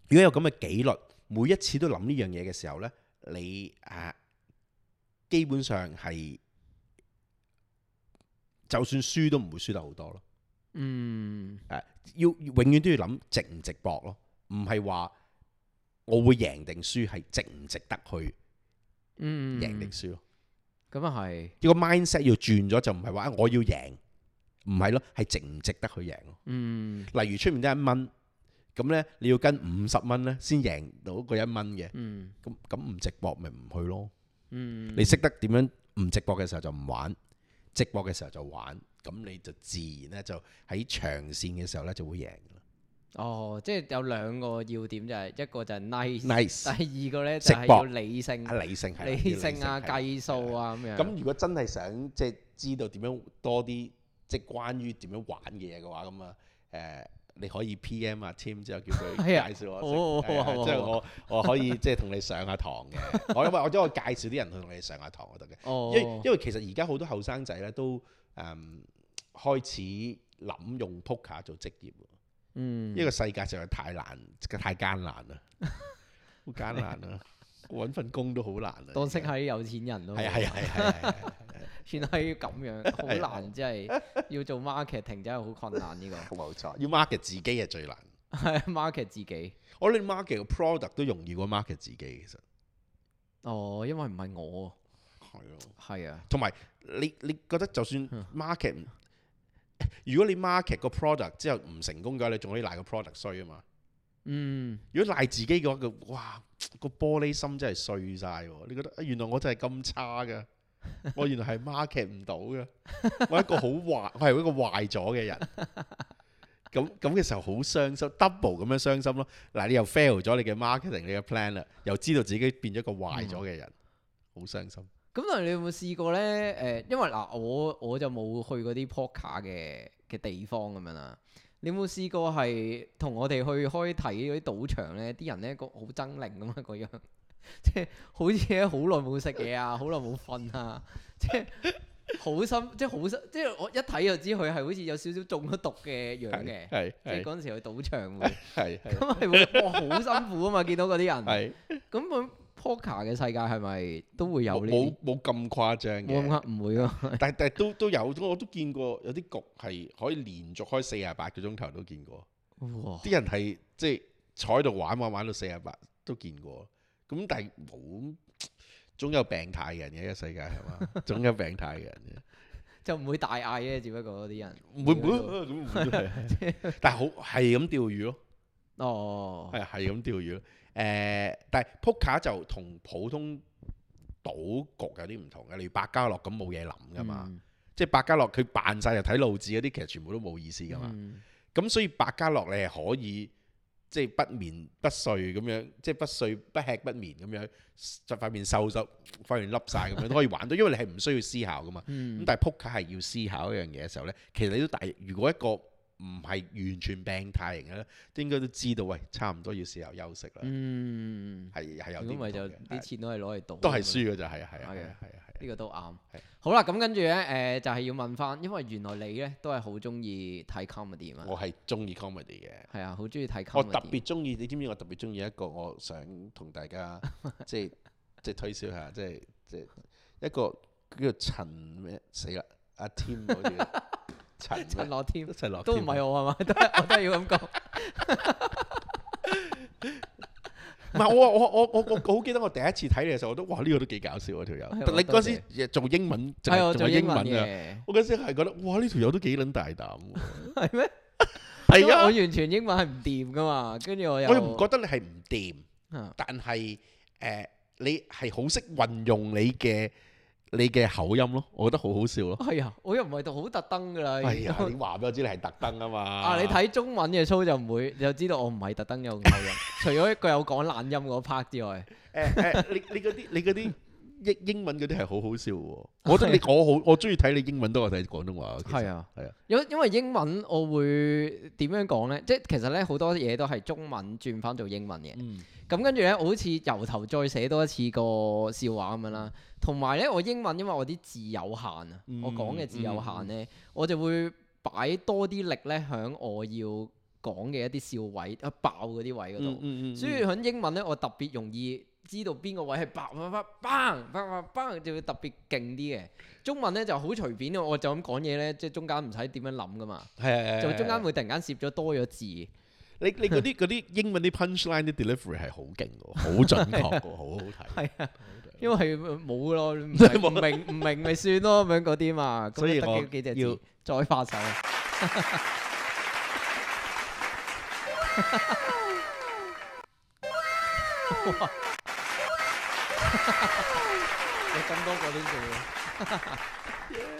S2: 如果有咁嘅紀律，每一次都諗呢樣嘢嘅時候呢，你誒、啊、基本上係就算輸都唔會輸得好多咯。嗯，啊、要永遠都要諗值唔值搏咯。唔係話我會贏定輸，係值唔值得去嗯，贏定輸，
S1: 咯、嗯？咁啊係，
S2: 一個 mindset 要轉咗，就唔係話我要贏，唔係咯，係值唔值得去贏？嗯，例如出面得一蚊，咁咧你要跟五十蚊咧先贏到個一蚊嘅，嗯，咁咁唔直博咪唔去咯？嗯，
S3: 你識
S2: 得點樣唔直博嘅時候就唔玩，直博嘅時候就玩，咁你就自然咧就喺長線嘅時候咧就會贏。
S1: 哦，oh, 即係有兩個要點，就係一個就係 nice，第二個咧就係要理性博理性係理性啊，性計數啊咁樣。咁
S2: 如果真係想即係、就是、知道點樣多啲，即、就、係、是、關於點樣玩嘅嘢嘅話，咁啊誒，你可以 PM 啊 Tim 之後叫佢介紹我識，即係我我可以即係同你上下堂嘅。我因為我因為我介紹啲人去同你上下堂得嘅。我 因為因為其實而家好多後生仔咧都誒、嗯嗯、開始諗用 p o Poker 做職業。嗯，呢個世界就係太難，太艱
S1: 難啦，好艱難啦，搵的份工都好難啊。當識下啲有錢人咯，係啊係啊係啊，原來要咁樣， 好難，真係的要做 marketing 真係好困難呢、 這個。冇錯，
S2: 要 market 自己係最難。係 market 自己，我諗、哦、market 個 product 都容易過 market 自己，其實。哦，因為唔係我。係咯。係啊。同埋，你你覺得就算 market 如果你 market 個 product 之後唔成功嘅話，你仲可以賴個 product 衰啊嘛。嗯，如果賴自己嘅話，個哇個玻璃心真係碎晒喎！你覺得、哎、原來我真係咁差嘅，
S3: 我原
S2: 來係 market 唔到嘅，我係一個好壞， 我係一個壞咗嘅人。咁咁嘅時候好傷心，double 咁樣傷心咯。嗱，你又 fail 咗你嘅 marketing，你嘅 planner 又知道自己變咗個壞咗嘅人，好、嗯、傷心。
S1: 咁嗱，你有冇試過咧？誒，因為嗱，我我就冇去嗰啲 poker 嘅嘅地方咁樣啦。你有冇試過係同我哋去開提嗰啲賭場咧？啲人咧個 好猙獰咁樣，即係好似好耐冇食嘢啊，好耐冇瞓啊， 即係好深，即係好深，即係我一睇就知佢係好似有少少中咗毒嘅樣嘅。即係嗰陣時去賭場會咁係，哇，好辛苦啊嘛，見 是到嗰啲人咁我。 Poker 嘅世界係咪都會有呢？冇
S2: 冇咁誇張嘅，啱唔啱？
S1: 唔會咯，但係
S2: 但係都都有，我都見過有啲局係可以連續開四十八個鐘頭都見過。啲人係即係坐喺度玩玩玩到四十八都見過。咁但係冇，總有病態嘅人嘅呢個世界係嘛？總有病態嘅人，嘅，
S1: 就唔會大嗌嘅，只不過啲人唔
S2: 會唔會，但係好係咁釣魚咯。哦，係係咁釣魚。誒、呃，但係撲克就同普通賭局有啲唔同嘅，例如百家樂咁冇嘢諗㗎嘛，嗯、即係百家樂佢扮晒又睇路子嗰啲，其實全部都冇意思㗎嘛。咁、嗯、所以百家樂你係可以即係不眠不睡咁樣，即係不睡不吃不眠咁樣，就塊面瘦咗，塊面凹晒咁樣 都可以玩到，因為你係唔需要思考㗎嘛。咁、嗯嗯、但係撲克係要思考一樣嘢嘅時候呢，其實你都大，如果一個。唔係完全病態型嘅咧，應該都知道，喂，差唔多要時候
S1: 休息
S3: 啦。嗯，係係有啲咁嘅。因為就啲錢都係攞嚟賭，都係
S2: 輸嘅就係係啊，係啊，
S1: 呢個都啱。係好啦，咁跟住咧，誒，就係要問翻，因為原來你咧都係好中意睇 comedy 啊。我係中意 comedy 嘅。係啊，好中意睇 comedy。我特別中意，你知唔知？我特
S2: 別中意一個，我想同大家即係即係推銷下，即係即係一個叫陳咩死啦阿 Tim 嗰啲。陳樂添，都唔係我係嘛，都係我都
S3: 要咁講。
S2: 唔係我，我我我我好記得我第一次睇你嘅時候，我都哇呢個都幾搞笑啊條友。你嗰時做英文，做英文啊，我嗰時係覺得哇呢條友都幾捻大膽。
S1: 係咩？係啊！我完全英文係唔掂噶嘛，跟住我又，我又唔覺得你
S2: 係唔掂，但係誒你係好識運用你嘅。你嘅口音咯，我覺得好好笑咯。係啊、哎，
S1: 我又唔係好特登㗎啦。係、哎、啊，你話俾我知你係特登啊嘛。啊，你睇中文嘅操就唔會，就知道我唔係特登嘅口音。 除咗一個有講懶音嗰 part 之外，哎哎、你嗰啲你啲英英
S2: 文嗰啲係好好笑喎。我覺得你 我好我中意睇你英文多過睇廣東話。係啊係啊，
S1: 因、啊啊、因為英文我會點樣講呢？即係其實呢，好多嘢都係中文轉翻做英文嘅。嗯。咁跟住呢，好似由頭再寫多一次個笑話咁樣啦。同埋咧，我英文因為我啲字有限啊，我講嘅字有限咧，我就會擺多啲力咧喺我要講嘅一啲笑位啊爆嗰啲位嗰度。所以喺英文咧，我特別容易知道邊個位係爆，就會特別勁啲嘅。中文咧就好隨便，我就咁講嘢咧，即係中間唔使點樣諗噶嘛。係係係。就中間會突然間攝咗多咗字。
S2: 你你嗰啲啲英文啲 punchline 啲
S1: delivery 係好勁㗎，好準確，好好睇。係啊。因為冇咯，唔明唔 明咪算咯，咁樣嗰啲嘛，所以得幾隻字再發售。
S3: 你咁多個都做？係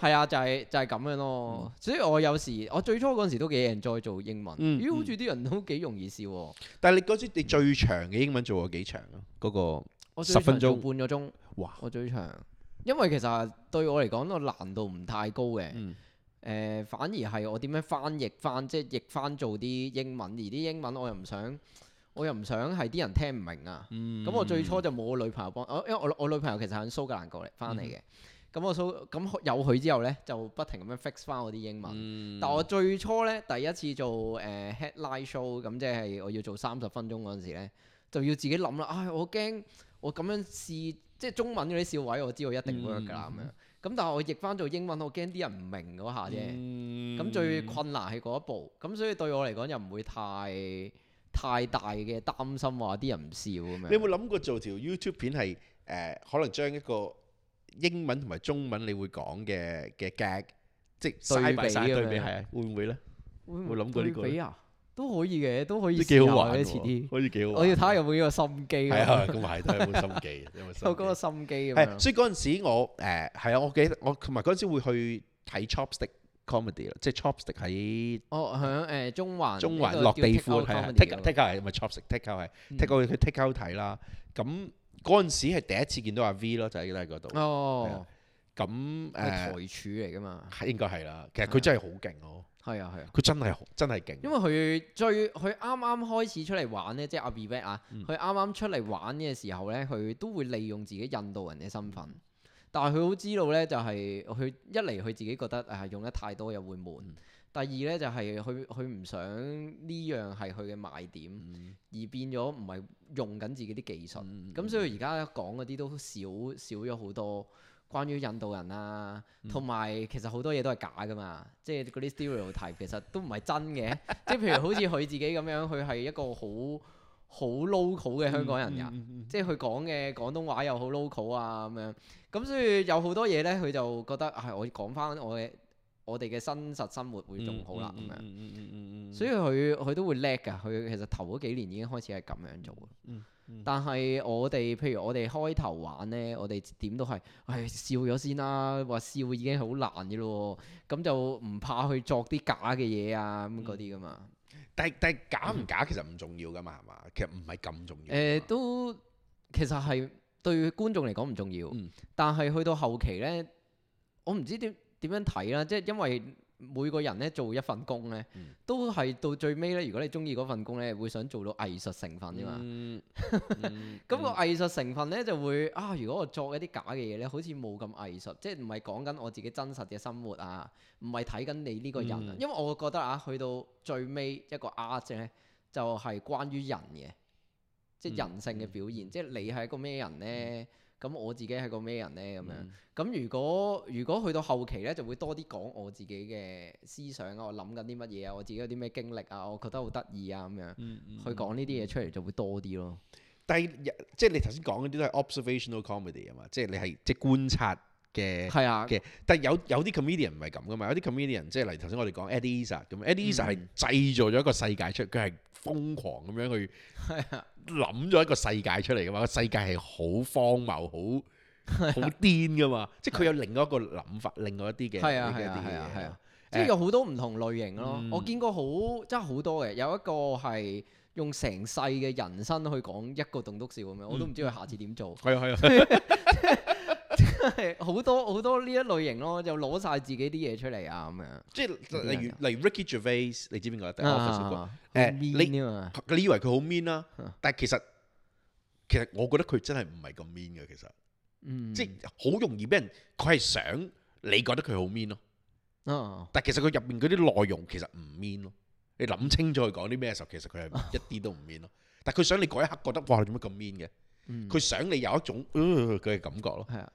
S3: Yeah. 啊，就
S1: 係、是、就係、是、咁樣咯。嗯、所以我有時我最初嗰陣時都幾 enjoy 做英文，咦、嗯？好似啲人都幾容易笑喎。嗯、但係你嗰次你最長嘅英文做過幾長啊？嗰、那個？十分鐘，做半個鐘，哇！我最長，因為其實對我嚟講，個難度唔太高嘅，誒、嗯呃，反而係我點樣翻譯翻，即係譯翻做啲英文，而啲英文我又唔想，我又唔想係啲人聽唔明啊。
S3: 咁、嗯、我最初
S1: 就冇我女朋友幫，我因為我我女朋友其實喺蘇格蘭過嚟翻嚟嘅，咁、嗯、我蘇咁有佢之後呢，就不停咁樣 fix 翻我啲英文。嗯、但我最初呢，第一次做誒、呃、headline show，咁即係我要做三十分鐘嗰陣時呢，就要自己諗啦，唉，我驚。我咁樣試，即係中文嗰啲笑位，我知道一定 work 㗎啦，咁樣、嗯。咁但係我譯翻做英文，我驚啲人唔明嗰下啫。咁、嗯、最困難係嗰一步。咁所以對我嚟講，又唔會太太大嘅擔心話啲人唔笑咁樣。你有冇
S2: 諗過做條 YouTube 片係誒、呃？可能將一個英文同埋中文你會講嘅嘅 gag，即係對比啊，對比啊，會唔會咧？會唔會諗過呢個？
S1: 都可以嘅，都可以。都幾好玩嘅，遲啲。好似幾好。我要睇下有冇呢個心機。係啊，咁係睇下有冇心機，有冇心。嗰個心機咁樣。所以
S2: 嗰陣時我誒係啊，我記得我同埋嗰陣時會去睇 Chopstick Comedy 啦，即係 Chopstick 喺我喺誒中環中環落地庫係 take take out 係咪 Chopstick？take out 去 take out 睇啦。咁嗰陣時係第一次見到阿 V 咯，就喺都喺度。哦。
S1: 咁誒。台柱嚟噶嘛？係應該係啦。其實佢真係好勁哦。係啊，係
S2: 啊，佢真係好，真係勁。
S1: 因為佢最，佢啱啱開始出嚟玩呢，即係阿 b e t 啊，佢啱啱出嚟玩嘅時候呢，佢都會利用自己印度人嘅身份。嗯、但係佢好知道呢，就係、是、佢一嚟佢自己覺得啊用得太多又會悶。嗯、第二呢，就係佢佢唔想呢樣係佢嘅賣點，嗯、而變咗唔係用緊自己啲技術。咁、嗯嗯、所以而家講嗰啲都少少咗好多。關於印度人啊，同埋、嗯、其實好多嘢都係假噶嘛，嗯、即係嗰啲 stereotype 其實都唔係真嘅。 即係譬如好似佢自己咁樣，佢係一個好好 local 嘅香港人噶、啊，嗯嗯嗯、即係佢講嘅廣東話又好 local 啊咁樣。咁所以有好多嘢呢，佢就覺得係、啊、我講翻我嘅我哋嘅真實生
S3: 活會仲好啦咁樣。嗯嗯嗯嗯嗯、
S1: 所以佢佢都會叻㗎，佢其實頭嗰幾年已經開始係咁樣做。嗯但係我哋，譬如我哋開頭玩呢，我哋點都係係笑咗先啦、啊，話笑已經好難嘅咯，咁就唔怕去作啲假嘅嘢啊咁嗰啲噶嘛。嗯、但係但係假唔假其實唔重要噶嘛，係嘛？
S2: 其實唔係咁重
S1: 要。誒、嗯，都其實係對觀眾嚟講唔重要。但係去到後期呢，我唔知點點樣睇啦，即係因為。每個人咧做一份工咧，嗯、都係到最尾咧。如果你中意嗰份工咧，會想做到藝術成分啫嘛、嗯。咁、嗯、 個藝術成分咧就會啊，如果我作一啲假嘅嘢咧，好似冇咁藝術，即係唔係講緊我自己真實嘅生活啊？唔係睇緊你呢個人啊。嗯、因為我覺得啊，去到最尾一個 art 咧，就係、是、關於人嘅，即係人性嘅表現，嗯嗯即係你係一個咩人咧？嗯咁我自己係個咩人呢？咁樣咁如果如果去到後期呢，就會多啲講我自己嘅思想啊，我諗緊啲乜嘢啊，我自己有啲咩經歷啊，我覺得好得意啊咁樣，嗯嗯嗯去講呢啲嘢出嚟就會多啲咯。嗯嗯嗯、但係即係你頭先講嗰啲都係 observational comedy 啊嘛，即係你係
S2: 即係觀察。嘅係啊，嘅，但係有有啲 comedian 唔係咁噶嘛，有啲 comedian 即係例如頭先我哋講 Eddie Isa 咁，Eddie Isa 係製造咗一個世界出嚟，佢係瘋狂咁樣去係啊，諗咗一個世界出嚟噶嘛，個世界係好荒謬、好好癲噶嘛，即係佢有另外一個諗法、另外一啲嘅係啊係啊係啊，即係有好
S1: 多唔同類型咯。我見過好真係好多嘅，有一個係用成世嘅人生去講一個棟篤笑咁樣，我都唔知佢下次點做。係啊係啊。係好多好多呢一類型咯，就攞晒自己啲嘢出嚟啊咁樣。即係例如，
S2: 例如 Ricky Gervais，你知邊個啊？我介紹過。誒，mean 啊嘛，你以為佢好 mean 啊？但係其實，其實我覺得佢真係唔係咁 mean 嘅。其實，嗯，即係好容易俾人，佢係想你覺得佢好 mean 咯。嗯。但係其實佢入邊嗰啲內容，其實唔 mean 咯。你諗清楚佢講啲咩嘅時候，其實佢係一啲都唔 mean 咯。但係佢想你嗰一刻覺得，哇，做乜咁 mean 嘅？嗯。佢想你有一種，佢嘅感覺咯。係啊。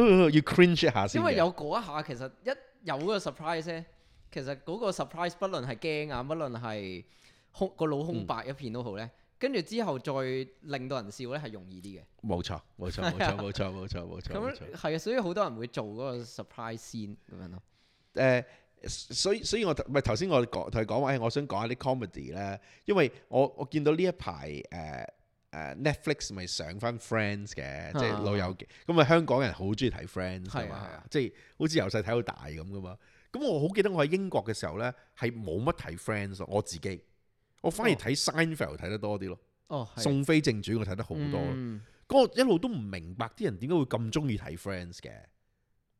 S2: 要 cringe 下先。因為有
S1: 嗰一下，其實一有個 surprise 咧，其實嗰個 surprise 不論係驚啊，不論係空個腦空白一片都好咧，跟住之後再令到人笑咧，係容易啲嘅。冇
S2: 錯，冇錯，冇錯，冇錯，冇錯，冇錯。咁
S1: 係啊，所以好多人會做嗰個 surprise scene 咁樣咯。
S2: 誒，所以所以，我唔係頭先我講同佢講話，誒，我想講下啲 comedy 咧，因為我我見到呢一排誒。誒 Netflix 咪上翻 Friends 嘅，即係老友記。咁啊，香港人好中意睇 Friends 係啊，即係好似由細睇到大咁噶嘛。咁我好記得我喺英國嘅時候咧，係冇乜睇 Friends，我自己，我反而睇 Seinfeld 睇得多啲咯。哦，宋飛正傳我睇得好多。嗯，咁我一路都唔明白啲人點解會咁中意睇
S1: Friends 嘅。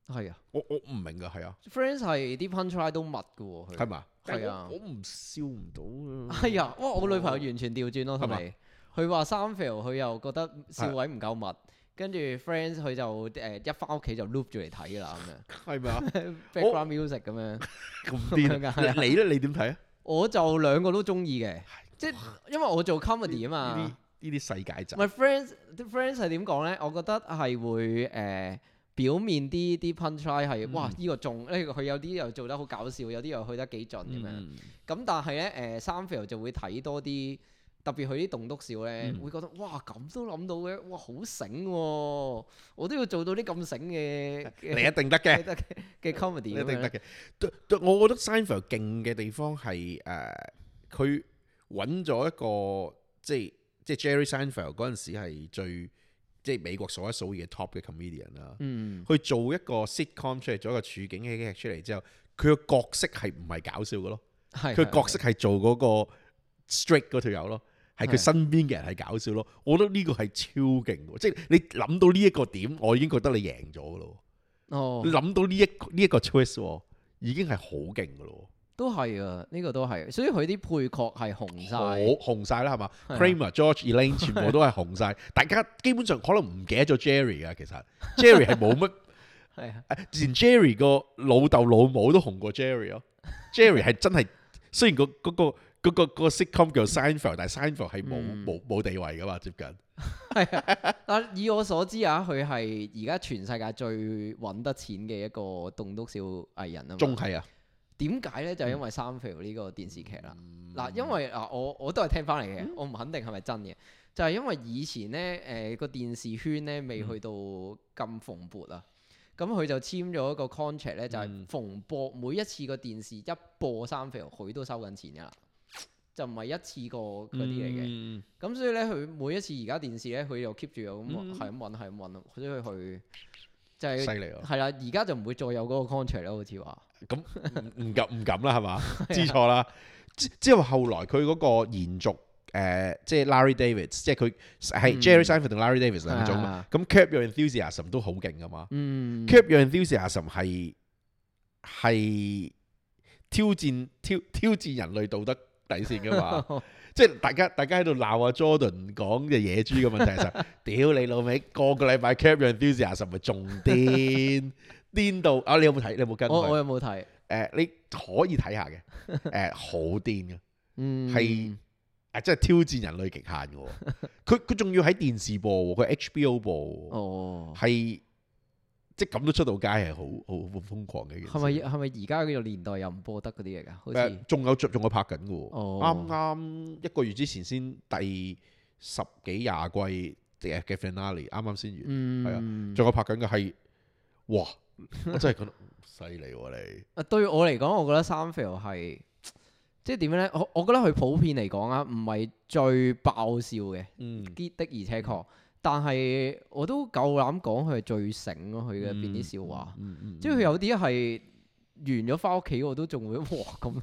S1: 係啊，我我唔明㗎，係啊。Friends 係啲 Punchline 都密㗎喎，係嘛？係啊，我唔笑唔到啊。係啊，哇！我女朋友完全調轉咯，係咪？佢話 Seinfeld 佢又覺得笑位唔夠密，跟住 friends 佢就誒一返屋企就 loop 住嚟睇啦咁樣。係咪 background music 咁樣？
S3: 咁癲
S1: 㗎？你咧你點睇啊？我就兩個都中意嘅，即係因為我做 comedy 啊嘛。呢啲世界就 my friends，啲 friends 係點講咧？我覺得係會誒表面啲啲 punchline 係哇呢個仲，呢個佢有啲又做得好搞笑，有啲又去得幾盡咁樣。咁但係咧誒 Seinfeld 就會睇多啲。特別佢啲棟篤笑咧，會覺得哇咁都諗到嘅，哇好醒喎！我都要做到啲咁醒嘅，你一定得嘅，得嘅嘅 comedy 一定得
S2: 嘅。我我覺得 Seinfeld 勁嘅地方係誒，佢搵咗一個即係即係 Jerry Seinfeld 嗰陣時係最即係美國數一數二嘅 top 嘅 comedian 啦。嗯，去做一個 sitcom 出嚟，做一個處境喜劇出嚟之後，佢個角色係唔係搞笑嘅，咯？係佢角色係做嗰個 straight 嗰條友咯。係佢身邊嘅人係搞笑咯，我覺得呢個係超勁嘅，即係你諗到呢一個點，我已經覺得你贏咗咯。哦你、
S1: 這個，你
S3: 諗
S2: 到呢一呢一個 twist 已經係好勁嘅咯。都係啊，呢、這個都係，所以佢啲配角係紅曬，紅晒啦，係嘛？Cramer、是啊、ramer, George、Elaine 全部都係紅晒。是啊、大家基本上可能唔記得咗 Jerry 啊，其實 Jerry 係冇乜係啊，之前 Jerry 個老豆老母都紅過 Jerry 咯，Jerry 係真係雖然個、那、嗰個。那個嗰、那個、那個識講叫 Seinfeld 但係 Seinfeld 係冇冇冇地位噶嘛？接近係
S1: 啊！但以我所知啊，佢係而家全世界最揾得錢嘅一個棟篤笑藝人啊嘛！仲係啊？點解咧？就係因為 Seinfeld 呢個電視劇啦。嗱、嗯，因為嗱我我都係聽翻嚟嘅，我唔肯定係咪真嘅。就係、是、因為以前咧，誒、呃、個電視圈咧未去到咁蓬勃啊，咁佢就簽咗一個 contract 咧，就係逢播每一次個電視一播 Seinfeld 佢都收緊錢噶啦。就唔係一次過嗰啲嚟嘅，咁所以咧佢每一次而家電視咧，佢又 keep 住又咁係咁搵係咁搵，所以佢就係犀利咯。係啦，而家就唔會再有嗰個 contract 咯，好似話咁唔敢唔敢啦，係
S2: 嘛？知錯啦。之後後來佢嗰個延續誒，即係 Larry Davis，即係佢係 Jerry Seinfeld 同 Larry Davis 兩種嘛。咁 Keep your enthusiasm 都好勁噶嘛。Keep your enthusiasm 係係挑戰挑挑戰人類道德底線嘅嘛， 即係大家大家喺度鬧啊，Jordan 講嘅野豬嘅問題就屌你老味。 個個禮拜 captain teaser 係咪仲癲癲到啊！你有冇睇？你有冇跟我？我我有冇睇？誒、呃，你可以睇下嘅，誒、呃，好癲嘅，嗯， 係啊，即係挑戰人類極限嘅，佢佢仲要喺電視播，佢 HBO 播，哦，係。
S1: 即咁都出到街係好好好瘋狂嘅。係咪係咪而家呢個年代又唔播得嗰啲嘢㗎？誒，
S2: 仲有仲仲有拍緊嘅喎。啱啱、哦、一個月之前先第十幾廿季嘅嘅 finale 啱啱先完。係、嗯、啊，仲有拍緊嘅係。
S1: 哇！
S3: 真係覺得犀
S1: 利喎你。啊，對我嚟講，我覺得三 feel 係即係點樣咧？我我覺得佢普遍嚟講啊，唔係最爆笑嘅。嗯，啲的而且確。但係我都夠膽講佢係最醒咯，佢嘅邊啲笑話，嗯嗯嗯、即係佢有啲係。完咗翻屋企，我都仲會哇咁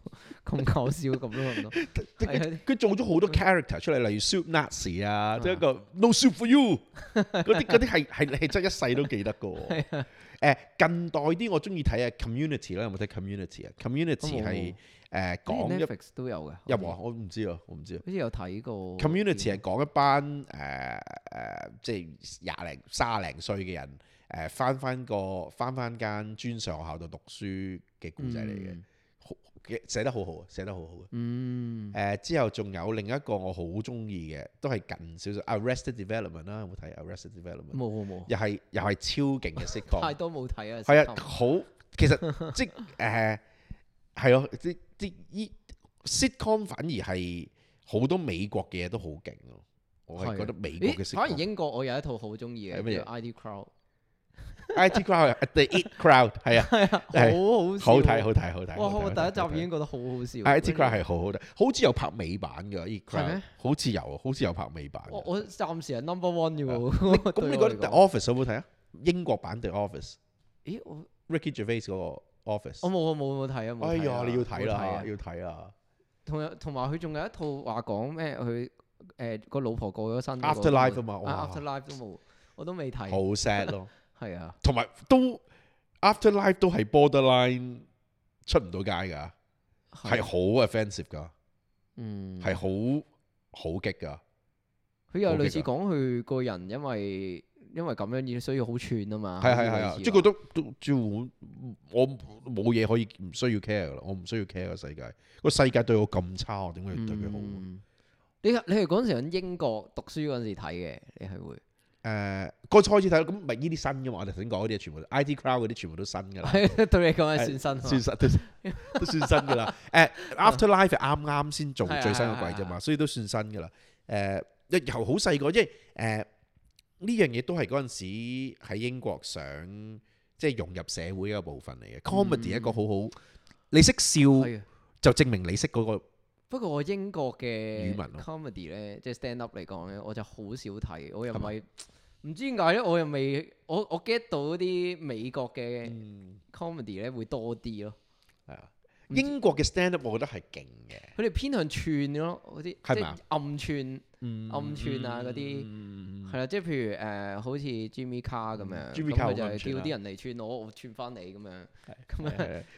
S1: 咁搞笑咁咯咁咯，
S2: 佢 做咗好多 character 出嚟，例如 Soup Nazi 啊，即係、啊、一個 No soup for you，嗰啲啲係係係真一世都記得嘅。誒、 啊、近代啲我中意睇啊 Community 啦 commun，有冇睇 Community 啊？Community 係
S1: 誒講一都有嘅，有何 okay. 我唔知啊，我唔知。啊，好似有睇過。Community 係
S2: 講一班誒誒、呃呃，即係廿零卅零歲嘅人。誒翻翻個翻翻間專上學校度讀書嘅故仔嚟嘅，寫得好好，啊，寫得好好嘅。嗯。誒之後仲有另一個我好中意嘅，都係近少少《Arrested Development》啦，有冇睇《Arrested Development》？冇冇冇。又係又係超勁嘅 sitcom。太多冇睇啊。係啊，好，筷其實即係誒係咯，即啲依 sitcom 反而係好多美國嘅嘢都好勁咯。的我係覺得美國嘅 sitcom，可能反而英國
S1: 我有一套好中意嘅叫 IT Crowd
S2: IT crowd，對 IT crowd，係啊係啊，好好好睇好睇好睇。哇，我第一集已
S1: 經覺得好好笑。IT crowd 係
S2: 好好睇，好似有拍美版嘅 IT crowd，好似有，好似有拍美
S1: 版。我我暫時係 number one 啫喎。咁你覺得
S2: Office 有冇睇啊？英國版定
S1: Office？咦，Ricky Gervais 嗰個 Office？我冇啊，冇冇睇啊，哎呀，你要睇啦，要睇啊。同同埋佢仲有一套話講咩？佢誒個老婆過咗身。Afterlife 啊嘛，Afterlife 都冇，我都未睇。好 sad 咯。係啊，同埋
S2: 都 Afterlife 都係 borderline 出唔到街噶，係好、啊、offensive 噶，嗯，係好好激噶
S1: 佢又類似講佢個人因，因為因為咁樣，所以好串啊嘛。係係係啊，即係我
S2: 都都幾我冇嘢可以唔需要 care 啦，我唔需要 care 個世界，個世界對我咁差，我點可以對佢好？嗯、
S1: 你你係嗰陣時喺英國
S2: 讀書嗰陣時睇嘅，你係會。誒個初開始睇咯，咁唔係呢啲新嘅嘛，我哋頭先講嗰啲全部 IT crowd 嗰啲全部都新㗎啦。對你講係算新，算新都算新㗎啦。誒 Afterlife 啱啱先做最新嘅季啫嘛，所以都算新㗎啦。誒又好細個，即係誒呢樣嘢都係嗰陣時喺英國想即係融入社會嘅部分嚟嘅。Comedy 一個好好，你識笑就證明你識嗰個。
S1: 不過我英國嘅語文 comedy 咧，即係 stand up 嚟講咧，我就好少睇，我又咪。唔知點解咧，我又未我我 get 到啲美國嘅 comedy 咧、嗯、會多啲咯。係啊，英國嘅 stand up 我覺得係勁嘅。佢哋偏向串咯，嗰啲即係暗串。暗串啊嗰啲係啦，即係譬如誒，好似 Jimmy Car 咁樣，Jimmy Car 就係叫啲人嚟串我，我串翻你咁樣。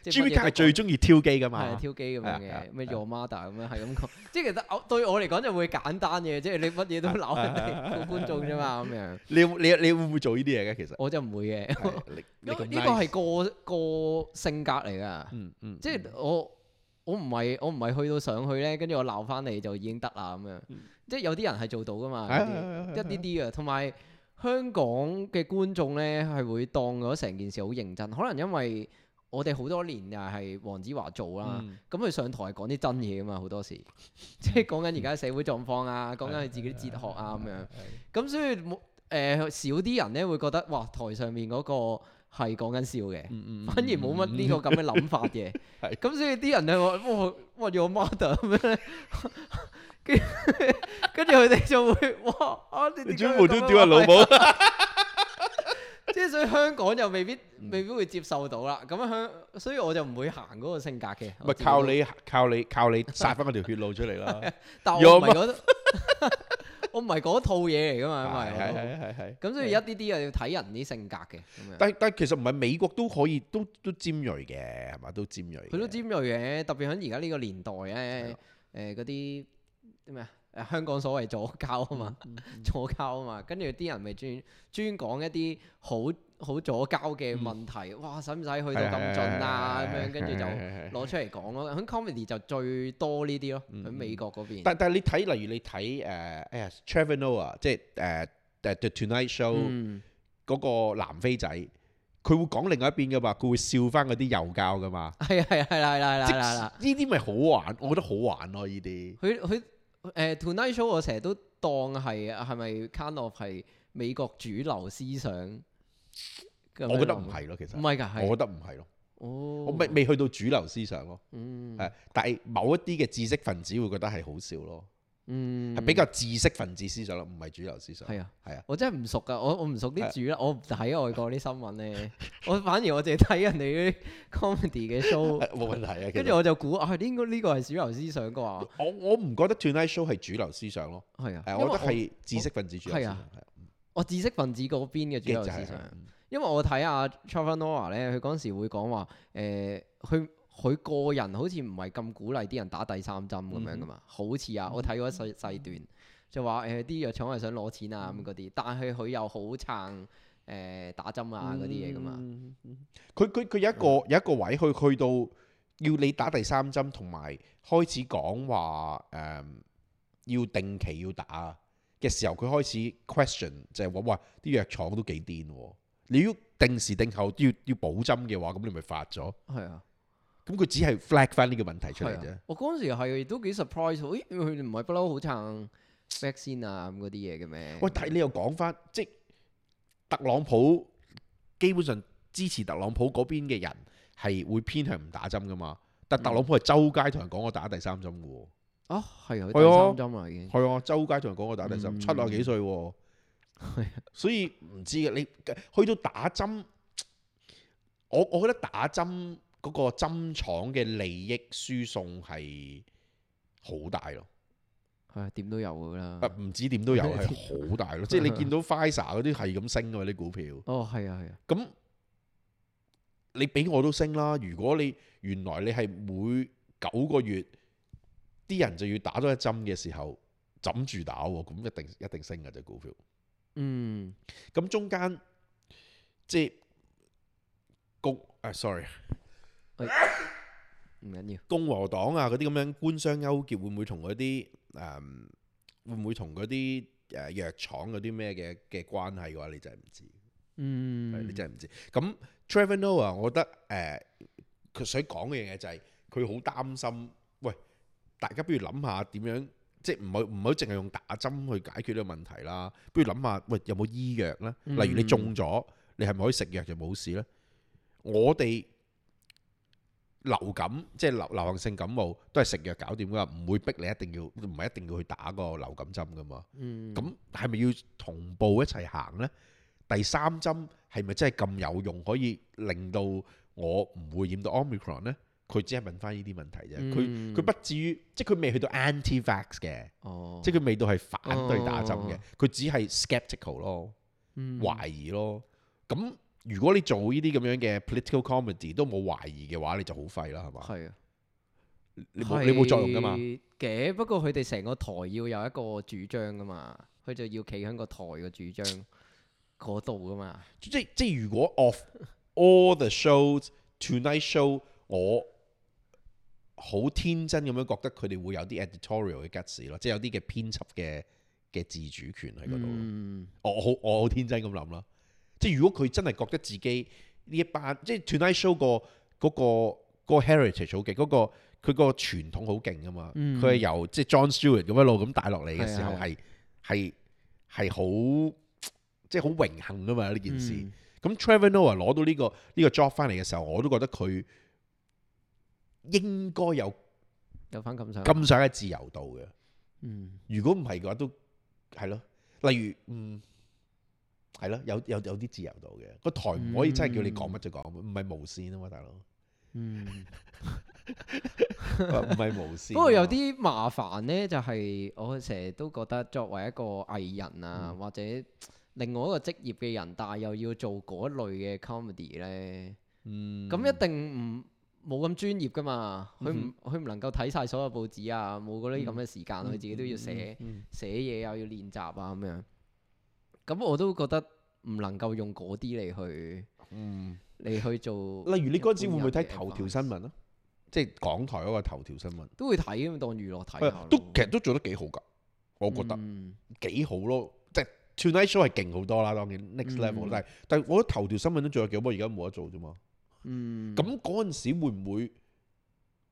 S1: Jimmy Car 係最中意挑機噶嘛，挑機咁樣嘅咩？Your Mother 咁樣係咁講，即係其實我對我嚟講就會簡單嘅，即係你乜嘢都鬧啲觀眾啫嘛，咁樣。你你你會唔會做呢啲嘢嘅？其實我就唔會嘅。呢呢個係個個性格嚟噶。即係我我唔係我唔係去到上去咧，跟住我鬧翻你就已經得啦咁樣。即係有啲人係做到噶嘛，一啲啲嘅。同埋香港嘅觀眾呢，係會當咗成件事好認真，可能因為我哋好多年又係黃子華做啦，咁佢、嗯嗯嗯、上台係講啲真嘢噶嘛，好多時，即係講緊而家社會狀況啊，講緊佢自己啲哲學啊咁樣。咁所以冇誒少啲人呢會覺得，哇，台上面嗰個係講緊笑嘅，反而冇乜呢個咁嘅諗法嘅。咁、嗯嗯嗯、所以啲人就話哇，哇我叫我 mother 咁樣咧。跟住佢哋就會哇！你專門都屌呀老母！即係所以香港就未必未必會接受到啦。咁樣香，所以我就唔會行嗰個性格嘅。咪靠你，
S2: 靠你，靠你，殺翻嗰條血路出嚟啦！但係我唔係嗰，我
S1: 唔係嗰套嘢嚟噶嘛，因為係係係係。咁所以一啲啲又要睇人啲性格嘅。但但其實唔係美國都可以，都都尖鋭嘅係嘛？都尖鋭。佢都尖鋭嘅，特別喺而家呢個年代咧，誒嗰啲。咩啊？香港所謂左膠啊嘛，左膠啊嘛，跟住啲人咪專專講一啲好好左膠嘅問題，哇，使唔使去到咁盡啊？咁樣跟住就攞出嚟講咯。咁 comedy 就最多呢啲咯，喺美國嗰邊。但但係你睇，例如你睇誒哎
S2: Trevor Noah 啊，即係誒誒 The Tonight Show 嗰個南非仔，佢會講另外一邊嘅話，佢會笑返嗰啲右膠㗎嘛。係係係啦係啦係啦，
S1: 呢啲咪好玩？我覺得好玩咯，呢啲。佢佢。誒、呃、Tonight Show 我成日都當係係咪 kind of 係美國主流思想？我覺得唔係咯，其實唔係㗎，我覺得唔係咯。
S3: 哦，我未未去
S1: 到主流思想咯。
S3: 嗯，誒、啊，
S2: 但係某一啲嘅知識分子會覺得係好笑咯。嗯，係比較知識分子思
S1: 想咯，唔係主流思想。係啊，係啊，我真係唔熟噶，我我唔熟啲主啦，我唔睇外國啲新聞咧，我反而我淨係睇人哋啲 comedy 嘅 show。冇問題啊，跟住我就估啊，應該呢個係主流思想啩？我我唔覺得 Tonight Show 係主流思想咯。係啊，我覺得係知識分子主流。係啊，我知識分子嗰邊嘅主流思想。因為我睇下 Trevor Noah 咧，佢嗰陣時會講話誒，佢。佢個人好似唔係咁鼓勵啲人打第三針咁樣噶嘛，嗯、哼好似、嗯哼呃、啊，我睇過一細細段就話誒啲藥廠係想攞錢啊咁嗰啲，但係佢又好撐誒打針啊嗰啲嘢噶嘛。
S2: 佢佢佢有一個有一個位去，去去到要你打第三針同埋開始講話誒要定期要打嘅時候，佢開始 question 就係話喂，啲藥廠都幾癲喎，你要定時定候要要補針嘅話，咁你咪發咗，係啊。咁佢只係 flag 翻呢個問題出嚟啫、啊。
S1: 我嗰陣時係都幾 surprise，咦、哎、佢唔係不嬲好撐 vaccine 啊咁嗰啲嘢嘅咩？喂，
S2: 睇你又講翻，即係特朗普基本上支持特朗普嗰邊嘅人係會偏向唔打針噶嘛？但特朗普係周街同人講我打第三針嘅喎、嗯。啊，係啊，第三針啊，已經係啊，周街同人講我打第三針，七、嗯、啊幾歲喎？係， 所以唔知嘅你去到打針，我我覺得打針。嗰個針廠嘅利益輸送係好大咯，係啊，點都有噶啦。唔止點都有，係好 大咯。 即係你見到 Pfizer 嗰啲係咁升嘅嘛啲股票。哦，係啊，係啊。咁你俾我都升啦。如果你原來你係每九個月啲人就要打多一針嘅時候，枕住打喎，咁一定一定升嘅隻股票。嗯。咁中間即係谷啊，sorry。唔緊要，共和黨啊，嗰啲咁樣官商勾結，會唔會同嗰啲誒，會唔會同嗰啲誒藥廠有啲咩嘅嘅關係嘅話，你就係唔知，嗯，你真係唔知。咁 Trevor Noah，我覺得誒，佢想講嘅嘢就係佢好擔心。喂，大家不如諗下點樣，即係唔好唔好淨係用打針去解決呢個問題啦。不如諗下，喂，有冇醫藥咧？例如你中咗，你係咪可以食藥就冇事咧？我哋。流感即係流流行性感冒，都係食藥搞掂㗎，唔會逼你一定要唔係一定要去打個流感針㗎嘛。咁係咪要同步一齊行呢？第三針係咪真係咁有用，可以令到我唔會染到 Omicron 呢？佢只係問返呢啲問題啫。佢佢不至於，即係佢未去到 anti-vax 嘅，即係佢未到係反對打針嘅，佢只係 skeptical 咯，懷疑咯，咁。如果你做呢啲咁樣嘅 political comedy 都冇懷疑嘅話，你就好廢啦，係嘛？係啊，你冇你冇作用噶嘛？
S1: 嘅不過佢哋成個台要有一個主張噶嘛，佢就要企喺個台嘅主張嗰度噶嘛。 即即如果 of
S2: all the shows Tonight Show，我好天真咁樣覺得佢哋會有啲 editorial 嘅吉士咯，即有啲嘅編輯嘅嘅自主權喺嗰
S3: 度。
S2: 我我好我好天真咁諗啦。即係如果佢真係覺得自己呢一班，即係 Tonight Show、嗰個嗰個、嗰個 heritage 好勁，嗰、嗰個佢個傳統好勁啊嘛。佢係、嗯、由即係 John Stewart 咁一路咁帶落嚟嘅時候，係係係好即係好榮幸啊嘛呢件事。咁、嗯、Trevor Noah 攞到呢、呢個呢、呢個 job 翻嚟嘅時候，我都覺得佢應該有有翻咁上咁上嘅自由度嘅。嗯，如果唔係嘅話，都係咯。例如，嗯。係咯，有有有啲自由度嘅，個台唔可以真係叫你講乜就講，唔係、嗯、無綫啊嘛，大佬。嗯，
S3: 唔
S2: 係 無綫。不過有
S1: 啲麻煩呢，就係、是、我成日都覺得作為一個藝人啊，嗯、或者另外一個職業嘅人，但係又要做嗰一類嘅 comedy 呢，
S3: 咁、
S1: 嗯、一定唔冇咁專業噶嘛。佢唔佢唔能夠睇晒所有報紙啊，冇嗰啲咁嘅時間，佢、嗯嗯、自己都要寫寫嘢，又、啊、要練習啊咁樣。咁我都覺得唔能夠用嗰啲嚟去，嚟、嗯、去做。例如你嗰陣時會唔會睇頭條新聞咯？即係港台嗰個頭條新聞都會睇
S2: 嘅嘛，當娛樂睇。都其實都做得幾好㗎，我覺得幾、嗯、好咯。即係 Tonight Show 係勁好多啦，當然 Next Level、嗯、但係但係我覺得頭條新聞都做得幾好，不過而家冇得做啫嘛。
S3: 咁
S2: 嗰陣時會唔會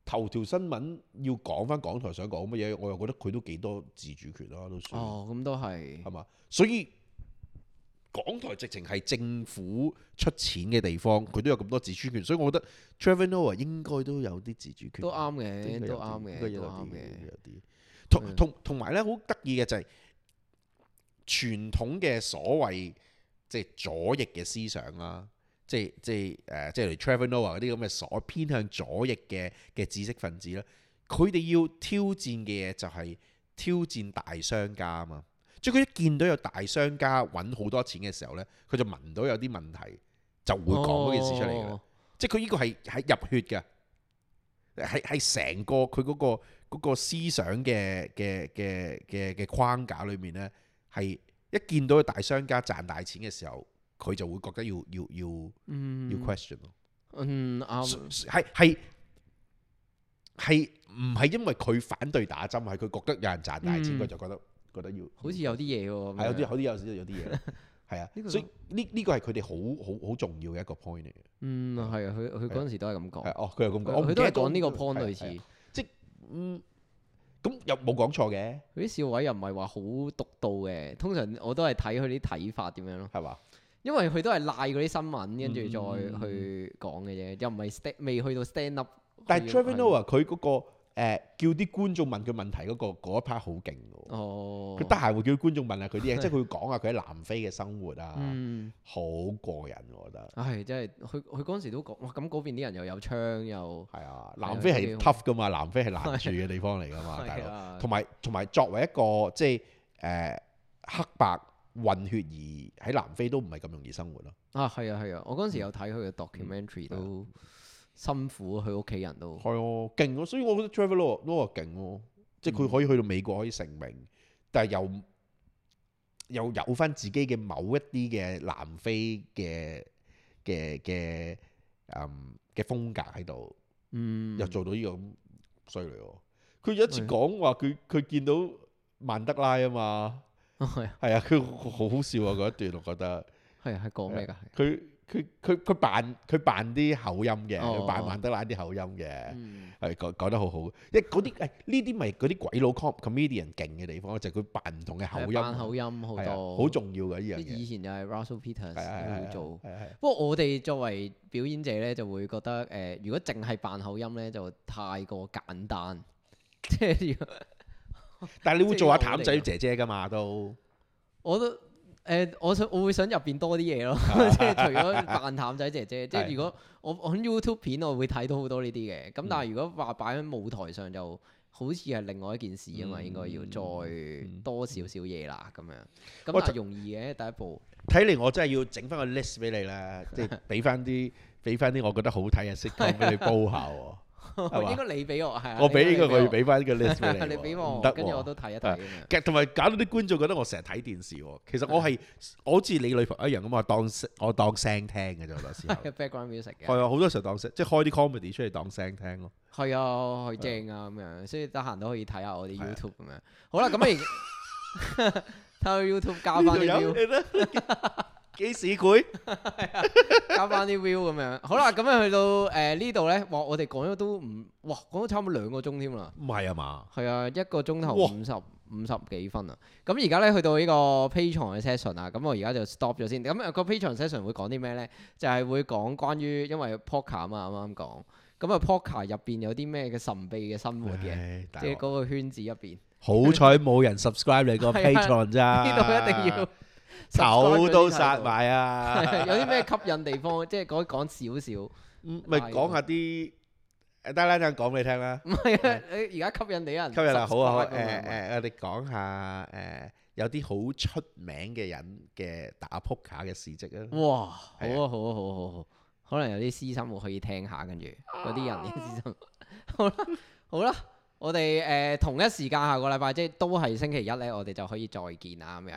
S2: 頭條新聞要講翻港台想講乜嘢？我又覺得佢都幾多自主權啦，都算。哦，咁都係。係嘛？所以。港台直情係政府出錢嘅地方，佢都有咁多自主權，所以我覺得 Traveler 應該都有啲自主權，都啱嘅，應都啱
S3: 嘅，應有啲
S2: 同同同埋咧，好得意嘅就係傳統嘅所謂即係左翼嘅思想啦，即係即係誒，即係嚟 Traveler 嗰啲咁嘅所偏向左翼嘅嘅知識分子咧，佢哋要挑戰嘅嘢就係挑戰大商家啊嘛。即係佢一見到有大商家揾好多錢嘅時候呢，佢就聞到有啲問題，就會講嗰件事出嚟嘅。即係佢呢個係喺入血嘅，喺喺成個佢嗰個思想嘅嘅嘅嘅嘅框架裏面呢，係一見到有大商家賺大錢嘅時候，佢就，就會覺得要要要
S3: 要 question 咯。嗯啱、哦，
S2: 係係係唔係因為佢反對打針，係佢覺得有人賺大錢，佢就覺得。覺得要好似有啲嘢喎，係有啲，有啲有有啲嘢，係啊，所以呢呢個係佢哋好好好重要嘅一個 point 嚟嘅。嗯，係啊，
S1: 佢佢嗰陣時都係咁講。哦，佢係咁講，佢都係講呢個 point 類似，即嗯，咁又冇講錯嘅。嗰啲笑位又唔係話好獨到嘅，通常我都係睇佢啲睇法點樣咯，係嘛？因為佢都係賴嗰啲新聞，跟住再去講嘅啫，又唔係 stand 未去到 stand up。但係 Travino 啊，
S2: 佢嗰個。誒叫啲觀眾問佢問題嗰個嗰一 part 好勁
S3: 喎，佢得
S2: 閒會叫觀眾問下佢啲嘢，即係佢講下佢喺南非嘅生活啊，好、嗯、過癮我覺得。係、啊，即係
S1: 佢佢嗰陣時都講哇，咁嗰邊啲人又有槍又係啊。南非係 tough 㗎嘛，南非係難住嘅地方嚟㗎嘛，大佬。同
S2: 埋同埋作為一個即係誒
S1: 黑白混血兒喺南非都唔係咁容易生活咯。啊，係啊係啊，我嗰陣時有睇佢嘅 documentary 都、嗯。嗯辛苦佢屋企人都係哦，勁 咯樂！啊、所以我覺得 travel
S2: 咯，都係勁咯。即係佢可以去到美國可以成名，但係又又有翻自己嘅某一啲嘅南非嘅嘅嘅嘅風格喺度。
S3: 嗯、又
S2: 做到呢個咁衰嚟喎。佢有一次講話佢佢見到曼德拉啊嘛，係、嗯、是啊，啊，佢好好笑啊嗰一段，我覺得係係講咩㗎？佢、啊。佢佢佢扮佢扮啲口音嘅，佢、哦、扮得德啲口音嘅，係講講得好好。因為啲誒呢啲咪嗰啲鬼佬 comedian 勁嘅地方，就係、是、佢扮唔同嘅口音。扮口音好多，好、啊、重
S1: 要嘅呢樣。啲以前就係 Russell Peters 都、啊啊、做，啊啊啊、不過我哋作為表演者咧，就會覺得誒、呃，如果淨係扮口音咧，就太過簡單。即係，但係你會做下譚仔姐姐㗎嘛？都， 我都。誒，我想我會想入邊多啲嘢咯，即係除咗扮淡仔姐姐，即係如果我喺 YouTube 片，我會睇到好多呢啲嘅。咁但係如果話擺喺舞台上，就好似係另外一件事啊嘛，應該要再多少少嘢啦咁樣。咁就容易嘅第一步。睇嚟我真係要整翻個 list 俾你啦，即係俾翻啲
S2: 俾翻啲我覺得好睇嘅色光俾你煲下喎。
S1: 應該你俾我，係我俾呢個，我要俾翻一個 list 俾你。唔得，跟住我都睇一
S2: 睇。同埋搞到啲觀眾覺得我成日睇電視，其實我係我好似你女朋友一樣咁啊，當我當聲聽嘅啫，好多時候 music 嘅。係啊，
S1: 好多時候當聲即係開啲 comedy 出嚟，當聲聽咯。係啊，好正啊，咁樣，所以得閒都可以睇下我啲 YouTube 咁樣。好啦，咁不如，睇下 YouTube 加翻啲幾市儈，加翻啲 view 咁樣，好啦，咁樣去到誒呢度咧，哇！我哋講咗都唔，哇，講咗差唔多兩個鐘添啦。唔係啊嘛？係啊，一個鐘頭五十五十幾分啊。咁而家咧去到呢個 Patreon 嘅 session 啊，咁我而家就 stop 咗先。咁個 Patreon session 會講啲咩咧？就係會講關於因為 Poker 啊嘛，啱啱講，咁啊 Poker 入邊有啲咩嘅神秘嘅生活嘅，即係嗰個圈子入邊。好
S2: 彩冇人 subscribe 你個 Patreon 咋？呢度一定要。手都殺埋啊！有啲
S1: 咩吸引地方？即係講講少少，咪講下啲得啦，等陣講俾你聽啦。唔係啊，而家吸引你啊人吸引啊，好啊，好誒
S2: 誒，我哋講下誒有啲好出名嘅人嘅打撲卡嘅事蹟啊。哇，好啊，好
S1: 啊，好好好，可能有啲私生活可以聽下，跟住嗰啲人嘅私心私生活。好啦，好啦，我哋誒同一時間下個禮拜即係都係星期一咧，我哋就可以再見啊咁樣。